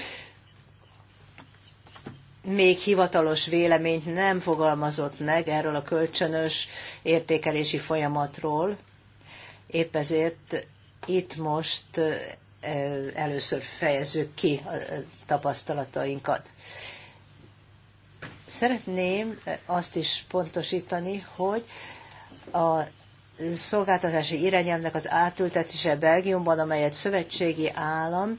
Speaker 3: még hivatalos véleményt nem fogalmazott meg erről a kölcsönös értékelési folyamatról. Épp ezért itt most először fejezzük ki a tapasztalatainkat. Szeretném azt is pontosítani, hogy a szolgáltatási irányelvnek az átültetése Belgiumban, amelyet szövetségi állam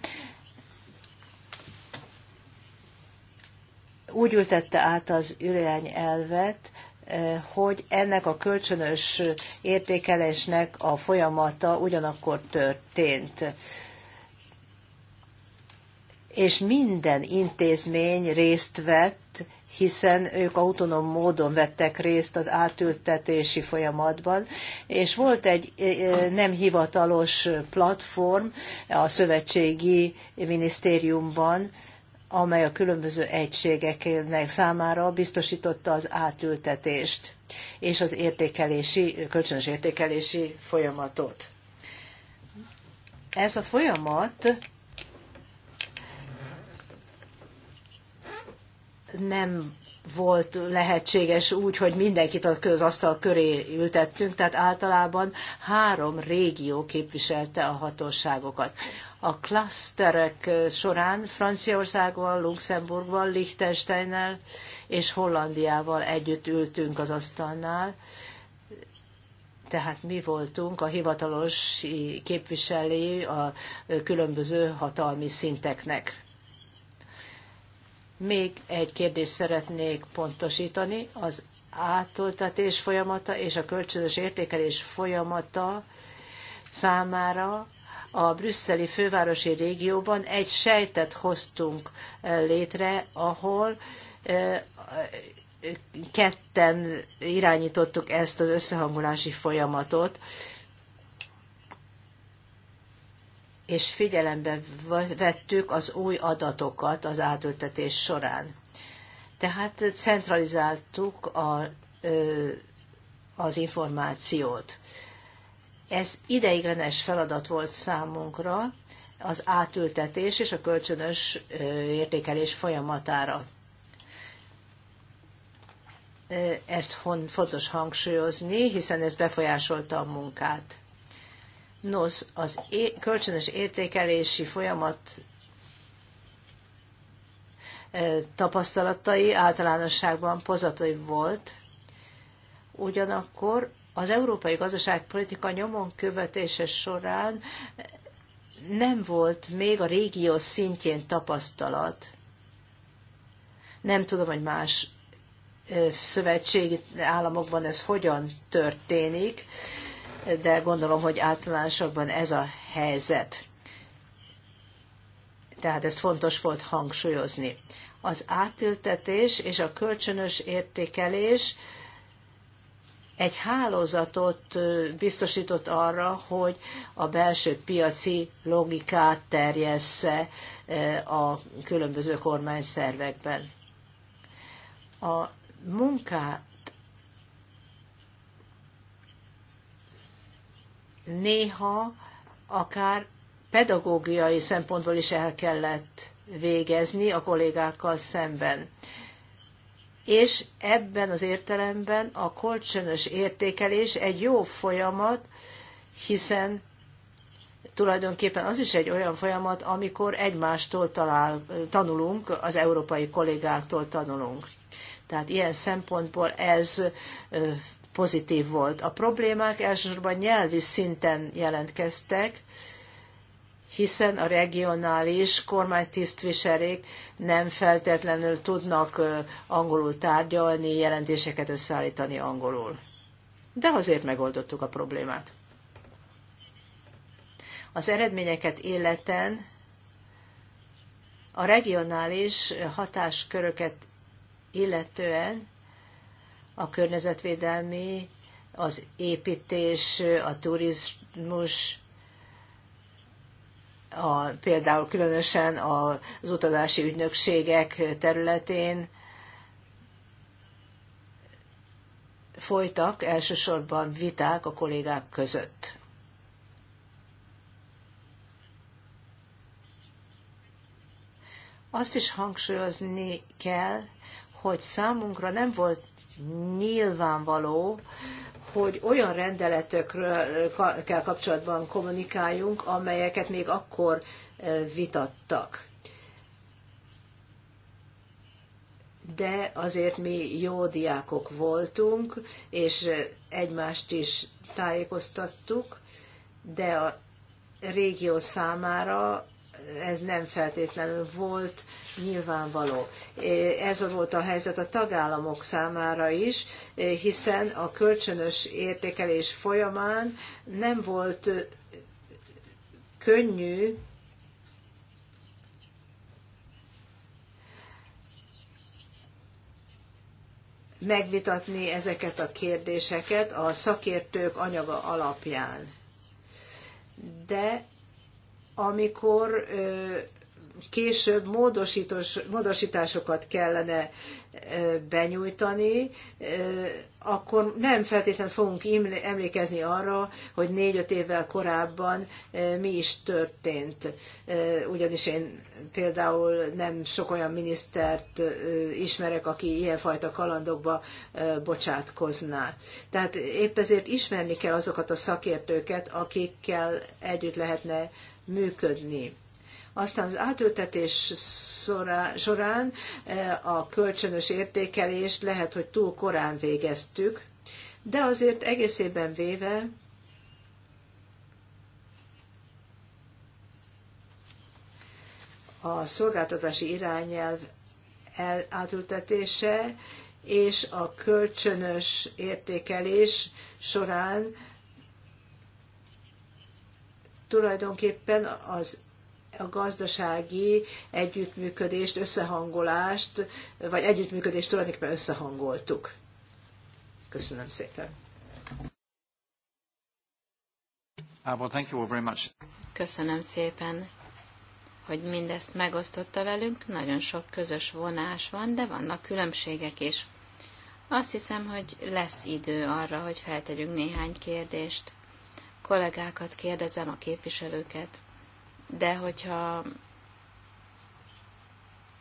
Speaker 3: úgy ültette át az ülény elvet, eh, hogy ennek a kölcsönös értékelésnek a folyamata ugyanakkor történt. És minden intézmény részt vett, hiszen ők autonóm módon vettek részt az átültetési folyamatban, és volt egy eh, eh, nem hivatalos platform a szövetségi minisztériumban, amely a különböző egységeknek számára biztosította az átültetést és az értékelési, kölcsönös értékelési folyamatot. Ez a folyamat nem volt lehetséges úgy, hogy mindenkit a közasztal köré ültettünk, tehát általában három régió képviselte a hatóságokat a klaszterek során Franciaországgal, Luxemburgval, Liechtensteinnel és Hollandiával együtt ültünk az asztalnál, tehát mi voltunk a hivatalos képviselői a különböző hatalmi szinteknek. Még egy kérdést szeretnék pontosítani, az átoltatás folyamata és a kölcsönös értékelés folyamata számára a brüsszeli fővárosi régióban egy sejtet hoztunk eh, létre, ahol eh, ketten irányítottuk ezt az összehangolási folyamatot, és figyelembe vettük az új adatokat az átültetés során. Tehát centralizáltuk a, az információt. Ez ideiglenes feladat volt számunkra, az átültetés és a kölcsönös értékelés folyamatára. Ezt fontos hangsúlyozni, hiszen ez befolyásolta a munkát. Nos, az é- kölcsönös értékelési folyamat tapasztalatai általánosságban pozitív volt, ugyanakkor az európai gazdaságpolitika nyomon követése során nem volt még a régió szintjén tapasztalat. Nem tudom, hogy más szövetségi államokban ez hogyan történik, de gondolom, hogy általánosakban ez a helyzet. Tehát ezt fontos volt hangsúlyozni. Az átültetés és a kölcsönös értékelés egy hálózatot biztosított arra, hogy a belső piaci logikát terjessze a különböző kormányszervekben. A munkát néha akár pedagógiai szempontból is el kellett végezni a kollégákkal szemben és ebben az értelemben a kölcsönös értékelés egy jó folyamat, hiszen tulajdonképpen az is egy olyan folyamat, amikor egymástól talál, tanulunk, az európai kollégáktól tanulunk. Tehát ilyen szempontból ez pozitív volt. A problémák elsősorban nyelvi szinten jelentkeztek, hiszen a regionális kormánytisztviselék nem feltétlenül tudnak angolul tárgyalni, jelentéseket összeállítani angolul. De azért megoldottuk a problémát. Az eredményeket életen a regionális hatásköröket illetően a környezetvédelmi, az építés, a turizmus, a, például különösen az utazási ügynökségek területén folytak elsősorban viták a kollégák között. Azt is hangsúlyozni kell, hogy számunkra nem volt nyilvánvaló, hogy olyan rendeletekről kell kapcsolatban kommunikáljunk, amelyeket még akkor vitattak. De azért mi jó diákok voltunk, és egymást is tájékoztattuk, de a régió számára ez nem feltétlenül volt nyilvánvaló. Ez volt a helyzet a tagállamok számára is, hiszen a kölcsönös értékelés folyamán nem volt könnyű megvitatni ezeket a kérdéseket a szakértők anyaga alapján. De amikor később módosítós, módosításokat kellene benyújtani, akkor nem feltétlenül fogunk emlékezni arra, hogy négy-öt évvel korábban mi is történt. Ugyanis én például nem sok olyan minisztert ismerek, aki ilyenfajta kalandokba bocsátkozná. Tehát épp ezért ismerni kell azokat a szakértőket, akikkel együtt lehetne működni. Aztán az átültetés során e, a kölcsönös értékelést lehet, hogy túl korán végeztük, de azért egészében véve a szolgáltatási irányelv átültetése és a kölcsönös értékelés során tulajdonképpen az a gazdasági együttműködést, összehangolást, vagy együttműködést tulajdonképpen összehangoltuk. Köszönöm szépen.
Speaker 2: Uh,
Speaker 1: Köszönöm szépen, hogy mindezt megosztotta velünk. Nagyon sok közös vonás van, de vannak különbségek is. Azt hiszem, hogy lesz idő arra, hogy feltegyünk néhány kérdést kollégákat, kérdezem a képviselőket. De hogyha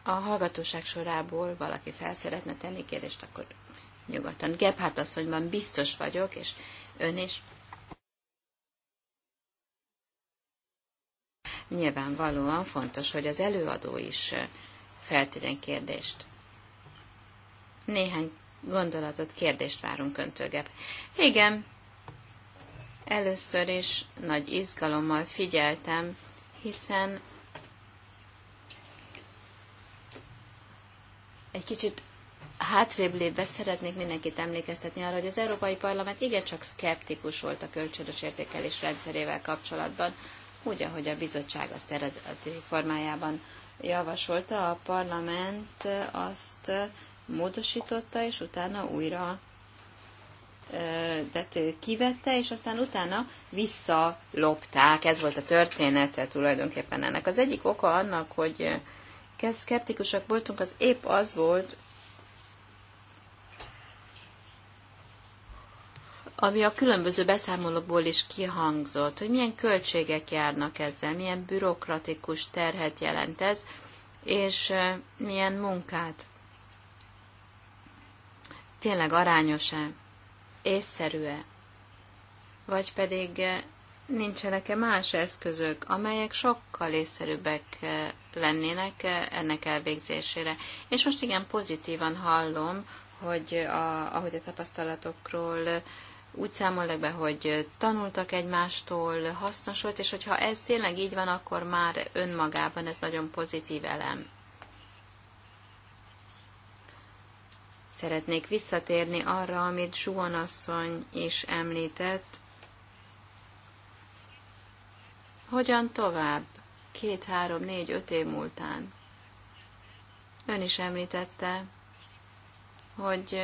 Speaker 1: a hallgatóság sorából valaki fel szeretne tenni kérdést, akkor nyugodtan. Gebhardt asszonyban biztos vagyok, és ön is. Nyilvánvalóan fontos, hogy az előadó is eh, feltegyen kérdést. Néhány gondolatot, kérdést várunk öntől, Igen, Először is nagy izgalommal figyeltem, hiszen egy kicsit hátrébb lépve szeretnék mindenkit emlékeztetni arra, hogy az Európai Parlament igencsak szkeptikus volt a kölcsönös értékelés rendszerével kapcsolatban, úgy, ahogy a bizottság azt eredeti formájában javasolta, a parlament azt módosította, és utána újra tehát kivette, és aztán utána visszalopták. Ez volt a története tulajdonképpen ennek. Az egyik oka annak, hogy szkeptikusak voltunk, az épp az volt, ami a különböző beszámolókból is kihangzott, hogy milyen költségek járnak ezzel, milyen bürokratikus terhet jelent ez, és milyen munkát. Tényleg arányos-e? észszerű-e? Vagy pedig eh, nincsenek-e más eszközök, amelyek sokkal észszerűbbek eh, lennének eh, ennek elvégzésére? És most igen pozitívan hallom, hogy a, ahogy a tapasztalatokról úgy számolnak be, hogy tanultak egymástól, hasznos volt, és hogyha ez tényleg így van, akkor már önmagában ez nagyon pozitív elem. Szeretnék visszatérni arra, amit Zsuan asszony is említett. Hogyan tovább? Két, három, négy, öt év múltán. Ön is említette, hogy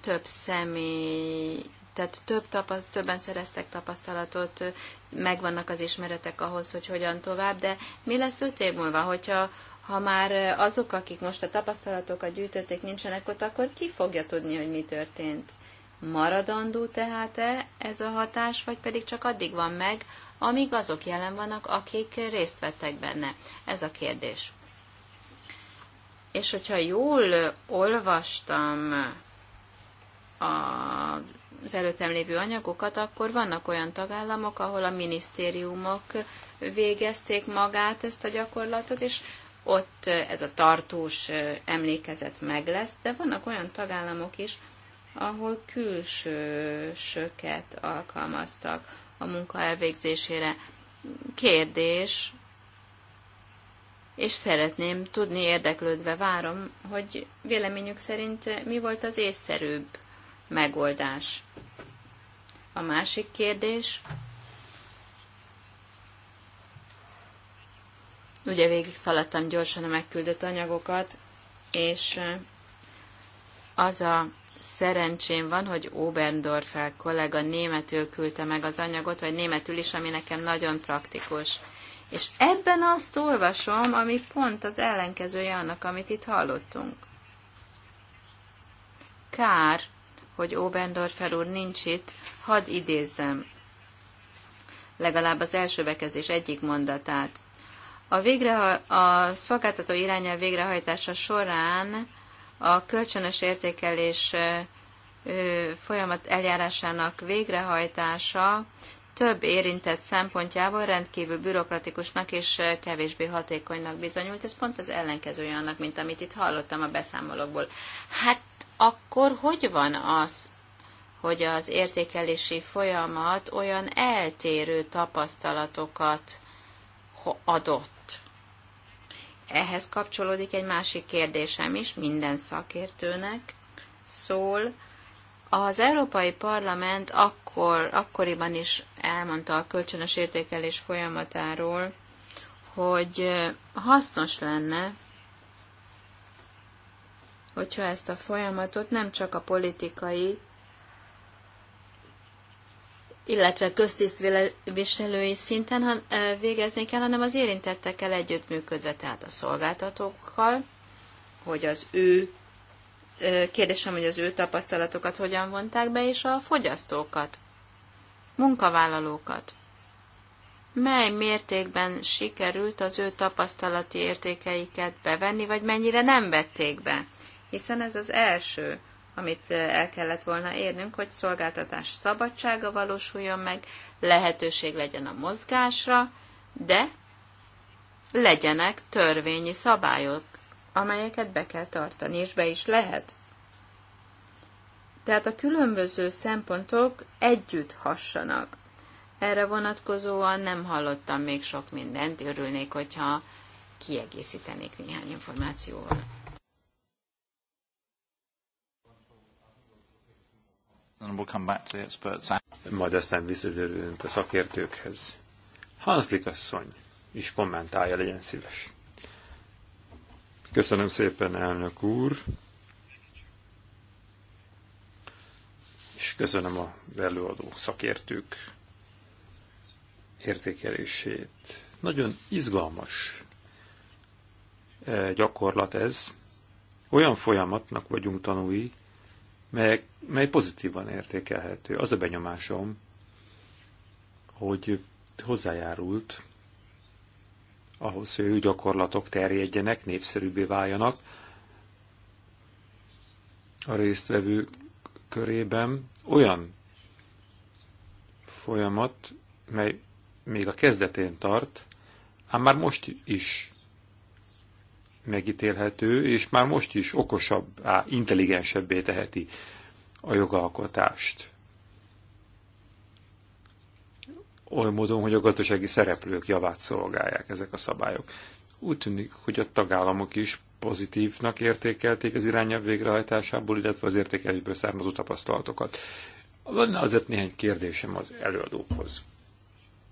Speaker 1: több személy, tehát több tapaszt, többen szereztek tapasztalatot, megvannak az ismeretek ahhoz, hogy hogyan tovább, de mi lesz öt év múlva, hogyha ha már azok, akik most a tapasztalatokat gyűjtötték, nincsenek ott, akkor ki fogja tudni, hogy mi történt? Maradandó tehát-e ez a hatás, vagy pedig csak addig van meg, amíg azok jelen vannak, akik részt vettek benne? Ez a kérdés. És hogyha jól olvastam az előttem lévő anyagokat, akkor vannak olyan tagállamok, ahol a minisztériumok végezték magát ezt a gyakorlatot, és ott ez a tartós emlékezet meg lesz, de vannak olyan tagállamok is, ahol külsősöket alkalmaztak a munka elvégzésére. Kérdés, és szeretném tudni, érdeklődve várom, hogy véleményük szerint mi volt az észszerűbb megoldás. A másik kérdés, Ugye végig szaladtam gyorsan a megküldött anyagokat, és az a szerencsém van, hogy Oberndorfer kollega németül küldte meg az anyagot, vagy németül is, ami nekem nagyon praktikus. És ebben azt olvasom, ami pont az ellenkezője annak, amit itt hallottunk. Kár, hogy Oberndorfer úr nincs itt, hadd idézzem. Legalább az első bekezdés egyik mondatát. A, végre, a szolgáltató irányel végrehajtása során a kölcsönös értékelés folyamat eljárásának végrehajtása több érintett szempontjából rendkívül bürokratikusnak és kevésbé hatékonynak bizonyult. Ez pont az ellenkezője annak, mint amit itt hallottam a beszámolókból. Hát akkor hogy van az, hogy az értékelési folyamat olyan eltérő tapasztalatokat adott. Ehhez kapcsolódik egy másik kérdésem is, minden szakértőnek szól. Az Európai Parlament akkor, akkoriban is elmondta a kölcsönös értékelés folyamatáról, hogy hasznos lenne, hogyha ezt a folyamatot nem csak a politikai, illetve köztisztviselői szinten végezni kell, hanem az érintettekkel együttműködve, tehát a szolgáltatókkal, hogy az ő kérdésem, hogy az ő tapasztalatokat hogyan vonták be, és a fogyasztókat, munkavállalókat. Mely mértékben sikerült az ő tapasztalati értékeiket bevenni, vagy mennyire nem vették be? Hiszen ez az első amit el kellett volna érnünk, hogy szolgáltatás szabadsága valósuljon meg, lehetőség legyen a mozgásra, de legyenek törvényi szabályok, amelyeket be kell tartani, és be is lehet. Tehát a különböző szempontok együtt hassanak. Erre vonatkozóan nem hallottam még sok mindent, örülnék, hogyha kiegészítenék néhány információval.
Speaker 2: Majd aztán visszatérünk a szakértőkhez. Hanszlik asszony is kommentálja, legyen szíves. Köszönöm szépen, elnök úr. És köszönöm a előadó szakértők értékelését. Nagyon izgalmas eh, gyakorlat ez. Olyan folyamatnak vagyunk tanúi, mely, mely pozitívan értékelhető. Az a benyomásom, hogy hozzájárult ahhoz, hogy ő gyakorlatok terjedjenek, népszerűbbé váljanak a résztvevő körében olyan folyamat, mely még a kezdetén tart, ám már most is megítélhető, és már most is okosabb, á, intelligensebbé teheti a jogalkotást. Oly módon, hogy a gazdasági szereplők javát szolgálják ezek a szabályok. Úgy tűnik, hogy a tagállamok is pozitívnak értékelték az irányabb végrehajtásából, illetve az értékelésből származó tapasztalatokat. Van azért néhány kérdésem az előadókhoz,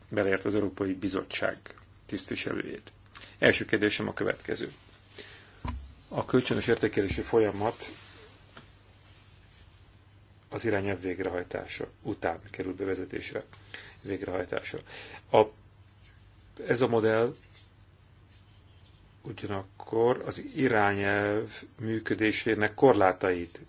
Speaker 2: beleért az Európai Bizottság tisztviselőjét. Első kérdésem a következő. A kölcsönös értékelési folyamat az irányelv végrehajtása után kerül bevezetésre, végrehajtása. A, ez a modell ugyanakkor az irányelv működésének korlátait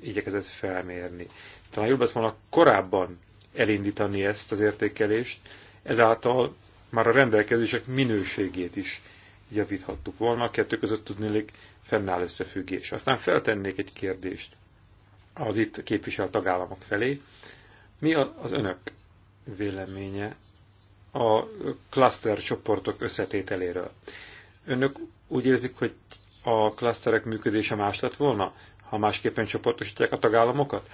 Speaker 2: igyekezett felmérni. Talán jobb lett volna korábban elindítani ezt az értékelést, ezáltal már a rendelkezések minőségét is javíthattuk volna. A kettő között tudnélik fennáll összefüggés. Aztán feltennék egy kérdést az itt képviselt tagállamok felé. Mi az önök véleménye a cluster csoportok összetételéről? Önök úgy érzik, hogy a klaszterek működése más lett volna, ha másképpen csoportosítják a tagállamokat?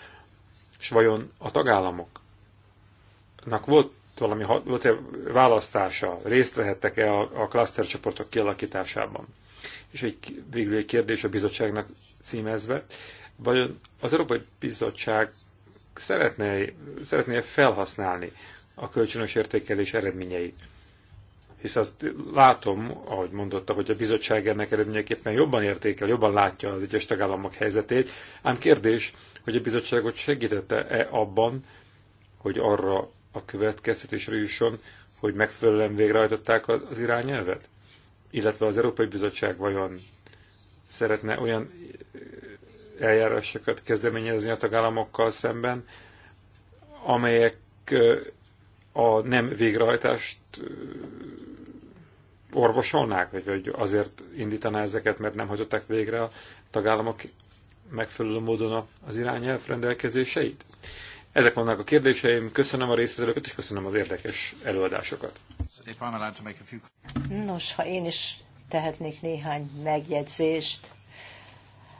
Speaker 2: És vajon a tagállamoknak volt valami volt -e választása, részt vehettek-e a, a csoportok kialakításában? És egy végül egy kérdés a bizottságnak címezve. Vajon az Európai Bizottság szeretné, szeretné felhasználni a kölcsönös értékelés eredményeit? hisz azt látom, ahogy mondotta, hogy a bizottság ennek eredményeképpen jobban értékel, jobban látja az egyes tagállamok helyzetét, ám kérdés, hogy a bizottságot segítette-e abban, hogy arra a következtetésre jusson, hogy megfelelően végrehajtották az irányelvet? illetve az Európai Bizottság vajon szeretne olyan eljárásokat kezdeményezni a tagállamokkal szemben, amelyek a nem végrehajtást orvosolnák, vagy, hogy azért indítaná ezeket, mert nem hagyották végre a tagállamok megfelelő módon az irányelv rendelkezéseit? Ezek vannak a kérdéseim, köszönöm a részvételőket, és köszönöm az érdekes előadásokat.
Speaker 3: Nos, ha én is tehetnék néhány megjegyzést,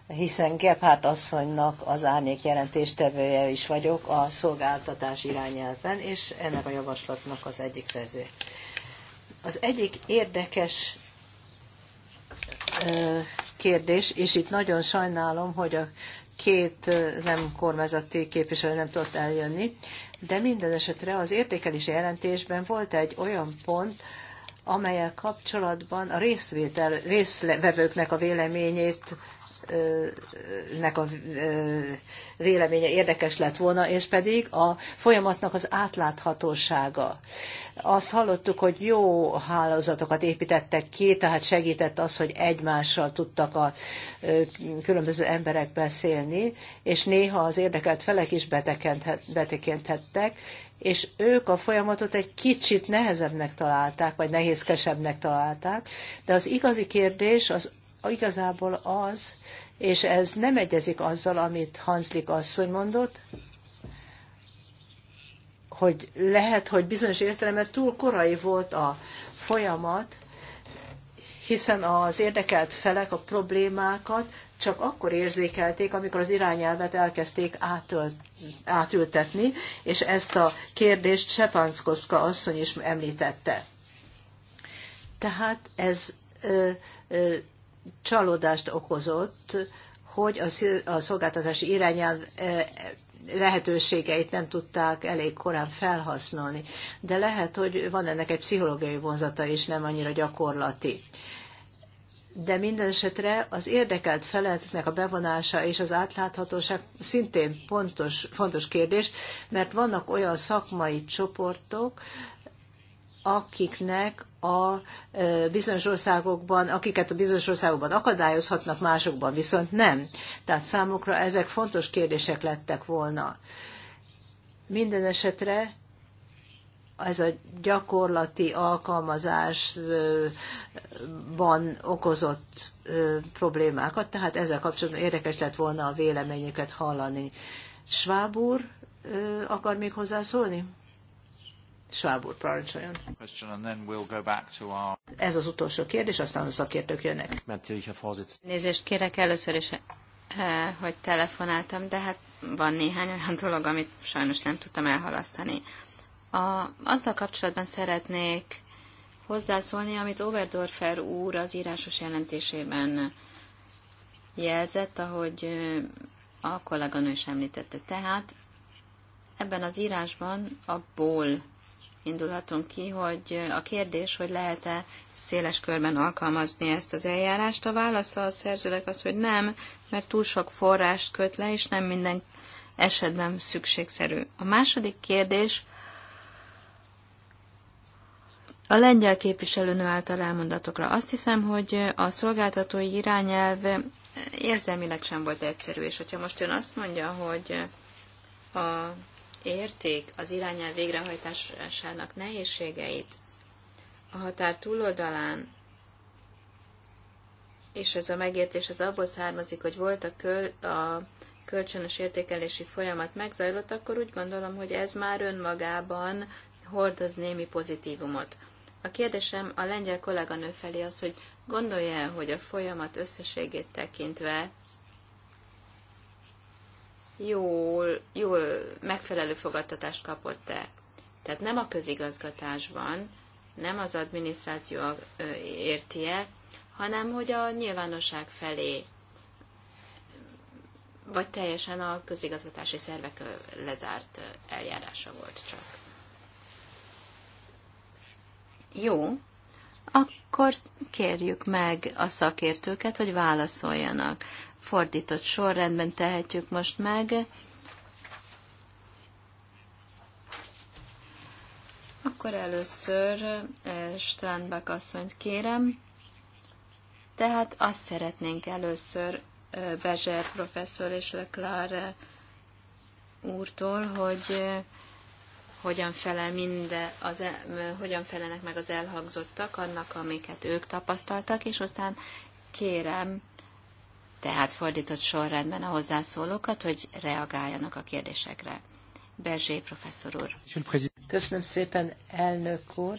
Speaker 3: hiszen Gebhardt asszonynak az árnyék jelentéstevője is vagyok a szolgáltatás irányelven, és ennek a javaslatnak az egyik szerző. Az egyik érdekes kérdés, és itt nagyon sajnálom, hogy a két nem kormányzati képviselő nem tudott eljönni, de minden esetre az értékelési jelentésben volt egy olyan pont, amelyel kapcsolatban a részvétel, részvevőknek a véleményét nek a véleménye érdekes lett volna, és pedig a folyamatnak az átláthatósága. Azt hallottuk, hogy jó hálózatokat építettek ki, tehát segített az, hogy egymással tudtak a különböző emberek beszélni, és néha az érdekelt felek is betekenthettek, és ők a folyamatot egy kicsit nehezebbnek találták, vagy nehézkesebbnek találták, de az igazi kérdés az igazából az, és ez nem egyezik azzal, amit Hanslik asszony mondott, hogy lehet, hogy bizonyos értelemben túl korai volt a folyamat, hiszen az érdekelt felek a problémákat csak akkor érzékelték, amikor az irányelvet elkezdték átölt, átültetni, és ezt a kérdést Sepanszkowska asszony is említette. Tehát ez ö, ö, csalódást okozott, hogy a szolgáltatási irányelv e, lehetőségeit nem tudták elég korán felhasználni. De lehet, hogy van ennek egy pszichológiai vonzata is, nem annyira gyakorlati. De minden esetre az érdekelt feleknek a bevonása és az átláthatóság szintén pontos, fontos kérdés, mert vannak olyan szakmai csoportok, akiknek a bizonyos országokban, akiket a bizonyos országokban akadályozhatnak, másokban viszont nem. Tehát számukra ezek fontos kérdések lettek volna. Minden esetre ez a gyakorlati alkalmazásban okozott problémákat, tehát ezzel kapcsolatban érdekes lett volna a véleményeket hallani. Schwab úr akar még
Speaker 1: hozzászólni?
Speaker 3: Schwab úr, parancsoljon.
Speaker 1: Ez az utolsó kérdés, aztán a szakértők jönnek. Nézést kérek először is, eh, hogy telefonáltam, de hát van néhány olyan dolog, amit sajnos nem tudtam elhalasztani. A, azzal kapcsolatban szeretnék hozzászólni, amit Oberdorfer úr az írásos jelentésében jelzett, ahogy eh, a kolléganő is említette. Tehát ebben az írásban abból indulhatunk ki, hogy a kérdés, hogy lehet-e széles körben alkalmazni ezt az eljárást. A válasza a szerzőnek az, hogy nem, mert túl sok forrást köt le, és nem minden esetben szükségszerű. A második kérdés a lengyel képviselőnő által elmondatokra. Azt hiszem, hogy a szolgáltatói irányelv érzelmileg sem volt egyszerű, és hogyha most ön azt mondja, hogy a értik az irányel végrehajtásának nehézségeit a határ túloldalán, és ez a megértés az abból származik, hogy volt a, köl, a kölcsönös értékelési folyamat megzajlott, akkor úgy gondolom, hogy ez már önmagában hordoz némi pozitívumot. A kérdésem a lengyel kolléganő felé az, hogy gondolja hogy a folyamat összességét tekintve jól, jól megfelelő fogadtatást kapott-e. Tehát nem a közigazgatásban, nem az adminisztráció érti e, hanem hogy a nyilvánosság felé, vagy teljesen a közigazgatási szervek lezárt eljárása volt csak. Jó, akkor kérjük meg a szakértőket, hogy válaszoljanak fordított sorrendben tehetjük most meg. Akkor először eh, Strandbak asszonyt kérem. Tehát azt szeretnénk először eh, Bezser professzor és Leclerc eh, úrtól, hogy hogyan felel minden, az, e, hogyan felelnek meg az elhangzottak annak, amiket ők tapasztaltak, és aztán kérem tehát fordított sorrendben a hozzászólókat, hogy reagáljanak a kérdésekre. Berzsé professzor úr. Köszönöm szépen, elnök úr.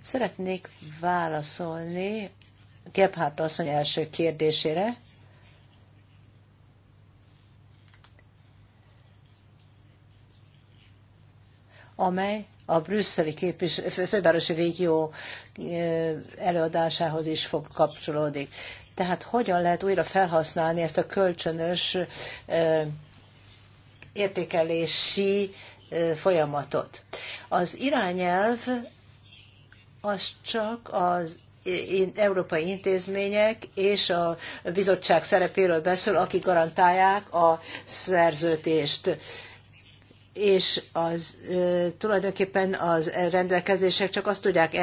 Speaker 1: Szeretnék
Speaker 3: válaszolni Gebhardt asszony első kérdésére. amely a brüsszeli képvisel- fővárosi régió előadásához is fog kapcsolódik. Tehát hogyan lehet újra felhasználni ezt a kölcsönös értékelési folyamatot. Az irányelv az csak az európai intézmények és a bizottság szerepéről beszél, akik garantálják a szerződést. És az, tulajdonképpen az rendelkezések csak azt tudják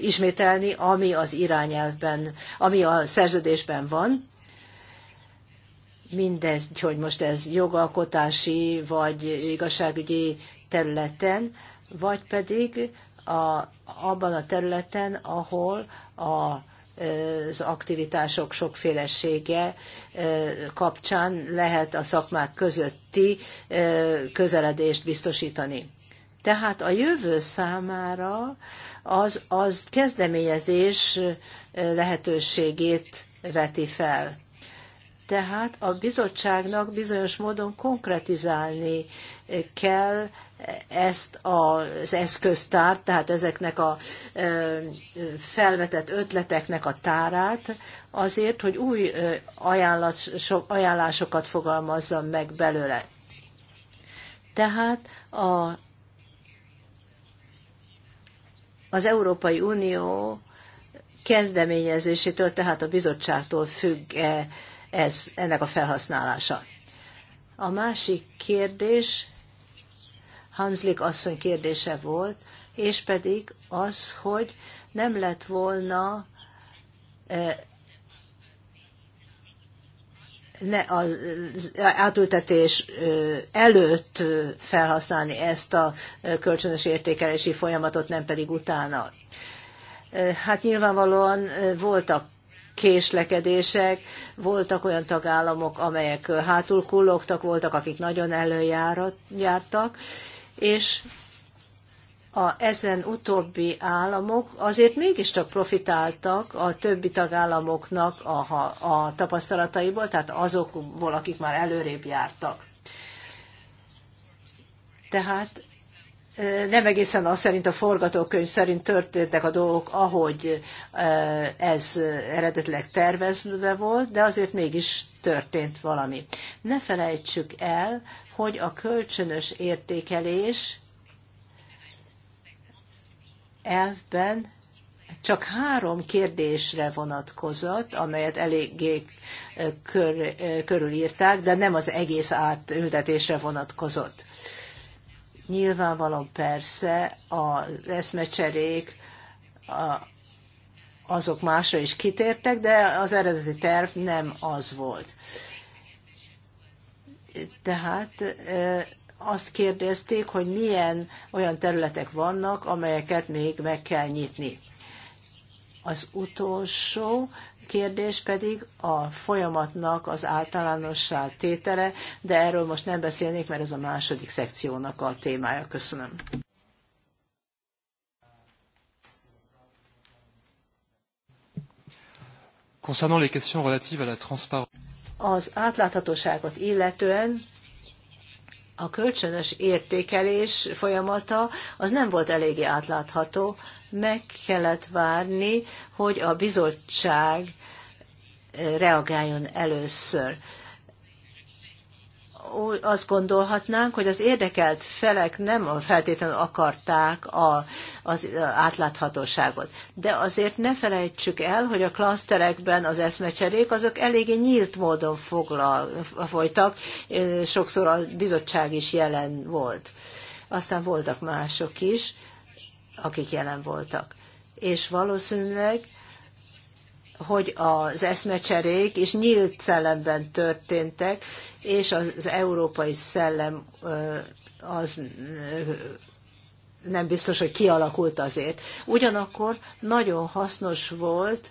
Speaker 3: ismételni, ami az irányelvben, ami a szerződésben van. Mindegy, hogy most ez jogalkotási vagy igazságügyi területen, vagy pedig a, abban a területen, ahol a az aktivitások sokfélesége kapcsán lehet a szakmák közötti közeledést biztosítani. Tehát a jövő számára az, az kezdeményezés lehetőségét veti fel. Tehát a bizottságnak bizonyos módon konkretizálni kell ezt az eszköztárt, tehát ezeknek a felvetett ötleteknek a tárát, azért, hogy új ajánlásokat fogalmazzon meg belőle. Tehát a az Európai Unió kezdeményezésétől, tehát a bizottságtól függ -e ez, ennek a felhasználása. A másik kérdés Hanslik asszony kérdése volt, és pedig az, hogy nem lett volna e, ne, az átültetés előtt felhasználni ezt a kölcsönös értékelési folyamatot, nem pedig utána. Hát nyilvánvalóan voltak késlekedések, voltak olyan tagállamok, amelyek hátul kullogtak, voltak, akik nagyon előjártak, és a, ezen utóbbi államok azért mégiscsak profitáltak a többi tagállamoknak a, a tapasztalataiból, tehát azokból, akik már előrébb jártak. Tehát nem egészen az szerint a forgatókönyv szerint történtek a dolgok, ahogy ez eredetileg tervezve volt, de azért mégis történt valami. Ne felejtsük el, hogy a kölcsönös értékelés elvben csak három kérdésre vonatkozott, amelyet eléggé eh, kör, eh, körülírták, de nem az egész átültetésre vonatkozott. Nyilvánvalóan persze az eszmecserék azok másra is kitértek, de az eredeti terv nem az volt. Tehát eh, azt kérdezték, hogy milyen olyan területek vannak, amelyeket még meg kell nyitni. Az utolsó kérdés pedig a folyamatnak az általánossá tétele, de erről most nem beszélnék, mert ez a második szekciónak a témája. Köszönöm.
Speaker 2: Concernant les questions relatives à la transparence.
Speaker 3: Az átláthatóságot illetően a kölcsönös értékelés folyamata az nem volt eléggé átlátható, meg kellett várni, hogy a bizottság eh, reagáljon először azt gondolhatnánk, hogy az érdekelt felek nem feltétlenül akarták a, az átláthatóságot. De azért ne felejtsük el, hogy a klaszterekben az eszmecserék azok eléggé nyílt módon foglal, folytak, sokszor a bizottság is jelen volt. Aztán voltak mások is, akik jelen voltak. És valószínűleg hogy az eszmecserék és nyílt szellemben történtek, és az európai szellem az nem biztos, hogy kialakult azért. Ugyanakkor nagyon hasznos volt,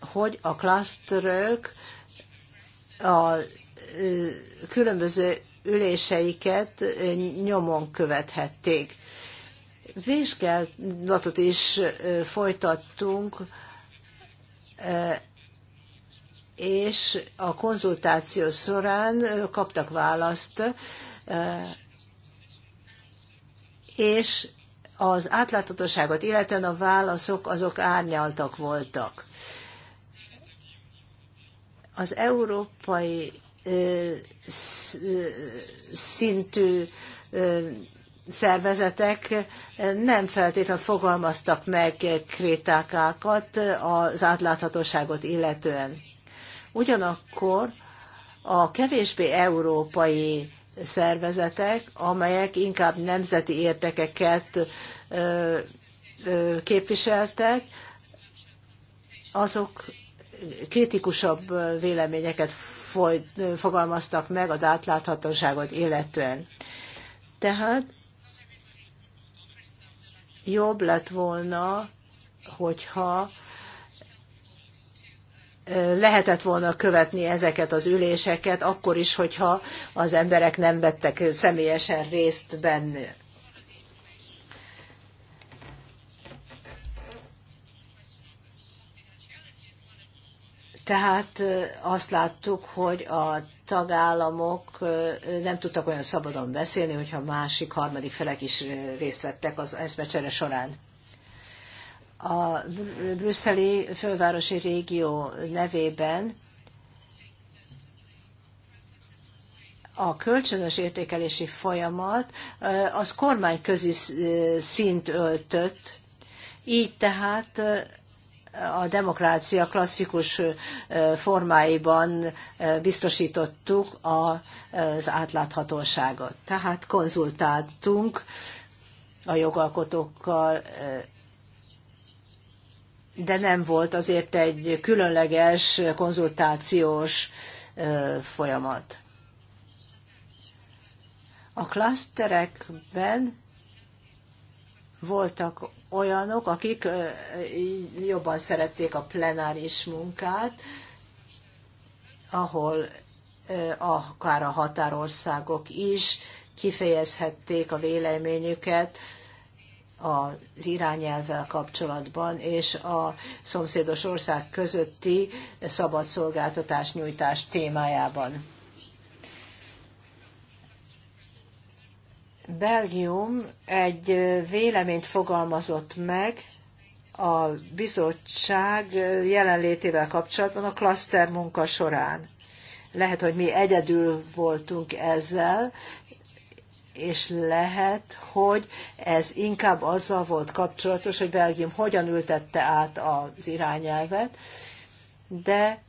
Speaker 3: hogy a klasztörök a különböző üléseiket nyomon követhették. Vizsgálatot is folytattunk, és a konzultáció során kaptak választ, és az átláthatóságot illetően a válaszok azok árnyaltak voltak. Az európai szintű szervezetek nem feltétlenül fogalmaztak meg krétákákat az átláthatóságot illetően. Ugyanakkor a kevésbé európai szervezetek, amelyek inkább nemzeti érdekeket képviseltek, azok kritikusabb véleményeket fogalmaztak meg az átláthatóságot illetően. Tehát jobb lett volna, hogyha lehetett volna követni ezeket az üléseket, akkor is, hogyha az emberek nem vettek személyesen részt benne. Tehát azt láttuk, hogy a tagállamok nem tudtak olyan szabadon beszélni, hogyha másik, harmadik felek is részt vettek az eszmecsere során. A brüsszeli fővárosi régió nevében a kölcsönös értékelési folyamat az kormányközi szint öltött, így tehát a demokrácia klasszikus formáiban biztosítottuk az átláthatóságot. Tehát konzultáltunk a jogalkotókkal, de nem volt azért egy különleges konzultációs folyamat. A klaszterekben voltak olyanok, akik jobban szerették a plenáris munkát, ahol akár a határországok is kifejezhették a véleményüket az irányelvvel kapcsolatban, és a szomszédos ország közötti szabad szolgáltatás nyújtás témájában. Belgium egy véleményt fogalmazott meg a bizottság jelenlétével kapcsolatban a klaszter munka során. Lehet, hogy mi egyedül voltunk ezzel, és lehet, hogy ez inkább azzal volt kapcsolatos, hogy Belgium hogyan ültette át az irányelvet, de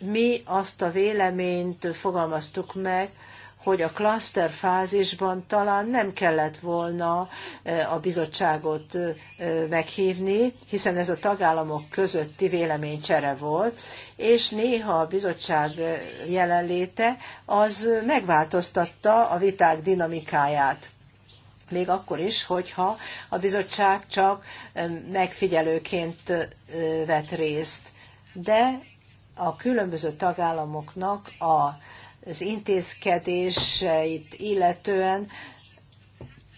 Speaker 3: mi azt a véleményt fogalmaztuk meg, hogy a cluster fázisban talán nem kellett volna e, a bizottságot e, e, meghívni, hiszen ez a tagállamok közötti véleménycsere volt, és néha a bizottság jelenléte az megváltoztatta a viták dinamikáját még akkor is, hogyha a bizottság csak megfigyelőként vett részt. De a különböző tagállamoknak a az intézkedéseit illetően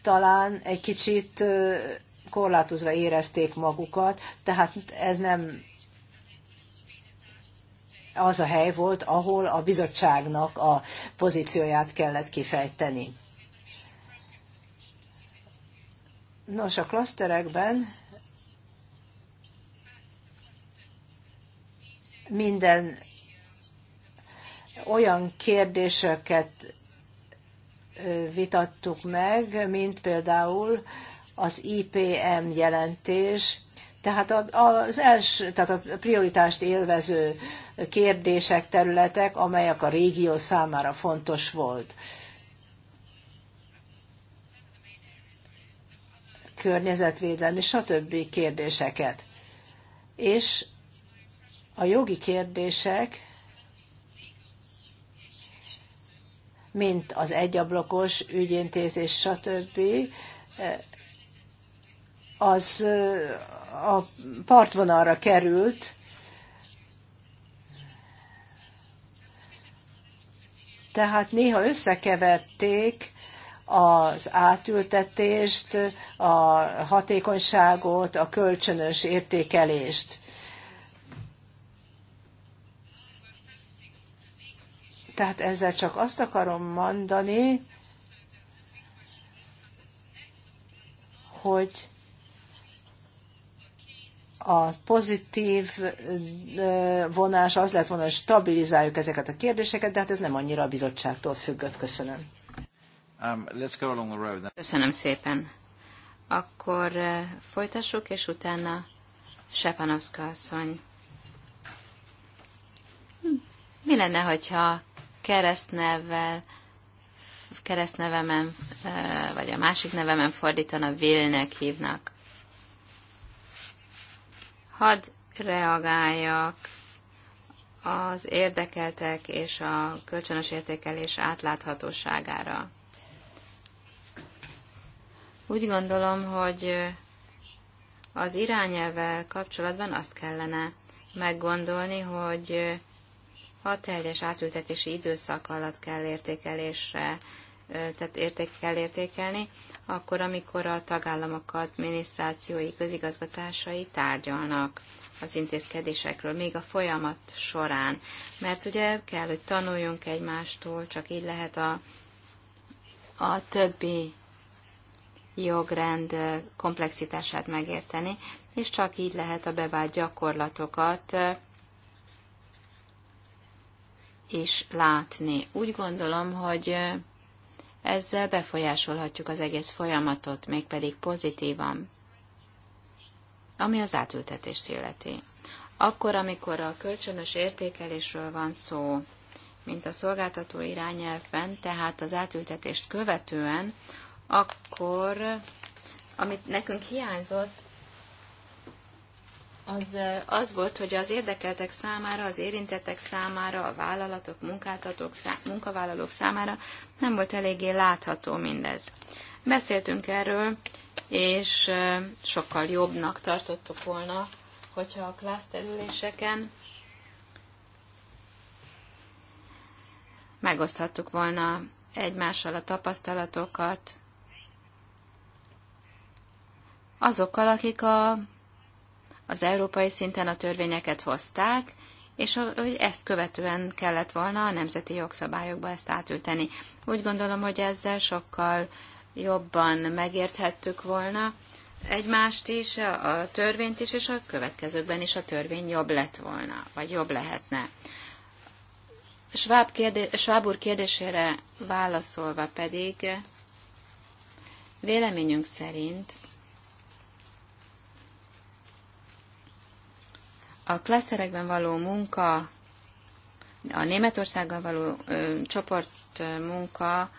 Speaker 3: talán egy kicsit korlátozva érezték magukat, tehát ez nem az a hely volt, ahol a bizottságnak a pozícióját kellett kifejteni. Nos, a klaszterekben minden olyan kérdéseket vitattuk meg, mint például az IPM jelentés, tehát az első, tehát a prioritást élvező kérdések, területek, amelyek a régió számára fontos volt. Környezetvédelmi, stb. kérdéseket. És a jogi kérdések mint az egyablakos ügyintézés, stb. az eh, a partvonalra került, tehát néha összekeverték az átültetést, a hatékonyságot, a kölcsönös értékelést. Tehát ezzel csak azt akarom mondani, hogy a pozitív vonás az lett volna, hogy stabilizáljuk ezeket a kérdéseket, de hát ez nem annyira a bizottságtól függött.
Speaker 1: Köszönöm. Um, let's go along the road then. Köszönöm szépen. Akkor folytassuk, és utána Sepanovska asszony. Hm, mi lenne, hogyha keresztnevvel, keresztnevemen, vagy a másik nevemen fordítana, Vilnek hívnak. Hadd reagáljak az érdekeltek és a kölcsönös értékelés átláthatóságára. Úgy gondolom, hogy az irányelvvel kapcsolatban azt kellene meggondolni, hogy a teljes átültetési időszak alatt kell értékelésre, tehát érték, kell értékelni, akkor, amikor a tagállamok adminisztrációi közigazgatásai tárgyalnak az intézkedésekről, még a folyamat során. Mert ugye kell, hogy tanuljunk egymástól, csak így lehet a, a többi jogrend komplexitását megérteni, és csak így lehet a bevált gyakorlatokat is látni. Úgy gondolom, hogy ezzel befolyásolhatjuk az egész folyamatot, mégpedig pozitívan, ami az átültetést illeti. Akkor, amikor a kölcsönös értékelésről van szó, mint a szolgáltató irányelvben, tehát az átültetést követően, akkor, amit nekünk hiányzott, az, az volt, hogy az érdekeltek számára, az érintettek számára, a vállalatok, munkáltatók, szá, munkavállalók számára nem volt eléggé látható mindez. Beszéltünk erről, és sokkal jobbnak tartottuk volna, hogyha a klászterüléseken megoszthattuk volna egymással a tapasztalatokat, azokkal, akik a az európai szinten a törvényeket hozták, és hogy ezt követően kellett volna a nemzeti jogszabályokba ezt átülteni. Úgy gondolom, hogy ezzel sokkal jobban megérthettük volna egymást is, a törvényt is, és a következőkben is a törvény jobb lett volna, vagy jobb lehetne. Schwab, kérdé, Schwab úr kérdésére válaszolva pedig véleményünk szerint A klaszterekben való munka, a Németországgal való ö, csoport munka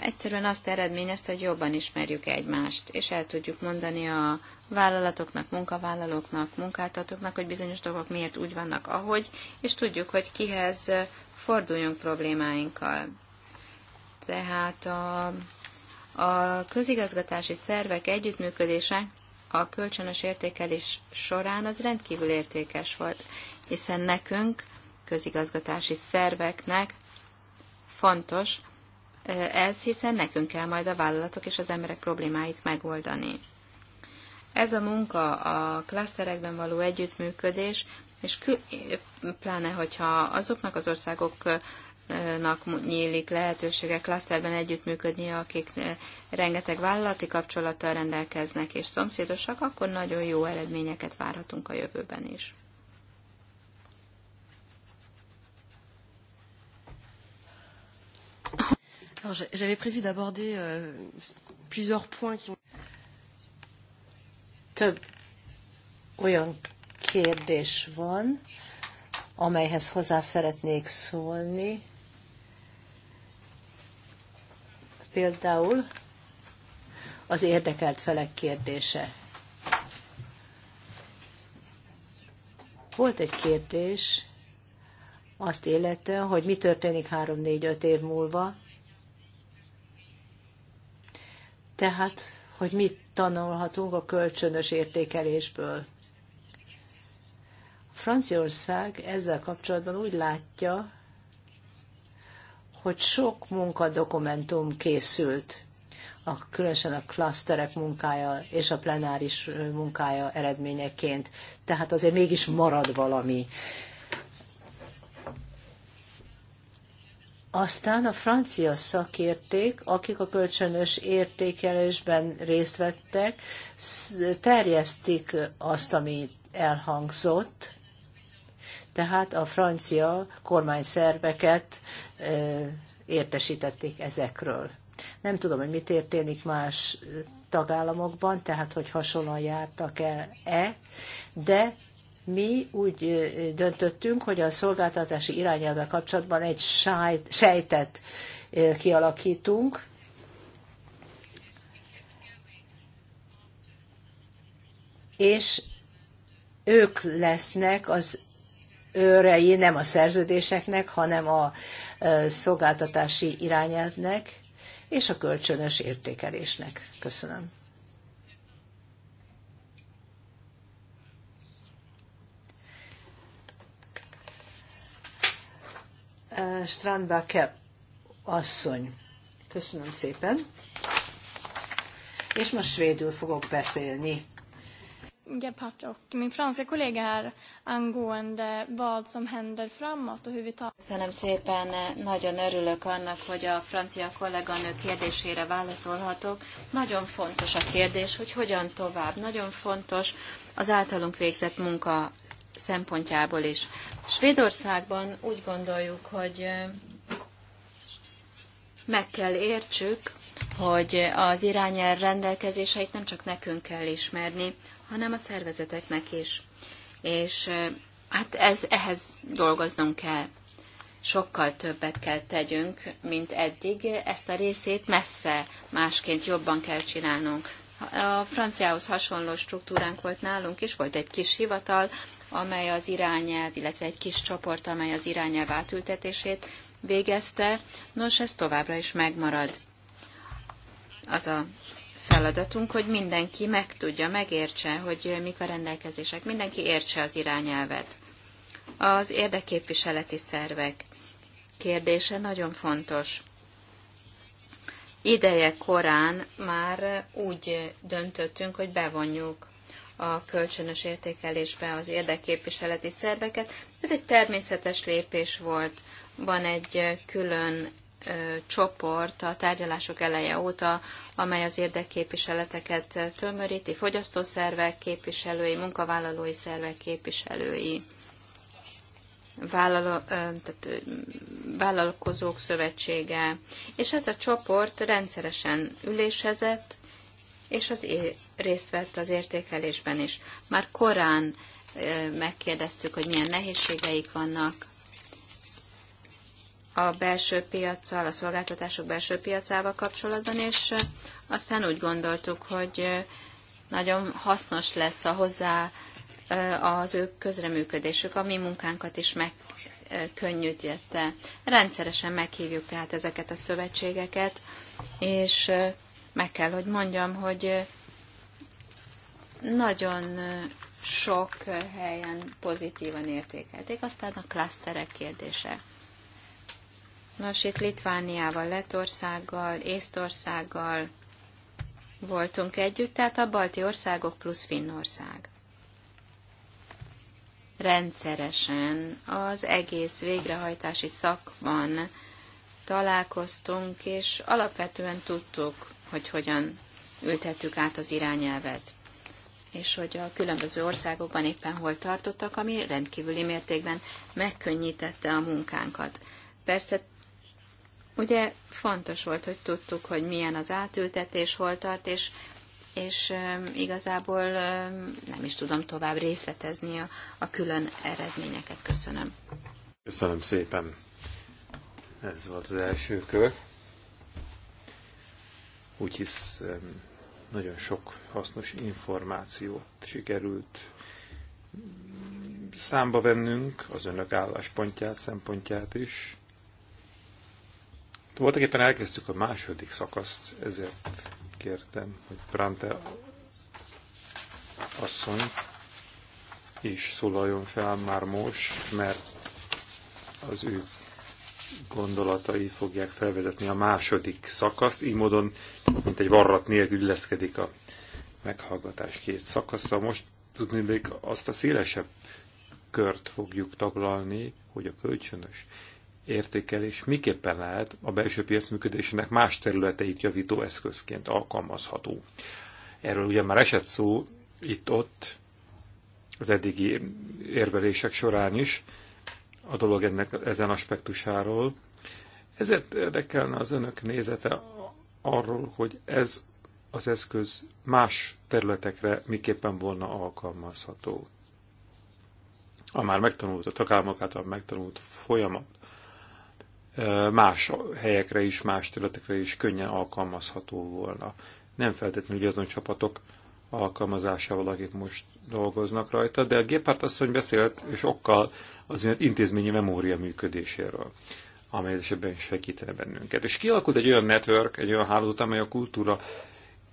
Speaker 1: egyszerűen azt eredményezte, hogy jobban ismerjük egymást, és el tudjuk mondani a vállalatoknak, munkavállalóknak, munkáltatóknak, hogy bizonyos dolgok miért úgy vannak, ahogy, és tudjuk, hogy kihez forduljunk problémáinkkal. Tehát a, a közigazgatási szervek együttműködése a kölcsönös értékelés során az rendkívül értékes volt, hiszen nekünk, közigazgatási szerveknek fontos ez, hiszen nekünk kell majd a vállalatok és az emberek problémáit megoldani. Ez a munka, a klaszterekben való együttműködés, és kül, pláne, hogyha azoknak az országok nak nyílik lehetősége klaszterben együttműködni, akik eh, rengeteg vállalati kapcsolattal rendelkeznek és szomszédosak, akkor nagyon jó eredményeket várhatunk a jövőben is.
Speaker 3: Alors, j'avais prévu d'aborder euh, plusieurs points qui ont... Több olyan kérdés van, amelyhez hozzá szeretnék szólni, például az érdekelt felek kérdése. Volt egy kérdés azt illetően, hogy mi történik 3-4-5 év múlva, tehát, hogy mit tanulhatunk a kölcsönös értékelésből. Franciaország ezzel kapcsolatban úgy látja, hogy sok munkadokumentum készült, a, különösen a klaszterek munkája és a plenáris munkája eredményeként. Tehát azért mégis marad valami. Aztán a francia szakérték, akik a kölcsönös értékelésben részt vettek, terjesztik azt, ami elhangzott, tehát a francia kormányszerveket értesítették ezekről. Nem tudom, hogy mi történik más tagállamokban, tehát hogy hasonlóan jártak el-e, de mi úgy döntöttünk, hogy a szolgáltatási irányelve kapcsolatban egy sejtet kialakítunk, és ők lesznek az őrei nem a szerződéseknek, hanem a szolgáltatási irányelvnek és a kölcsönös értékelésnek. Köszönöm. Strandbake asszony. Köszönöm szépen. És most svédül fogok beszélni.
Speaker 1: Gerpart och min franska kollega här angående vad som händer framåt och hur vi tar... Köszönöm szépen, nagyon örülök annak, hogy a francia kolléganő kérdésére válaszolhatok. Nagyon fontos a kérdés, hogy hogyan tovább. Nagyon fontos az általunk végzett munka szempontjából is. Svédországban úgy gondoljuk, hogy meg kell értsük, hogy az irányel rendelkezéseit nem csak nekünk kell ismerni, hanem a szervezeteknek is. És hát ez, ehhez dolgoznunk kell. Sokkal többet kell tegyünk, mint eddig. Ezt a részét messze másként jobban kell csinálnunk. A franciához hasonló struktúránk volt nálunk is, volt egy kis hivatal, amely az irányelv, illetve egy kis csoport, amely az irányelv átültetését végezte. Nos, ez továbbra is megmarad. Az a feladatunk, hogy mindenki megtudja, megértse, hogy mik a rendelkezések, mindenki értse az irányelvet. Az érdekképviseleti szervek kérdése nagyon fontos. Ideje korán már úgy döntöttünk, hogy bevonjuk a kölcsönös értékelésbe az érdekképviseleti szerveket. Ez egy természetes lépés volt. Van egy külön csoport a tárgyalások eleje óta, amely az érdekképviseleteket tömöríti, fogyasztószervek képviselői, munkavállalói szervek képviselői, vállaló, tehát vállalkozók szövetsége. És ez a csoport rendszeresen ülésezett, és az részt vett az értékelésben is. Már korán megkérdeztük, hogy milyen nehézségeik vannak, a belső piaccal, a szolgáltatások belső piacával kapcsolatban, és aztán úgy gondoltuk, hogy nagyon hasznos lesz a hozzá az ő közreműködésük, a mi munkánkat is megkönnyítette. Rendszeresen meghívjuk tehát ezeket a szövetségeket, és meg kell, hogy mondjam, hogy nagyon sok helyen pozitívan értékelték. Aztán a klaszterek kérdése. Nos, itt Litvániával, Letországgal, Észtországgal voltunk együtt, tehát a balti országok plusz Finnország. Rendszeresen az egész végrehajtási szakban találkoztunk, és alapvetően tudtuk, hogy hogyan ültettük át az irányelvet, és hogy a különböző országokban éppen hol tartottak, ami rendkívüli mértékben megkönnyítette a munkánkat. Persze Ugye fontos volt, hogy tudtuk, hogy milyen az átültetés, hol tart, és, és igazából nem is tudom tovább részletezni a, a külön eredményeket. Köszönöm.
Speaker 2: Köszönöm szépen. Ez volt az első kör. Úgy hisz nagyon sok hasznos információt sikerült számba vennünk, az önök álláspontját, szempontját is voltak éppen elkezdtük a második szakaszt, ezért kértem, hogy Prante asszony is szólaljon fel már most, mert az ő gondolatai fogják felvezetni a második szakaszt, így módon, mint egy varrat nélkül illeszkedik a meghallgatás két szakasza. Most tudni azt a szélesebb kört fogjuk taglalni, hogy a kölcsönös értékelés miképpen lehet a belső piac működésének más területeit javító eszközként alkalmazható. Erről ugye már esett szó itt-ott, az eddigi érvelések során is a dolog ennek ezen aspektusáról. Ezért érdekelne az önök nézete arról, hogy ez az eszköz más területekre miképpen volna alkalmazható. A már megtanult, a tagállamok által megtanult folyamat más helyekre is, más területekre is könnyen alkalmazható volna. Nem feltétlenül azon csapatok alkalmazásával, akik most dolgoznak rajta, de a Gépárt asszony beszélt, és okkal az intézményi memória működéséről, amely esetben segítene bennünket. És kialakult egy olyan network, egy olyan hálózat, amely a kultúra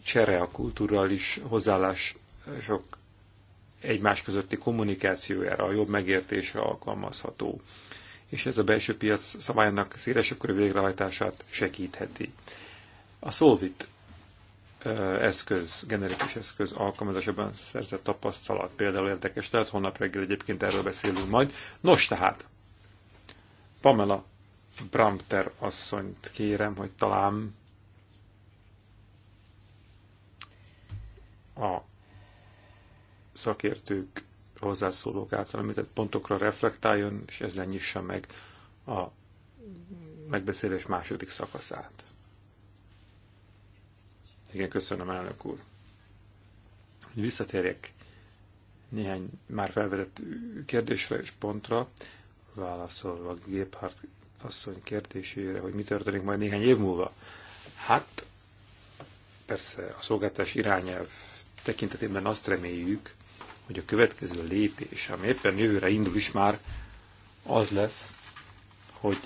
Speaker 2: csere, a kulturális hozzáállások egymás közötti kommunikációjára, a jobb megértése alkalmazható és ez a belső piac szabályának szélesebb körű végrehajtását segítheti. A Solvit eszköz, generikus eszköz alkalmazásában szerzett tapasztalat például érdekes, tehát holnap reggel egyébként erről beszélünk majd. Nos tehát, Pamela Bramter asszonyt kérem, hogy talán a szakértők hozzászólók által említett pontokra reflektáljon, és ezzel nyissa meg a megbeszélés második szakaszát. Igen, köszönöm, elnök úr. Hogy visszatérjek néhány már felvetett kérdésre és pontra, válaszolva Géphard asszony kérdésére, hogy mi történik majd néhány év múlva. Hát, persze a szolgáltás irányelv tekintetében azt reméljük, hogy a következő lépés, ami éppen jövőre indul is már, az lesz, hogy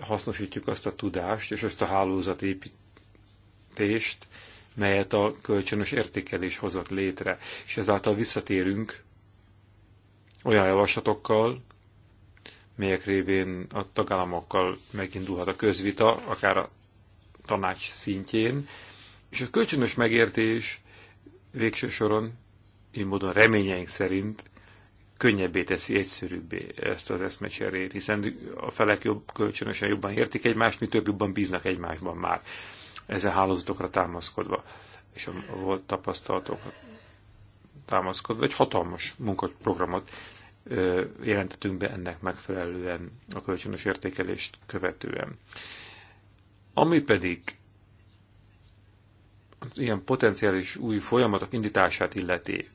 Speaker 2: hasznosítjuk azt a tudást és azt a hálózatépítést, melyet a kölcsönös értékelés hozott létre, és ezáltal visszatérünk olyan javaslatokkal, melyek révén a tagállamokkal megindulhat a közvita, akár a tanács szintjén, és a kölcsönös megértés végső soron így módon reményeink szerint könnyebbé teszi, egyszerűbbé ezt az eszmecserét, hiszen a felek jobb, kölcsönösen jobban értik egymást, mi több jobban bíznak egymásban már ezen hálózatokra támaszkodva, és a volt tapasztalatokra támaszkodva. Egy hatalmas munkaprogramot jelentetünk be ennek megfelelően a kölcsönös értékelést követően. Ami pedig ilyen potenciális új folyamatok indítását illeti,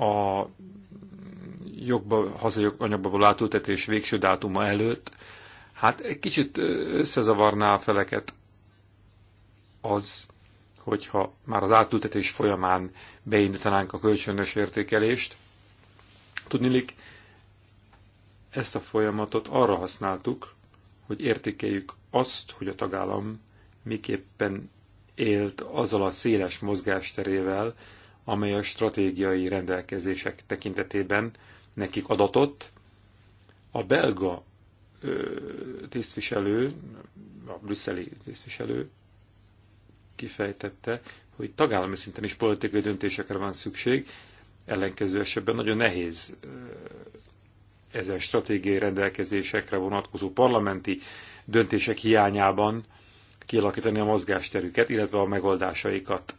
Speaker 2: a jogba, hazai anyagba való átültetés végső dátuma előtt, hát egy kicsit összezavarná a feleket az, hogyha már az átültetés folyamán beindítanánk a kölcsönös értékelést. Tudnilik, ezt a folyamatot arra használtuk, hogy értékeljük azt, hogy a tagállam miképpen élt azzal a széles mozgásterével, amely a stratégiai rendelkezések tekintetében nekik adatott. A belga tisztviselő, a brüsszeli tisztviselő kifejtette, hogy tagállami szinten is politikai döntésekre van szükség, ellenkező esetben nagyon nehéz ezen stratégiai rendelkezésekre vonatkozó parlamenti döntések hiányában kialakítani a mozgásterüket, illetve a megoldásaikat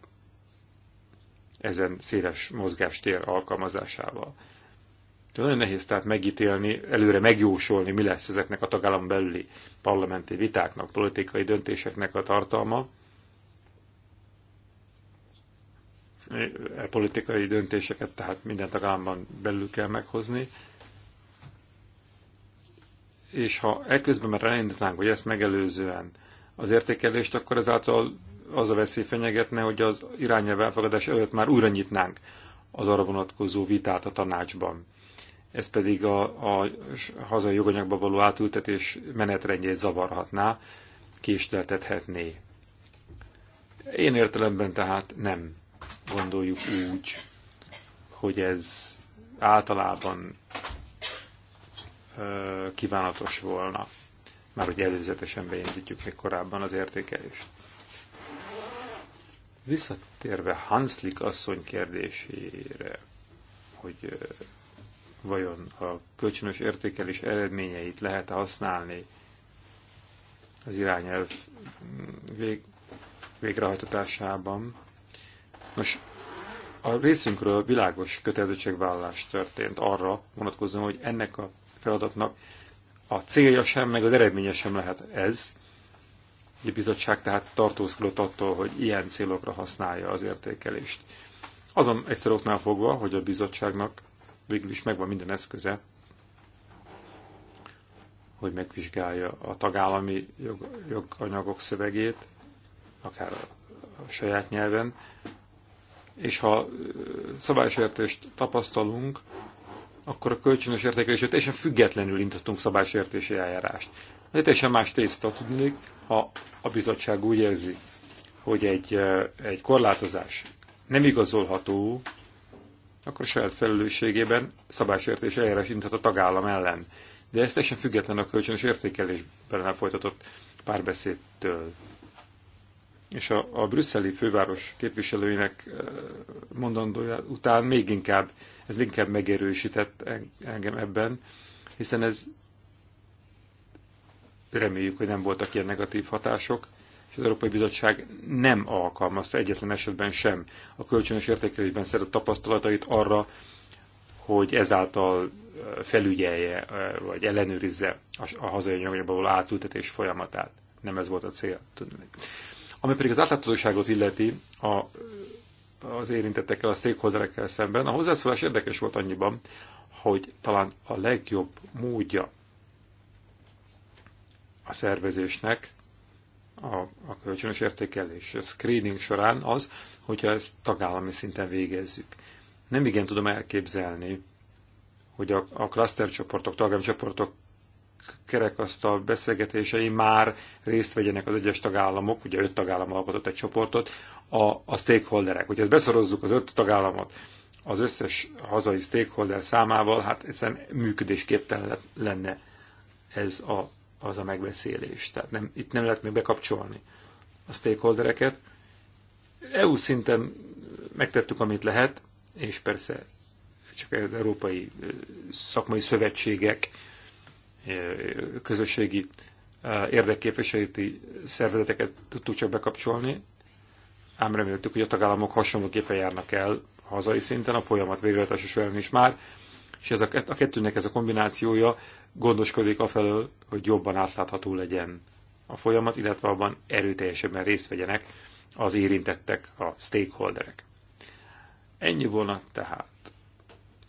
Speaker 2: ezen széles mozgástér alkalmazásával. De nagyon nehéz tehát megítélni, előre megjósolni, mi lesz ezeknek a tagállam belüli parlamenti vitáknak, politikai döntéseknek a tartalma. E politikai döntéseket tehát minden tagállamban belül kell meghozni. És ha ekközben már elindítanánk, hogy ezt megelőzően az értékelést, akkor ezáltal az a veszély fenyegetne, hogy az irányelv elfogadás előtt már újra nyitnánk az arra vonatkozó vitát a tanácsban. Ez pedig a, a hazai joganyagba való átültetés menetrendjét zavarhatná, késleltethetné. Én értelemben tehát nem gondoljuk úgy, hogy ez általában ö, kívánatos volna, már hogy előzetesen beindítjuk még korábban az értékelést. Visszatérve Hanslik asszony kérdésére, hogy vajon a kölcsönös értékelés eredményeit lehet használni az irányelv vég, végrehajtatásában. Nos, a részünkről világos kötelezettségvállalás történt arra vonatkozóan, hogy ennek a feladatnak a célja sem, meg az eredménye sem lehet ez, a bizottság tehát tartózkodott attól, hogy ilyen célokra használja az értékelést. Azon egyszer oknál fogva, hogy a bizottságnak végül is megvan minden eszköze, hogy megvizsgálja a tagállami jog, joganyagok szövegét, akár a, a saját nyelven, és ha szabálysértést tapasztalunk, akkor a kölcsönös értékelésre teljesen függetlenül indítunk szabálysértési eljárást. Ez teljesen más tészta tudnék, ha a bizottság úgy érzi, hogy egy, egy korlátozás nem igazolható, akkor saját felelősségében szabásértés eljárás indhat a tagállam ellen. De ez teljesen független a kölcsönös értékelésben folytatott párbeszédtől. És a, a brüsszeli főváros képviselőinek mondandója után még inkább, ez még inkább megerősített engem ebben, hiszen ez reméljük, hogy nem voltak ilyen negatív hatások, és az Európai Bizottság nem alkalmazta egyetlen esetben sem a kölcsönös értékelésben szerzett tapasztalatait arra, hogy ezáltal felügyelje, vagy ellenőrizze a hazai anyagokba való átültetés folyamatát. Nem ez volt a cél. Tudnék. Ami pedig az átláthatóságot illeti a, az érintettekkel, a székholderekkel szemben, a hozzászólás érdekes volt annyiban, hogy talán a legjobb módja a szervezésnek a, a kölcsönös értékelés, a screening során az, hogyha ezt tagállami szinten végezzük. Nem igen tudom elképzelni, hogy a, a cluster csoportok, tagállami csoportok kerekasztal beszélgetései már részt vegyenek az egyes tagállamok, ugye öt tagállam alkotott egy csoportot, a, a stakeholderek. Hogyha ezt beszorozzuk az öt tagállamot az összes hazai stakeholder számával, hát egyszerűen működésképtelen lenne ez a az a megbeszélés. Tehát nem, itt nem lehet még bekapcsolni a stakeholdereket. EU szinten megtettük, amit lehet, és persze csak az európai szakmai szövetségek, közösségi érdekképviseleti szervezeteket tudtuk csak bekapcsolni, ám reméltük, hogy a tagállamok hasonlóképpen járnak el hazai szinten, a folyamat végrehajtása során is már, és ez a, a kettőnek ez a kombinációja gondoskodik afelől, hogy jobban átlátható legyen a folyamat, illetve abban erőteljesebben részt vegyenek az érintettek, a stakeholderek. Ennyi volna tehát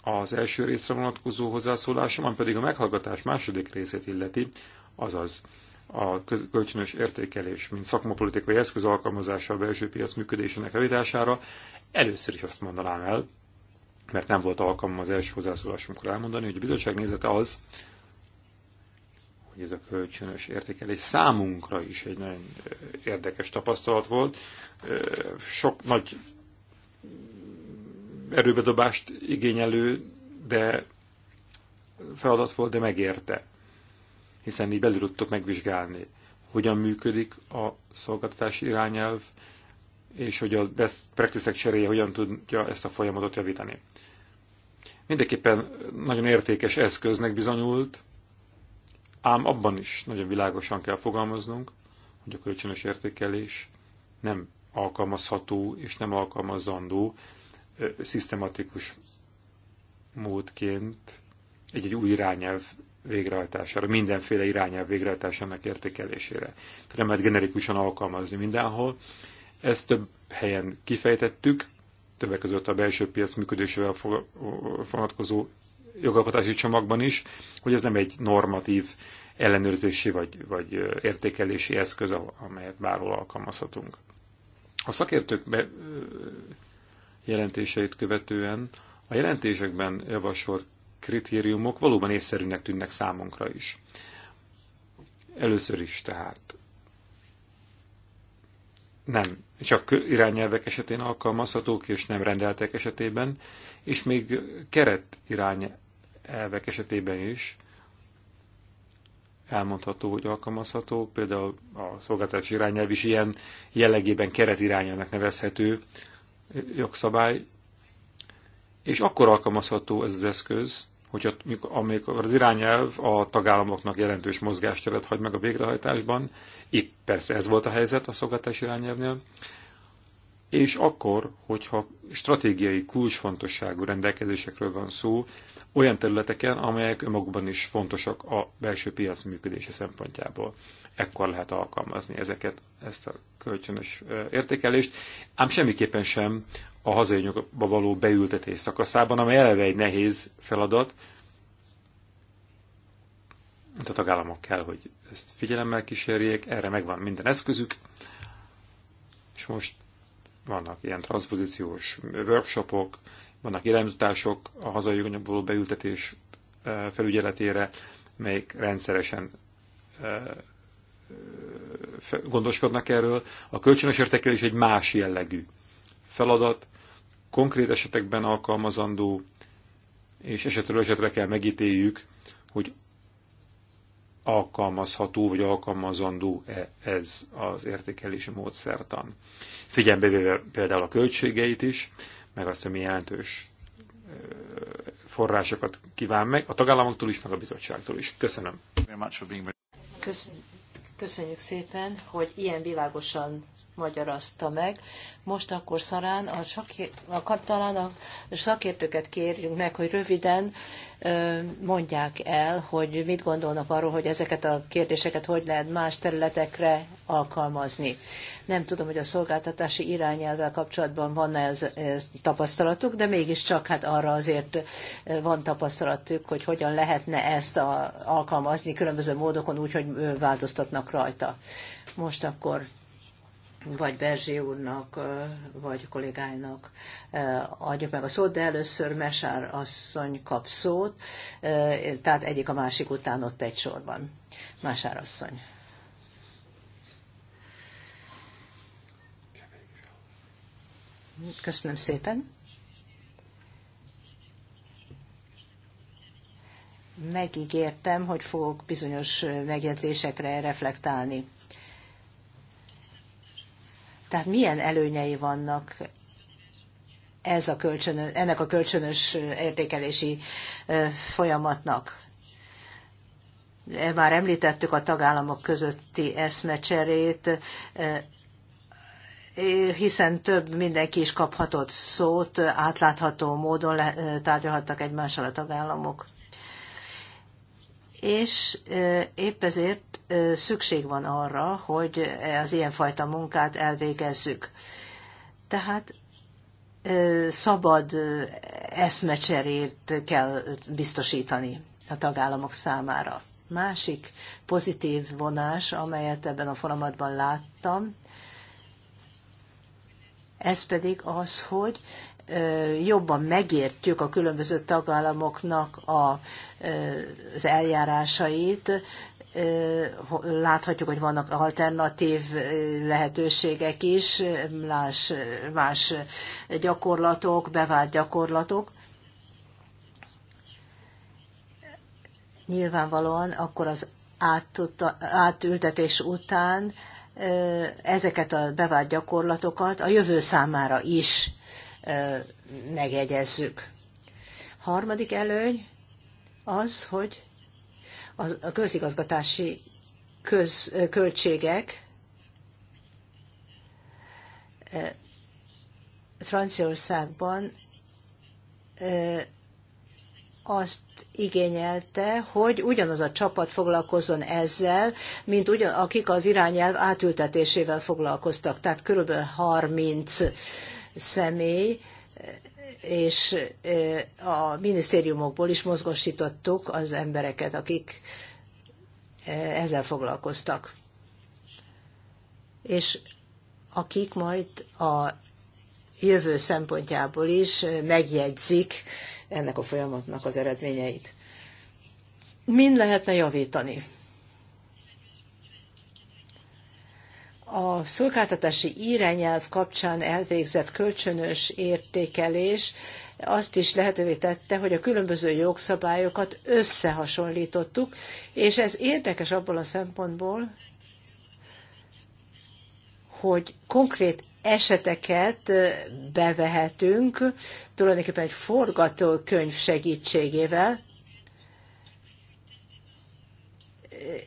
Speaker 2: az első részre vonatkozó hozzászólásom, ami pedig a meghallgatás második részét illeti, azaz a kölcsönös értékelés, mint szakmapolitikai eszköz alkalmazása a belső piac működésének javítására, először is azt mondanám el, mert nem volt alkalmam az első hozzászólásomkor elmondani, hogy a bizottság nézete az, hogy ez a kölcsönös értékelés számunkra is egy nagyon érdekes tapasztalat volt. Sok nagy erőbedobást igényelő, de feladat volt, de megérte. Hiszen így belül tudtuk megvizsgálni, hogyan működik a szolgáltatási irányelv, és hogy a best practices cseréje hogyan tudja ezt a folyamatot javítani. Mindenképpen nagyon értékes eszköznek bizonyult, Ám abban is nagyon világosan kell fogalmaznunk, hogy a kölcsönös értékelés nem alkalmazható és nem alkalmazandó szisztematikus módként egy-egy új irányelv végrehajtására, mindenféle irányelv végrehajtásának értékelésére. Tehát nem lehet generikusan alkalmazni mindenhol. Ezt több helyen kifejtettük, többek között a belső piac működésével vonatkozó jogalkotási csomagban is, hogy ez nem egy normatív ellenőrzési vagy, vagy értékelési eszköz, amelyet bárhol alkalmazhatunk. A szakértők be, jelentéseit követően a jelentésekben javasolt kritériumok valóban észszerűnek tűnnek számunkra is. Először is tehát nem csak irányelvek esetén alkalmazhatók, és nem rendeltek esetében, és még keret irány elvek esetében is elmondható, hogy alkalmazható, például a szolgáltatási irányelv is ilyen jellegében keretirányának nevezhető jogszabály, és akkor alkalmazható ez az eszköz, hogy amikor az irányelv a tagállamoknak jelentős mozgásteret hagy meg a végrehajtásban, itt persze ez volt a helyzet a szolgáltatási irányelvnél, és akkor, hogyha stratégiai kulcsfontosságú rendelkezésekről van szó, olyan területeken, amelyek önmagukban is fontosak a belső piac működése szempontjából. Ekkor lehet alkalmazni ezeket, ezt a kölcsönös értékelést, ám semmiképpen sem a hazajogba való beültetés szakaszában, amely eleve egy nehéz feladat, a tagállamok kell, hogy ezt figyelemmel kísérjék, erre megvan minden eszközük, és most vannak ilyen transzpozíciós workshopok, vannak irányítások a hazai joganyag való beültetés felügyeletére, melyik rendszeresen gondoskodnak erről. A kölcsönös értékelés egy más jellegű feladat, konkrét esetekben alkalmazandó, és esetről esetre kell megítéljük, hogy alkalmazható vagy alkalmazandó -e ez az értékelési módszertan. Figyelembe véve például a költségeit is, meg azt, hogy mi jelentős forrásokat kíván meg, a tagállamoktól is, meg a bizottságtól is. Köszönöm.
Speaker 3: Köszönjük szépen, hogy ilyen világosan magyarázta meg. Most akkor szarán a, sakér, a, talán a szakértőket kérjünk meg, hogy röviden mondják el, hogy mit gondolnak arról, hogy ezeket a kérdéseket hogy lehet más területekre alkalmazni. Nem tudom, hogy a szolgáltatási irányelvvel kapcsolatban van -e ez, ez tapasztalatuk, de mégiscsak hát arra azért van tapasztalatuk, hogy hogyan lehetne ezt a, alkalmazni különböző módokon úgy, hogy változtatnak rajta. Most akkor vagy Berzsé úrnak, vagy kollégáinak adjuk meg a szót, de először Mesár asszony kap szót, tehát egyik a másik után ott egy sorban. Mesár asszony. Köszönöm szépen. Megígértem, hogy fogok bizonyos megjegyzésekre reflektálni tehát milyen előnyei vannak ez a kölcsönö, ennek a kölcsönös értékelési folyamatnak? E, már említettük a tagállamok közötti eszmecserét, hiszen több mindenki is kaphatott szót, átlátható módon tárgyalhattak egymással a tagállamok és épp ezért szükség van arra, hogy az ilyenfajta munkát elvégezzük. Tehát szabad eszmecserét kell biztosítani a tagállamok számára. Másik pozitív vonás, amelyet ebben a folyamatban láttam, ez pedig az, hogy jobban megértjük a különböző tagállamoknak a, az eljárásait, láthatjuk, hogy vannak alternatív lehetőségek is, más, más gyakorlatok, bevált gyakorlatok. Nyilvánvalóan akkor az átültetés után ezeket a bevált gyakorlatokat a jövő számára is megjegyezzük. Harmadik előny az, hogy a közigazgatási köz, költségek Franciaországban azt igényelte, hogy ugyanaz a csapat foglalkozzon ezzel, mint ugyan, akik az irányelv átültetésével foglalkoztak. Tehát körülbelül 30 személy, és a minisztériumokból is mozgosítottuk az embereket, akik ezzel foglalkoztak. És akik majd a jövő szempontjából is megjegyzik ennek a folyamatnak az eredményeit. Mind lehetne javítani? a szolgáltatási irányelv kapcsán elvégzett kölcsönös értékelés azt is lehetővé tette, hogy a különböző jogszabályokat összehasonlítottuk, és ez érdekes abból a szempontból, hogy konkrét eseteket bevehetünk tulajdonképpen egy forgatókönyv segítségével,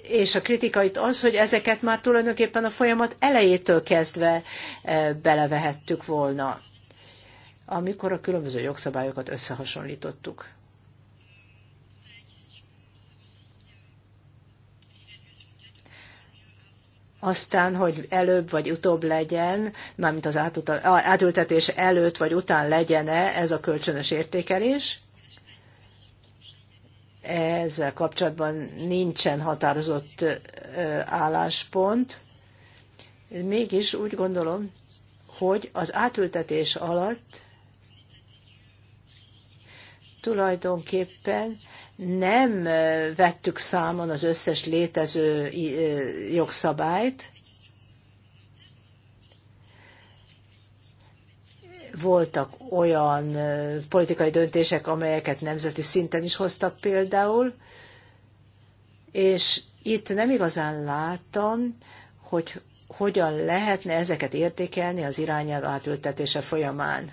Speaker 3: és a kritika itt az, hogy ezeket már tulajdonképpen a folyamat elejétől kezdve e, belevehettük volna, amikor a különböző jogszabályokat összehasonlítottuk. aztán, hogy előbb vagy utóbb legyen, mármint az átültetés előtt vagy után legyen-e ez a kölcsönös értékelés ezzel kapcsolatban nincsen határozott álláspont. Mégis úgy gondolom, hogy az átültetés alatt tulajdonképpen nem vettük számon az összes létező jogszabályt, voltak olyan politikai döntések, amelyeket nemzeti szinten is hoztak például, és itt nem igazán láttam, hogy hogyan lehetne ezeket értékelni az irányelv átültetése folyamán.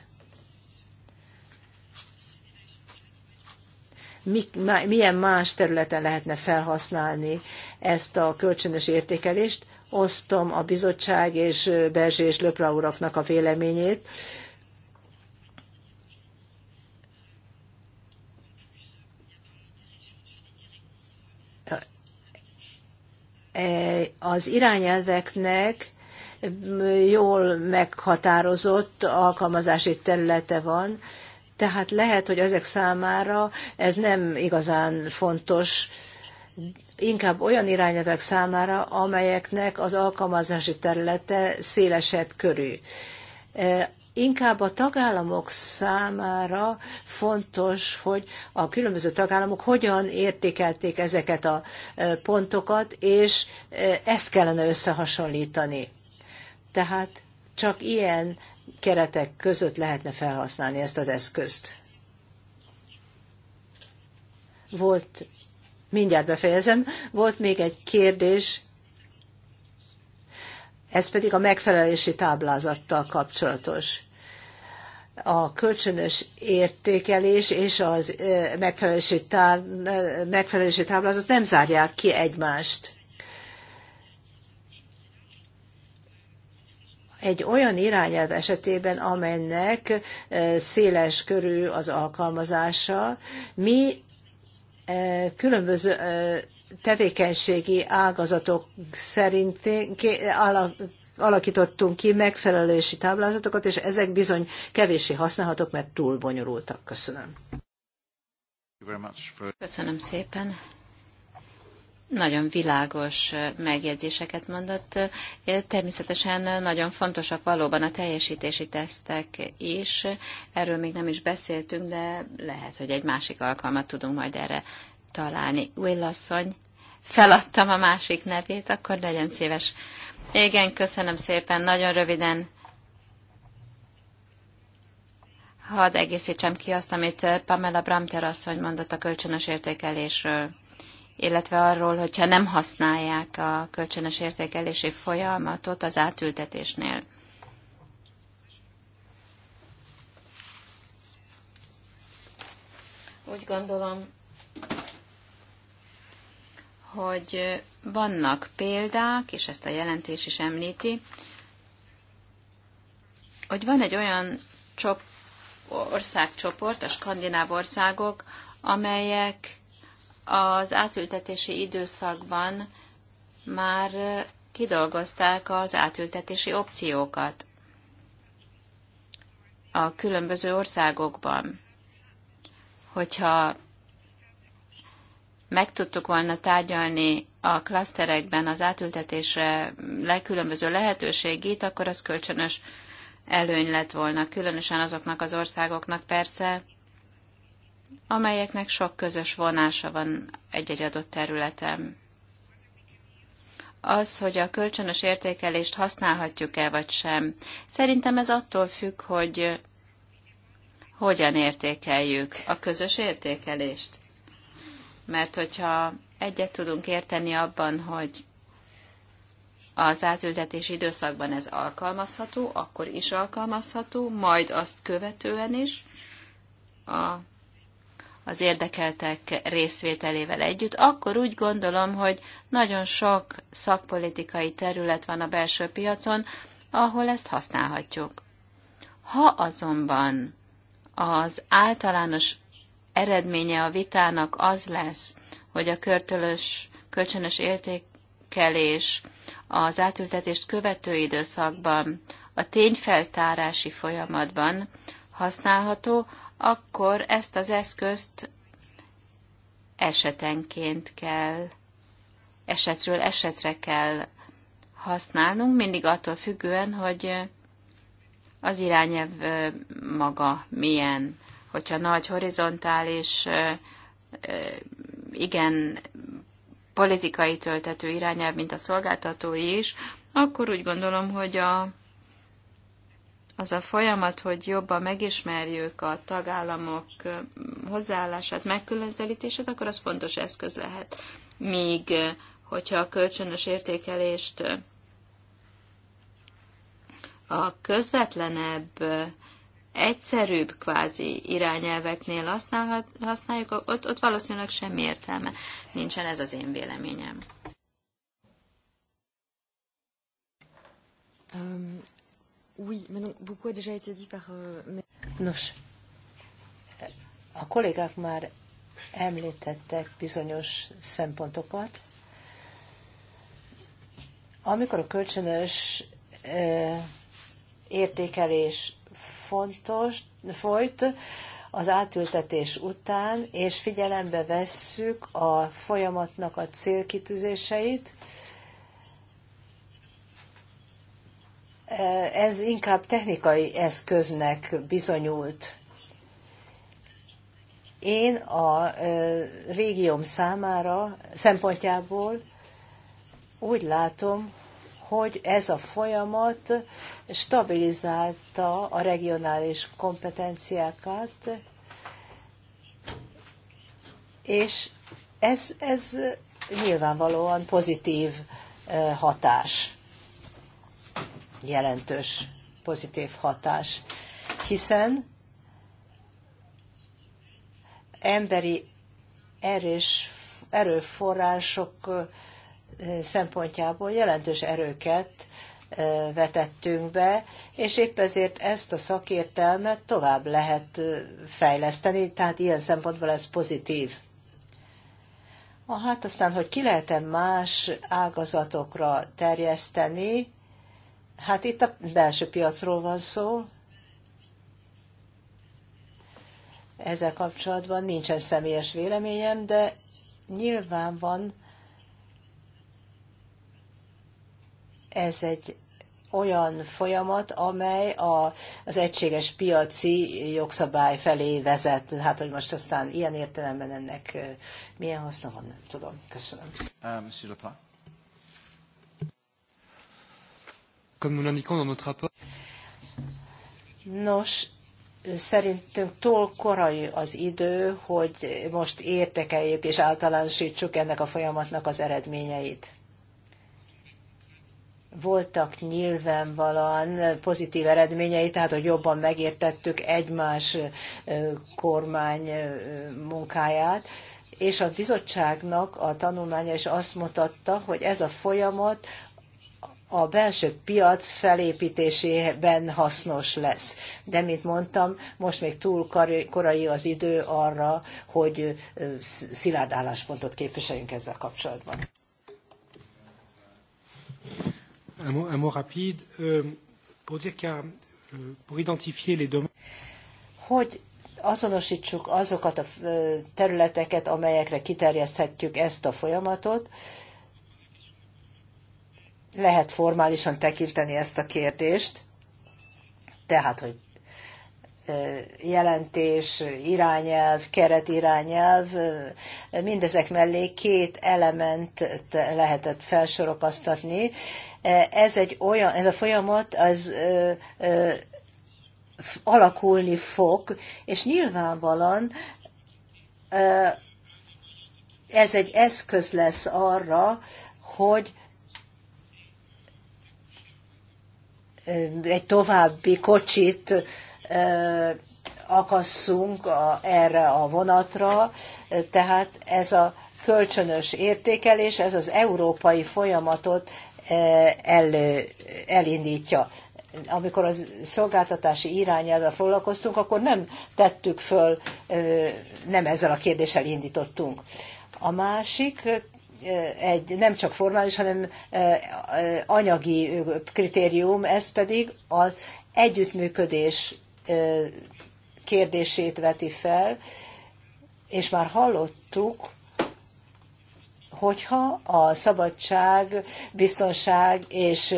Speaker 3: milyen más területen lehetne felhasználni ezt a kölcsönös értékelést. Osztom a bizottság és Berzsé és Löpra uraknak a véleményét, E, az irányelveknek jól meghatározott alkalmazási területe van, tehát lehet, hogy ezek számára ez nem igazán fontos, inkább olyan irányelvek számára, amelyeknek az alkalmazási területe szélesebb körű. E, Inkább a tagállamok számára fontos, hogy a különböző tagállamok hogyan értékelték ezeket a e, pontokat, és e, ezt kellene összehasonlítani. Tehát csak ilyen keretek között lehetne felhasználni ezt az eszközt. Volt, mindjárt befejezem, volt még egy kérdés, ez pedig a megfelelési táblázattal kapcsolatos a kölcsönös értékelés és az megfelelési, megfelelési táblázat nem zárják ki egymást. Egy olyan irányelv esetében, amelynek széles körű az alkalmazása, mi különböző tevékenységi ágazatok szerint alakítottunk ki megfelelési táblázatokat, és ezek bizony
Speaker 1: kevéssé használhatók, mert túl bonyolultak. Köszönöm. Köszönöm szépen. Nagyon világos megjegyzéseket mondott. Természetesen nagyon fontosak valóban a teljesítési tesztek is. Erről még nem is beszéltünk, de lehet, hogy egy másik alkalmat tudunk majd erre találni. Will asszony, feladtam a másik nevét, akkor legyen szíves igen, köszönöm szépen, nagyon röviden. Hadd egészítsem ki azt, amit eh, Pamela Bramter asszony mondott a kölcsönös értékelésről, illetve arról, hogyha nem használják a kölcsönös értékelési folyamatot az átültetésnél. Úgy gondolom, hogy vannak példák, és ezt a jelentés is említi, hogy van egy olyan csop, országcsoport, a skandináv országok, amelyek az átültetési időszakban már kidolgozták az átültetési opciókat a különböző országokban. Hogyha meg tudtuk volna tárgyalni a klaszterekben az átültetésre legkülönböző lehetőségét, akkor az kölcsönös előny lett volna, különösen azoknak az országoknak persze, amelyeknek sok közös vonása van egy-egy adott területen. Az, hogy a kölcsönös értékelést használhatjuk-e vagy sem, szerintem ez attól függ, hogy hogyan értékeljük a közös értékelést mert hogyha egyet tudunk érteni abban, hogy az átültetés időszakban ez alkalmazható, akkor is alkalmazható, majd azt követően is a, az érdekeltek részvételével együtt, akkor úgy gondolom, hogy nagyon sok szakpolitikai terület van a belső piacon, ahol ezt használhatjuk. Ha azonban az általános eredménye a vitának az lesz, hogy a körtölös, kölcsönös értékelés az átültetést követő időszakban, a tényfeltárási folyamatban használható, akkor ezt az eszközt esetenként kell, esetről esetre kell használnunk, mindig attól függően, hogy az irányelv maga milyen hogyha nagy horizontális, igen politikai töltető irányelv, mint a szolgáltatói is, akkor úgy gondolom, hogy a, az a folyamat, hogy jobban megismerjük a tagállamok hozzáállását, megkülönzelítését, akkor az fontos eszköz lehet. Míg, hogyha a kölcsönös értékelést a közvetlenebb egyszerűbb kvázi irányelveknél használhat, használjuk, ott, ott valószínűleg semmi értelme nincsen, ez az én véleményem. Um, oui, mais donc beaucoup a déjà été dit par... Euh,
Speaker 3: Nos, a kollégák már említettek bizonyos szempontokat. Amikor a kölcsönös értékelés fontos, folyt az átültetés után, és figyelembe vesszük a folyamatnak a célkitűzéseit. Ez inkább technikai eszköznek bizonyult. Én a régióm számára szempontjából úgy látom, hogy ez a folyamat stabilizálta a regionális kompetenciákat, és ez, ez nyilvánvalóan pozitív hatás, jelentős pozitív hatás, hiszen emberi erős, erőforrások szempontjából jelentős erőket vetettünk be, és épp ezért ezt a szakértelmet tovább lehet fejleszteni, tehát ilyen szempontból ez pozitív. A hát aztán, hogy ki lehet-e más ágazatokra terjeszteni, hát itt a belső piacról van szó, ezzel kapcsolatban nincsen személyes véleményem, de nyilván van, ez egy olyan folyamat, amely a, az egységes piaci jogszabály felé vezet. Hát, hogy most aztán ilyen értelemben ennek milyen haszna van, nem tudom. Köszönöm.
Speaker 1: Uh,
Speaker 3: Nos, szerintünk túl korai az idő, hogy most értekeljük és általánosítsuk ennek a folyamatnak az eredményeit voltak nyilvánvalóan pozitív eredményei, tehát hogy jobban megértettük egymás kormány munkáját, és a bizottságnak a tanulmánya is azt mutatta, hogy ez a folyamat a belső piac felépítésében hasznos lesz. De, mint mondtam, most még túl korai az idő arra, hogy szilárd álláspontot képviseljünk ezzel kapcsolatban
Speaker 2: un mot, un mot rapide euh, pour dire qu'il y a euh, pour identifier les domaines. Hogy
Speaker 3: azonosítsuk azokat a euh, területeket, amelyekre kiterjeszthetjük ezt a folyamatot, lehet formálisan tekinteni ezt a kérdést, tehát, hogy jelentés, irányelv, keretirányelv, mindezek mellé két element lehetett felsorokasztatni. Ez, egy olyan, ez a folyamat az alakulni fog, és nyilvánvalóan ez egy eszköz lesz arra, hogy egy további kocsit akasszunk a, erre a vonatra, tehát ez a kölcsönös értékelés, ez az európai folyamatot el, elindítja. Amikor a szolgáltatási irányelvvel foglalkoztunk, akkor nem tettük föl, nem ezzel a kérdéssel indítottunk. A másik egy nem csak formális, hanem anyagi kritérium, ez pedig az együttműködés kérdését veti fel, és már hallottuk, hogyha a szabadság, biztonság és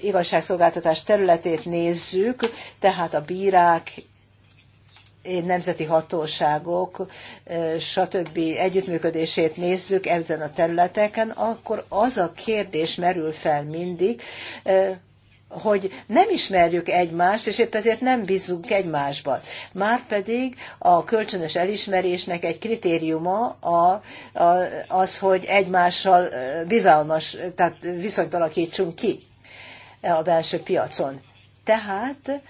Speaker 3: igazságszolgáltatás területét nézzük, tehát a bírák, nemzeti hatóságok, stb. együttműködését nézzük ezen a területeken, akkor az a kérdés merül fel mindig, hogy nem ismerjük egymást, és épp ezért nem bízunk egymásba. Márpedig a kölcsönös elismerésnek egy kritériuma a, a, az, hogy egymással bizalmas, tehát viszonyt alakítsunk ki a belső piacon. Tehát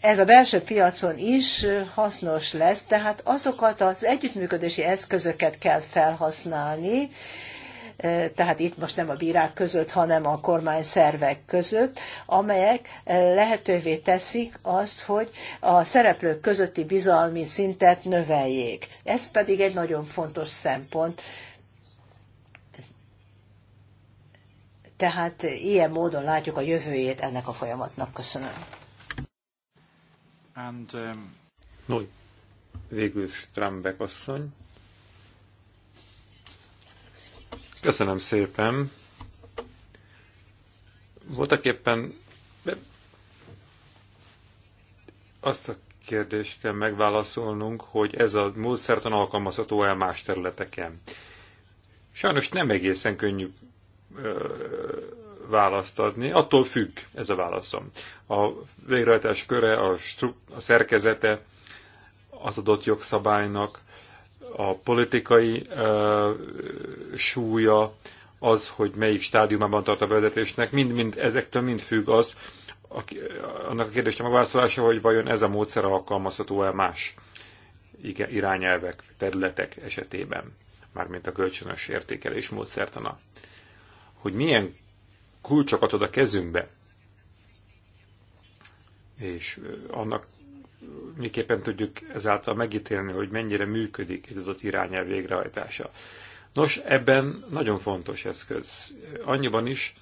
Speaker 3: ez a belső piacon is hasznos lesz, tehát azokat az együttműködési eszközöket kell felhasználni, E, tehát itt most nem a bírák között, hanem a kormány szervek között, amelyek e, lehetővé teszik azt, hogy a szereplők közötti bizalmi szintet növeljék. Ez pedig egy nagyon fontos szempont. Tehát ilyen módon látjuk a jövőjét ennek a folyamatnak. Köszönöm.
Speaker 2: And, um... No, végül Strambek asszony. Köszönöm szépen. Voltak éppen azt a kérdést kell megválaszolnunk, hogy ez a módszertan alkalmazható el más területeken. Sajnos nem egészen könnyű ö, választ adni, attól függ ez a válaszom. A végrehajtás köre, a, stru- a szerkezete az adott jogszabálynak, a politikai ö, súlya, az, hogy melyik stádiumában tart a vezetésnek, mind-mind ezektől mind függ az, a, annak a kérdésre megválaszolása, hogy vajon ez a módszer alkalmazható-e más irányelvek, területek esetében, mármint a kölcsönös értékelés módszertana. Hogy milyen kulcsokat ad a kezünkbe, és annak miképpen tudjuk ezáltal megítélni, hogy mennyire működik egy adott irányelv végrehajtása. Nos, ebben nagyon fontos eszköz. Annyiban is,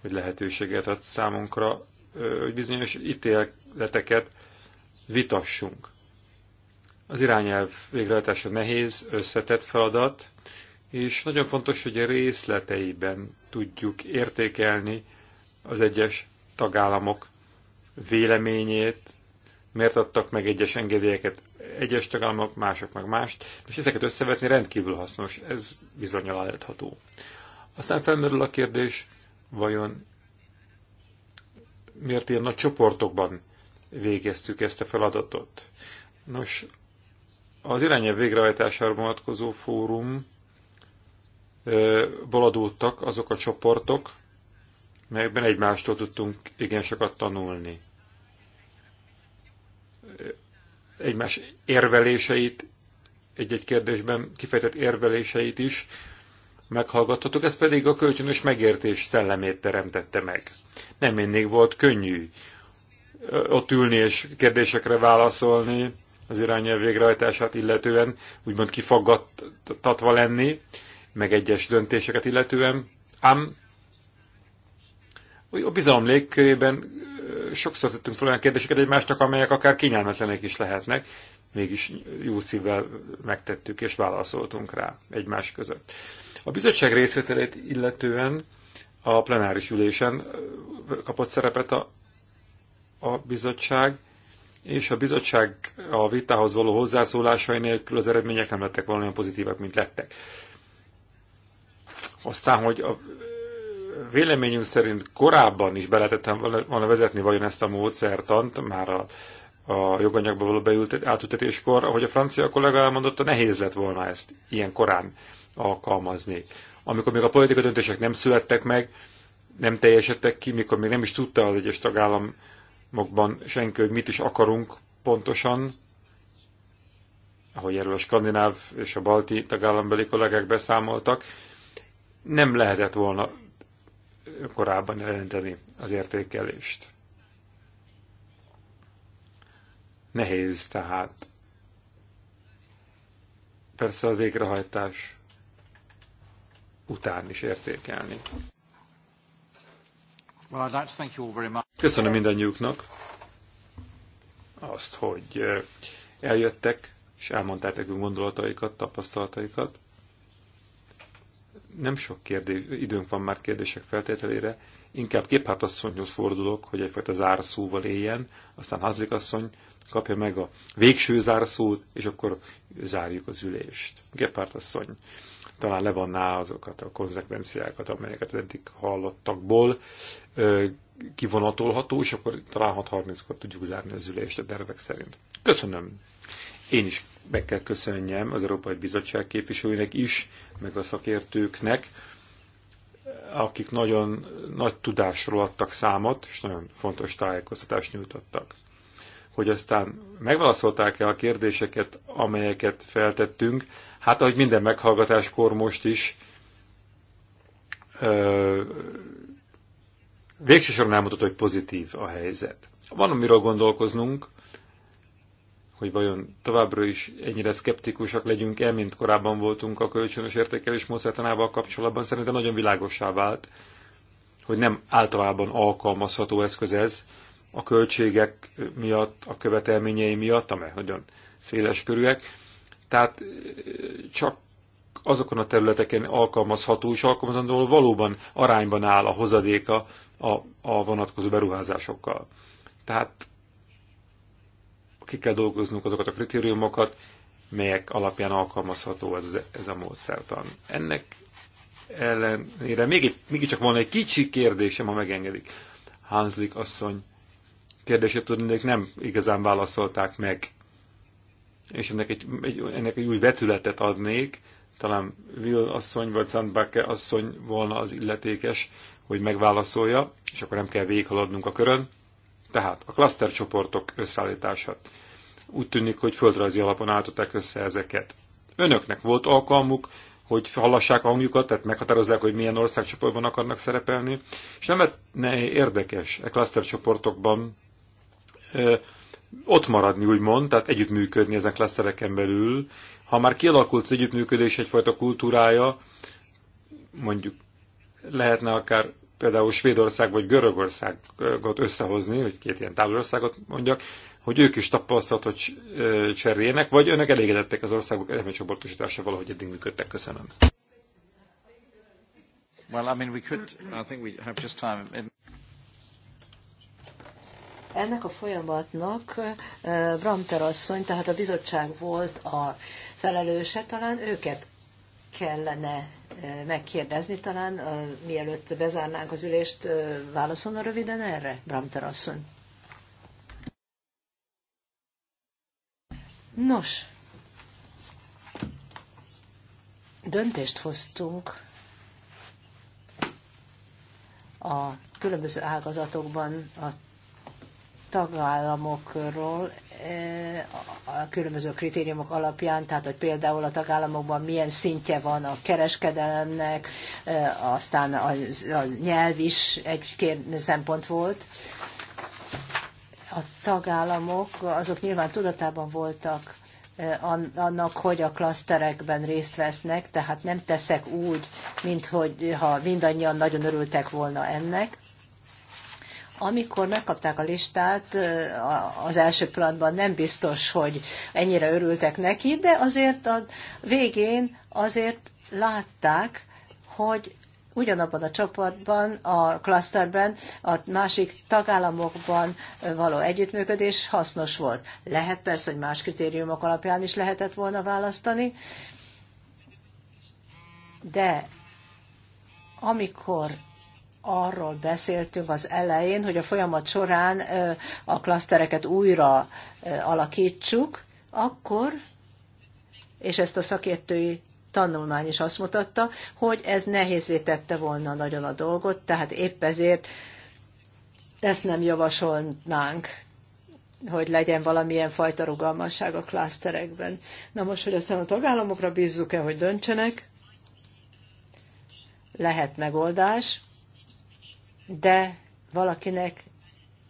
Speaker 2: hogy lehetőséget ad számunkra, hogy bizonyos ítéleteket vitassunk. Az irányelv végrehajtása nehéz, összetett feladat, és nagyon fontos, hogy a részleteiben tudjuk értékelni az egyes tagállamok véleményét, miért adtak meg egyes engedélyeket egyes tagállamok, mások meg mást, és ezeket összevetni rendkívül hasznos, ez bizony látható. Aztán felmerül a kérdés, vajon miért ilyen nagy csoportokban végeztük ezt a feladatot. Nos, az irányelv végrehajtására vonatkozó fórum adódtak azok a csoportok, melyekben egymástól tudtunk igen sokat tanulni egymás érveléseit, egy-egy kérdésben kifejtett érveléseit is meghallgathatok, ez pedig a kölcsönös megértés szellemét teremtette meg. Nem mindig volt könnyű ott ülni és kérdésekre válaszolni, az irányelv végrehajtását illetően, úgymond kifaggattatva lenni, meg egyes döntéseket illetően, ám a bizalom légkörében sokszor tettünk fel olyan kérdéseket egymásnak, amelyek akár kényelmetlenek is lehetnek, mégis jó szívvel megtettük és válaszoltunk rá egymás között. A bizottság részvételét illetően a plenáris ülésen kapott szerepet a, a bizottság, és a bizottság a vitához való hozzászólásai nélkül az eredmények nem lettek valami pozitívak, mint lettek. Aztán, hogy a, véleményünk szerint korábban is beletettem volna vezetni vajon ezt a módszertant, már a, a joganyagba való beült átültetéskor, ahogy a francia kollega elmondotta, nehéz lett volna ezt ilyen korán alkalmazni. Amikor még a politikai döntések nem születtek meg, nem teljesedtek ki, mikor még nem is tudta az egyes tagállamokban senki, hogy mit is akarunk pontosan, ahogy erről a skandináv és a balti tagállambeli kollégák beszámoltak, nem lehetett volna korábban jelenteni az értékelést. Nehéz tehát. Persze a végrehajtás után is értékelni. Köszönöm mindannyiuknak azt, hogy eh, eljöttek, és elmondták nekünk gondolataikat, tapasztalataikat nem sok kérdés, időnk van már kérdések feltételére, inkább Géphát asszonyhoz fordulok, hogy egyfajta zárszóval éljen, aztán Hazlik asszony kapja meg a végső zárszót, és akkor zárjuk az ülést. Gepárt asszony talán levanná azokat a konzekvenciákat, amelyeket eddig hallottakból kivonatolható, és akkor talán 6.30-kor tudjuk zárni az ülést a tervek szerint. Köszönöm. Én is meg kell köszönjem az Európai Bizottság képviselőinek is, meg a szakértőknek, akik nagyon nagy tudásról adtak számot, és nagyon fontos tájékoztatást nyújtottak. Hogy aztán megválaszolták-e a kérdéseket, amelyeket feltettünk, hát ahogy minden meghallgatáskor most is, ö, végső soron elmutatott, hogy pozitív a helyzet. Van, amiről gondolkoznunk, hogy vajon továbbra is ennyire szkeptikusak legyünk el, mint korábban voltunk a kölcsönös értékelés módszertanával kapcsolatban, szerintem nagyon világosá vált, hogy nem általában alkalmazható eszköz ez a költségek miatt, a követelményei miatt, amely nagyon széles körűek. Tehát csak azokon a területeken alkalmazható és alkalmazandó, valóban arányban áll a hozadéka a, a vonatkozó beruházásokkal. Tehát ki kell dolgoznunk azokat a kritériumokat, melyek alapján alkalmazható ez, ez a módszertan. Ennek ellenére még, mégiscsak van egy kicsi kérdésem, ha megengedik. Hanslik asszony kérdését tudnék nem igazán válaszolták meg. És ennek egy, egy, ennek egy új vetületet adnék, talán Will asszony vagy Sandbake asszony volna az illetékes, hogy megválaszolja, és akkor nem kell végighaladnunk a körön. Tehát a Klaszter csoportok összeállítását úgy tűnik, hogy földrajzi alapon álltották össze ezeket. Önöknek volt alkalmuk, hogy hallassák a hangjukat, tehát meghatározzák, hogy milyen országcsoportban akarnak szerepelni, és nem lenne érdekes e ö, ott maradni, úgymond, tehát együttműködni ezen klasztereken belül. Ha már kialakult az együttműködés egyfajta kultúrája, mondjuk lehetne akár például Svédország vagy Görögországot összehozni, hogy két ilyen távolországot mondjak, hogy ők is tapasztalatot cseréljenek, vagy önök elégedettek az országok elemi csoportosítása valahogy eddig működtek? Köszönöm. Well, I mean, we could, I think we have just time.
Speaker 3: Ennek a folyamatnak Bramter asszony, tehát a bizottság volt a felelőse, talán őket kellene megkérdezni, talán mielőtt bezárnánk az ülést, válaszolna röviden erre, Bramter asszony. Nos, döntést hoztunk a különböző ágazatokban a tagállamokról eh, a különböző kritériumok alapján, tehát hogy például a tagállamokban milyen szintje van a kereskedelemnek, eh, aztán a, a nyelv is egy szempont volt, a tagállamok azok nyilván tudatában voltak eh, annak, hogy a klaszterekben részt vesznek, tehát nem teszek úgy, mint hogy ha mindannyian nagyon örültek volna ennek. Amikor megkapták a listát, eh, az első pillanatban nem biztos, hogy ennyire örültek neki, de azért a végén azért látták, hogy ugyanabban a csoportban, a klaszterben, a másik tagállamokban való együttműködés hasznos volt. Lehet persze, hogy más kritériumok alapján is lehetett volna választani, de amikor arról beszéltünk az elején, hogy a folyamat során a klasztereket újra alakítsuk, akkor, és ezt a szakértői tanulmány is azt mutatta, hogy ez nehézé tette volna nagyon a dolgot, tehát épp ezért ezt nem javasolnánk hogy legyen valamilyen fajta rugalmasság a klászterekben. Na most, hogy aztán a tagállamokra bízzuk-e, hogy döntsenek, lehet megoldás, de valakinek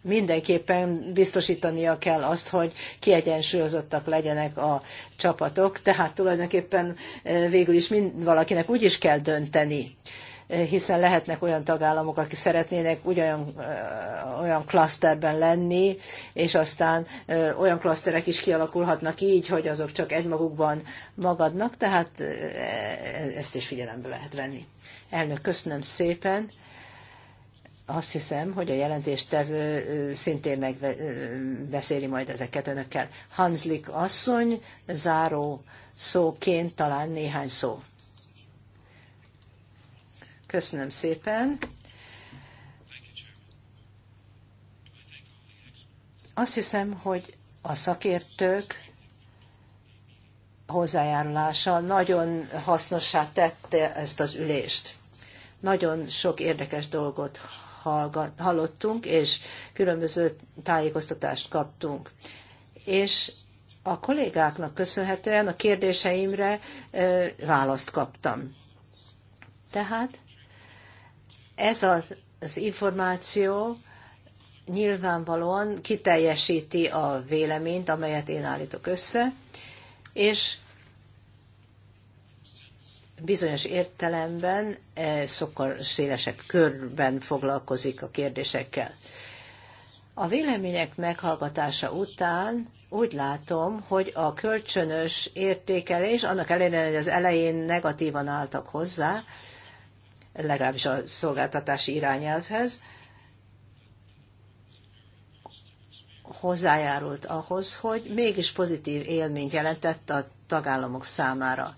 Speaker 3: mindenképpen biztosítania kell azt, hogy kiegyensúlyozottak legyenek a csapatok, tehát tulajdonképpen eh, végül is mind, valakinek úgy is kell dönteni eh, hiszen lehetnek olyan tagállamok, akik szeretnének ugyan, eh, olyan klaszterben lenni, és aztán olyan klaszterek is kialakulhatnak így, hogy azok csak egymagukban magadnak, tehát ezt is figyelembe lehet venni. Elnök, köszönöm szépen azt hiszem, hogy a jelentéstevő szintén megbeszéli majd ezeket önökkel. Hanslik asszony, záró szóként talán néhány szó. Köszönöm szépen. Azt hiszem, hogy a szakértők hozzájárulása nagyon hasznossá tette ezt az ülést. Nagyon sok érdekes dolgot hallgat, hallottunk, és különböző tájékoztatást kaptunk. És a kollégáknak köszönhetően a kérdéseimre választ kaptam. Tehát ez az információ nyilvánvalóan kiteljesíti a véleményt, amelyet én állítok össze, és bizonyos értelemben eh, sokkal szélesebb körben foglalkozik a kérdésekkel. A vélemények meghallgatása után úgy látom, hogy a kölcsönös értékelés, annak ellenére, hogy az elején negatívan álltak hozzá, legalábbis a szolgáltatási irányelvhez, hozzájárult ahhoz, hogy mégis pozitív élményt jelentett a tagállamok számára.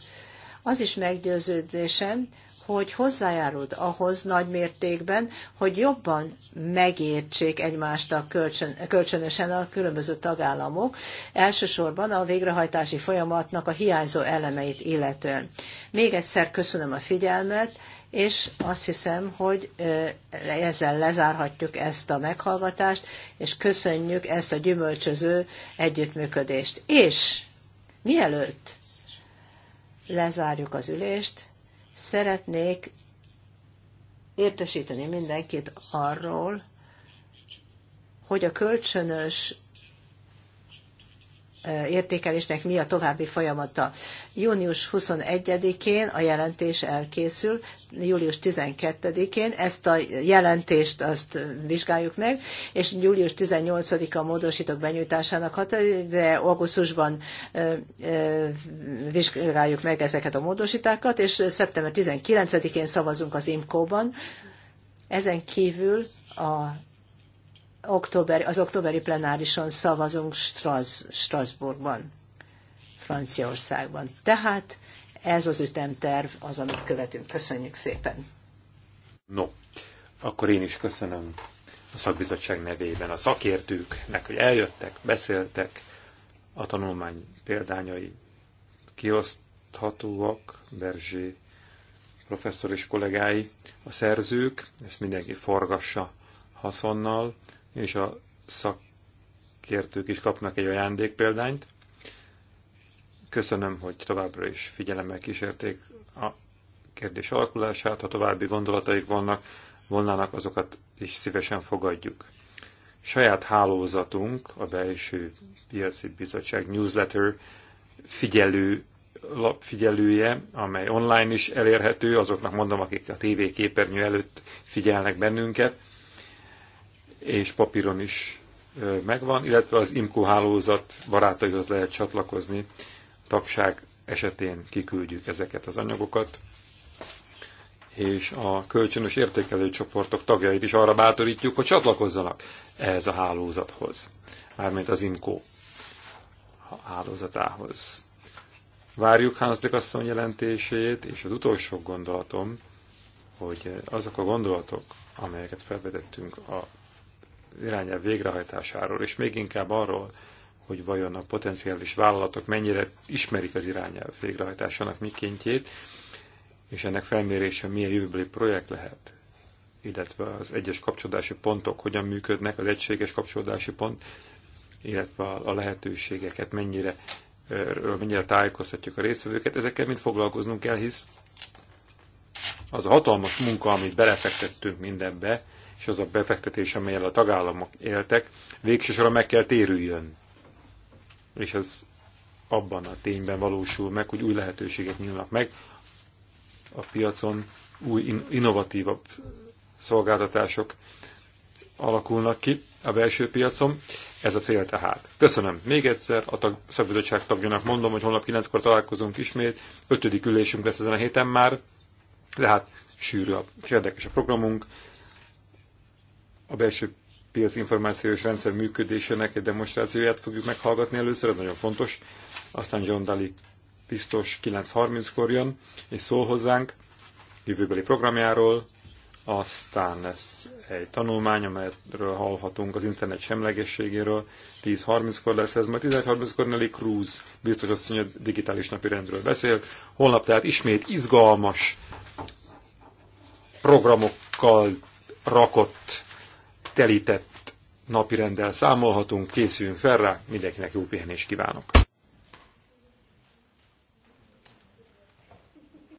Speaker 3: Az is meggyőződésem, hogy hozzájárult ahhoz nagy mértékben, hogy jobban megértsék egymást a kölcsön, kölcsönösen a különböző tagállamok, elsősorban a végrehajtási folyamatnak a hiányzó elemeit illetően. Még egyszer köszönöm a figyelmet, és azt hiszem, hogy ezzel lezárhatjuk ezt a meghallgatást, és köszönjük ezt a gyümölcsöző együttműködést. És mielőtt lezárjuk az ülést. Szeretnék értesíteni mindenkit arról, hogy a kölcsönös értékelésnek mi a további folyamata. Június 21-én a jelentés elkészül, július 12-én ezt a jelentést azt vizsgáljuk meg, és július 18-a módosítok benyújtásának határideje, augusztusban vizsgáljuk meg ezeket a módosítákat, és szeptember 19-én szavazunk az IMCO-ban. Ezen kívül a Októberi az októberi plenárison szavazunk Strasz, Strasbourgban, Franciaországban. Tehát ez az ütemterv, az, amit követünk. Köszönjük szépen!
Speaker 2: No, akkor én is köszönöm a szakbizottság nevében a szakértőknek, hogy eljöttek, beszéltek, a tanulmány példányai kioszthatóak, Berzsé professzor és kollégái, a szerzők, ezt mindenki forgassa haszonnal, és a szakértők is kapnak egy ajándékpéldányt. Köszönöm, hogy továbbra is figyelemmel kísérték a kérdés alakulását. Ha további gondolataik vannak, volnának, azokat is szívesen fogadjuk. Saját hálózatunk, a belső piaci bizottság newsletter figyelő lap figyelője, amely online is elérhető, azoknak mondom, akik a TV képernyő előtt figyelnek bennünket és papíron is megvan, illetve az IMCO hálózat barátaihoz lehet csatlakozni. Tagság esetén kiküldjük ezeket az anyagokat, és a kölcsönös értékelő csoportok tagjait is arra bátorítjuk, hogy csatlakozzanak ehhez a hálózathoz, mármint az IMCO hálózatához. Várjuk Hanslik asszony jelentését, és az utolsó gondolatom, hogy azok a gondolatok, amelyeket felvetettünk a irányelv végrehajtásáról, és még inkább arról, hogy vajon a potenciális vállalatok mennyire ismerik az irányelv végrehajtásának mikéntjét, és ennek felmérése milyen jövőbeli projekt lehet, illetve az egyes kapcsolódási pontok hogyan működnek, az egységes kapcsolódási pont, illetve a lehetőségeket mennyire, mennyire tájékoztatjuk a résztvevőket. Ezekkel mind foglalkoznunk kell, hisz az a hatalmas munka, amit belefektettünk mindenbe, és az a befektetés, amelyel a tagállamok éltek, végsősorban meg kell térüljön. És ez abban a tényben valósul meg, hogy új lehetőségek nyílnak meg a piacon, új innovatívabb szolgáltatások alakulnak ki a belső piacon. Ez a cél tehát. Köszönöm. Még egyszer a tag, szakbizottság tagjának mondom, hogy holnap 9-kor találkozunk ismét. Ötödik ülésünk lesz ezen a héten már, de hát sűrű a, és érdekes a programunk a belső piac információs rendszer működésének egy demonstrációját fogjuk meghallgatni először, ez nagyon fontos. Aztán John Daly biztos 9.30-kor jön, és szól hozzánk jövőbeli programjáról, aztán lesz egy tanulmány, amelyről hallhatunk az internet semlegességéről. 10.30-kor lesz ez, majd 11.30-kor Nelly Cruz biztos azt mondja, digitális napi rendről beszél. Holnap tehát ismét izgalmas programokkal rakott telített napirenddel számolhatunk, készüljünk fel rá, mindenkinek jó pihenést kívánok!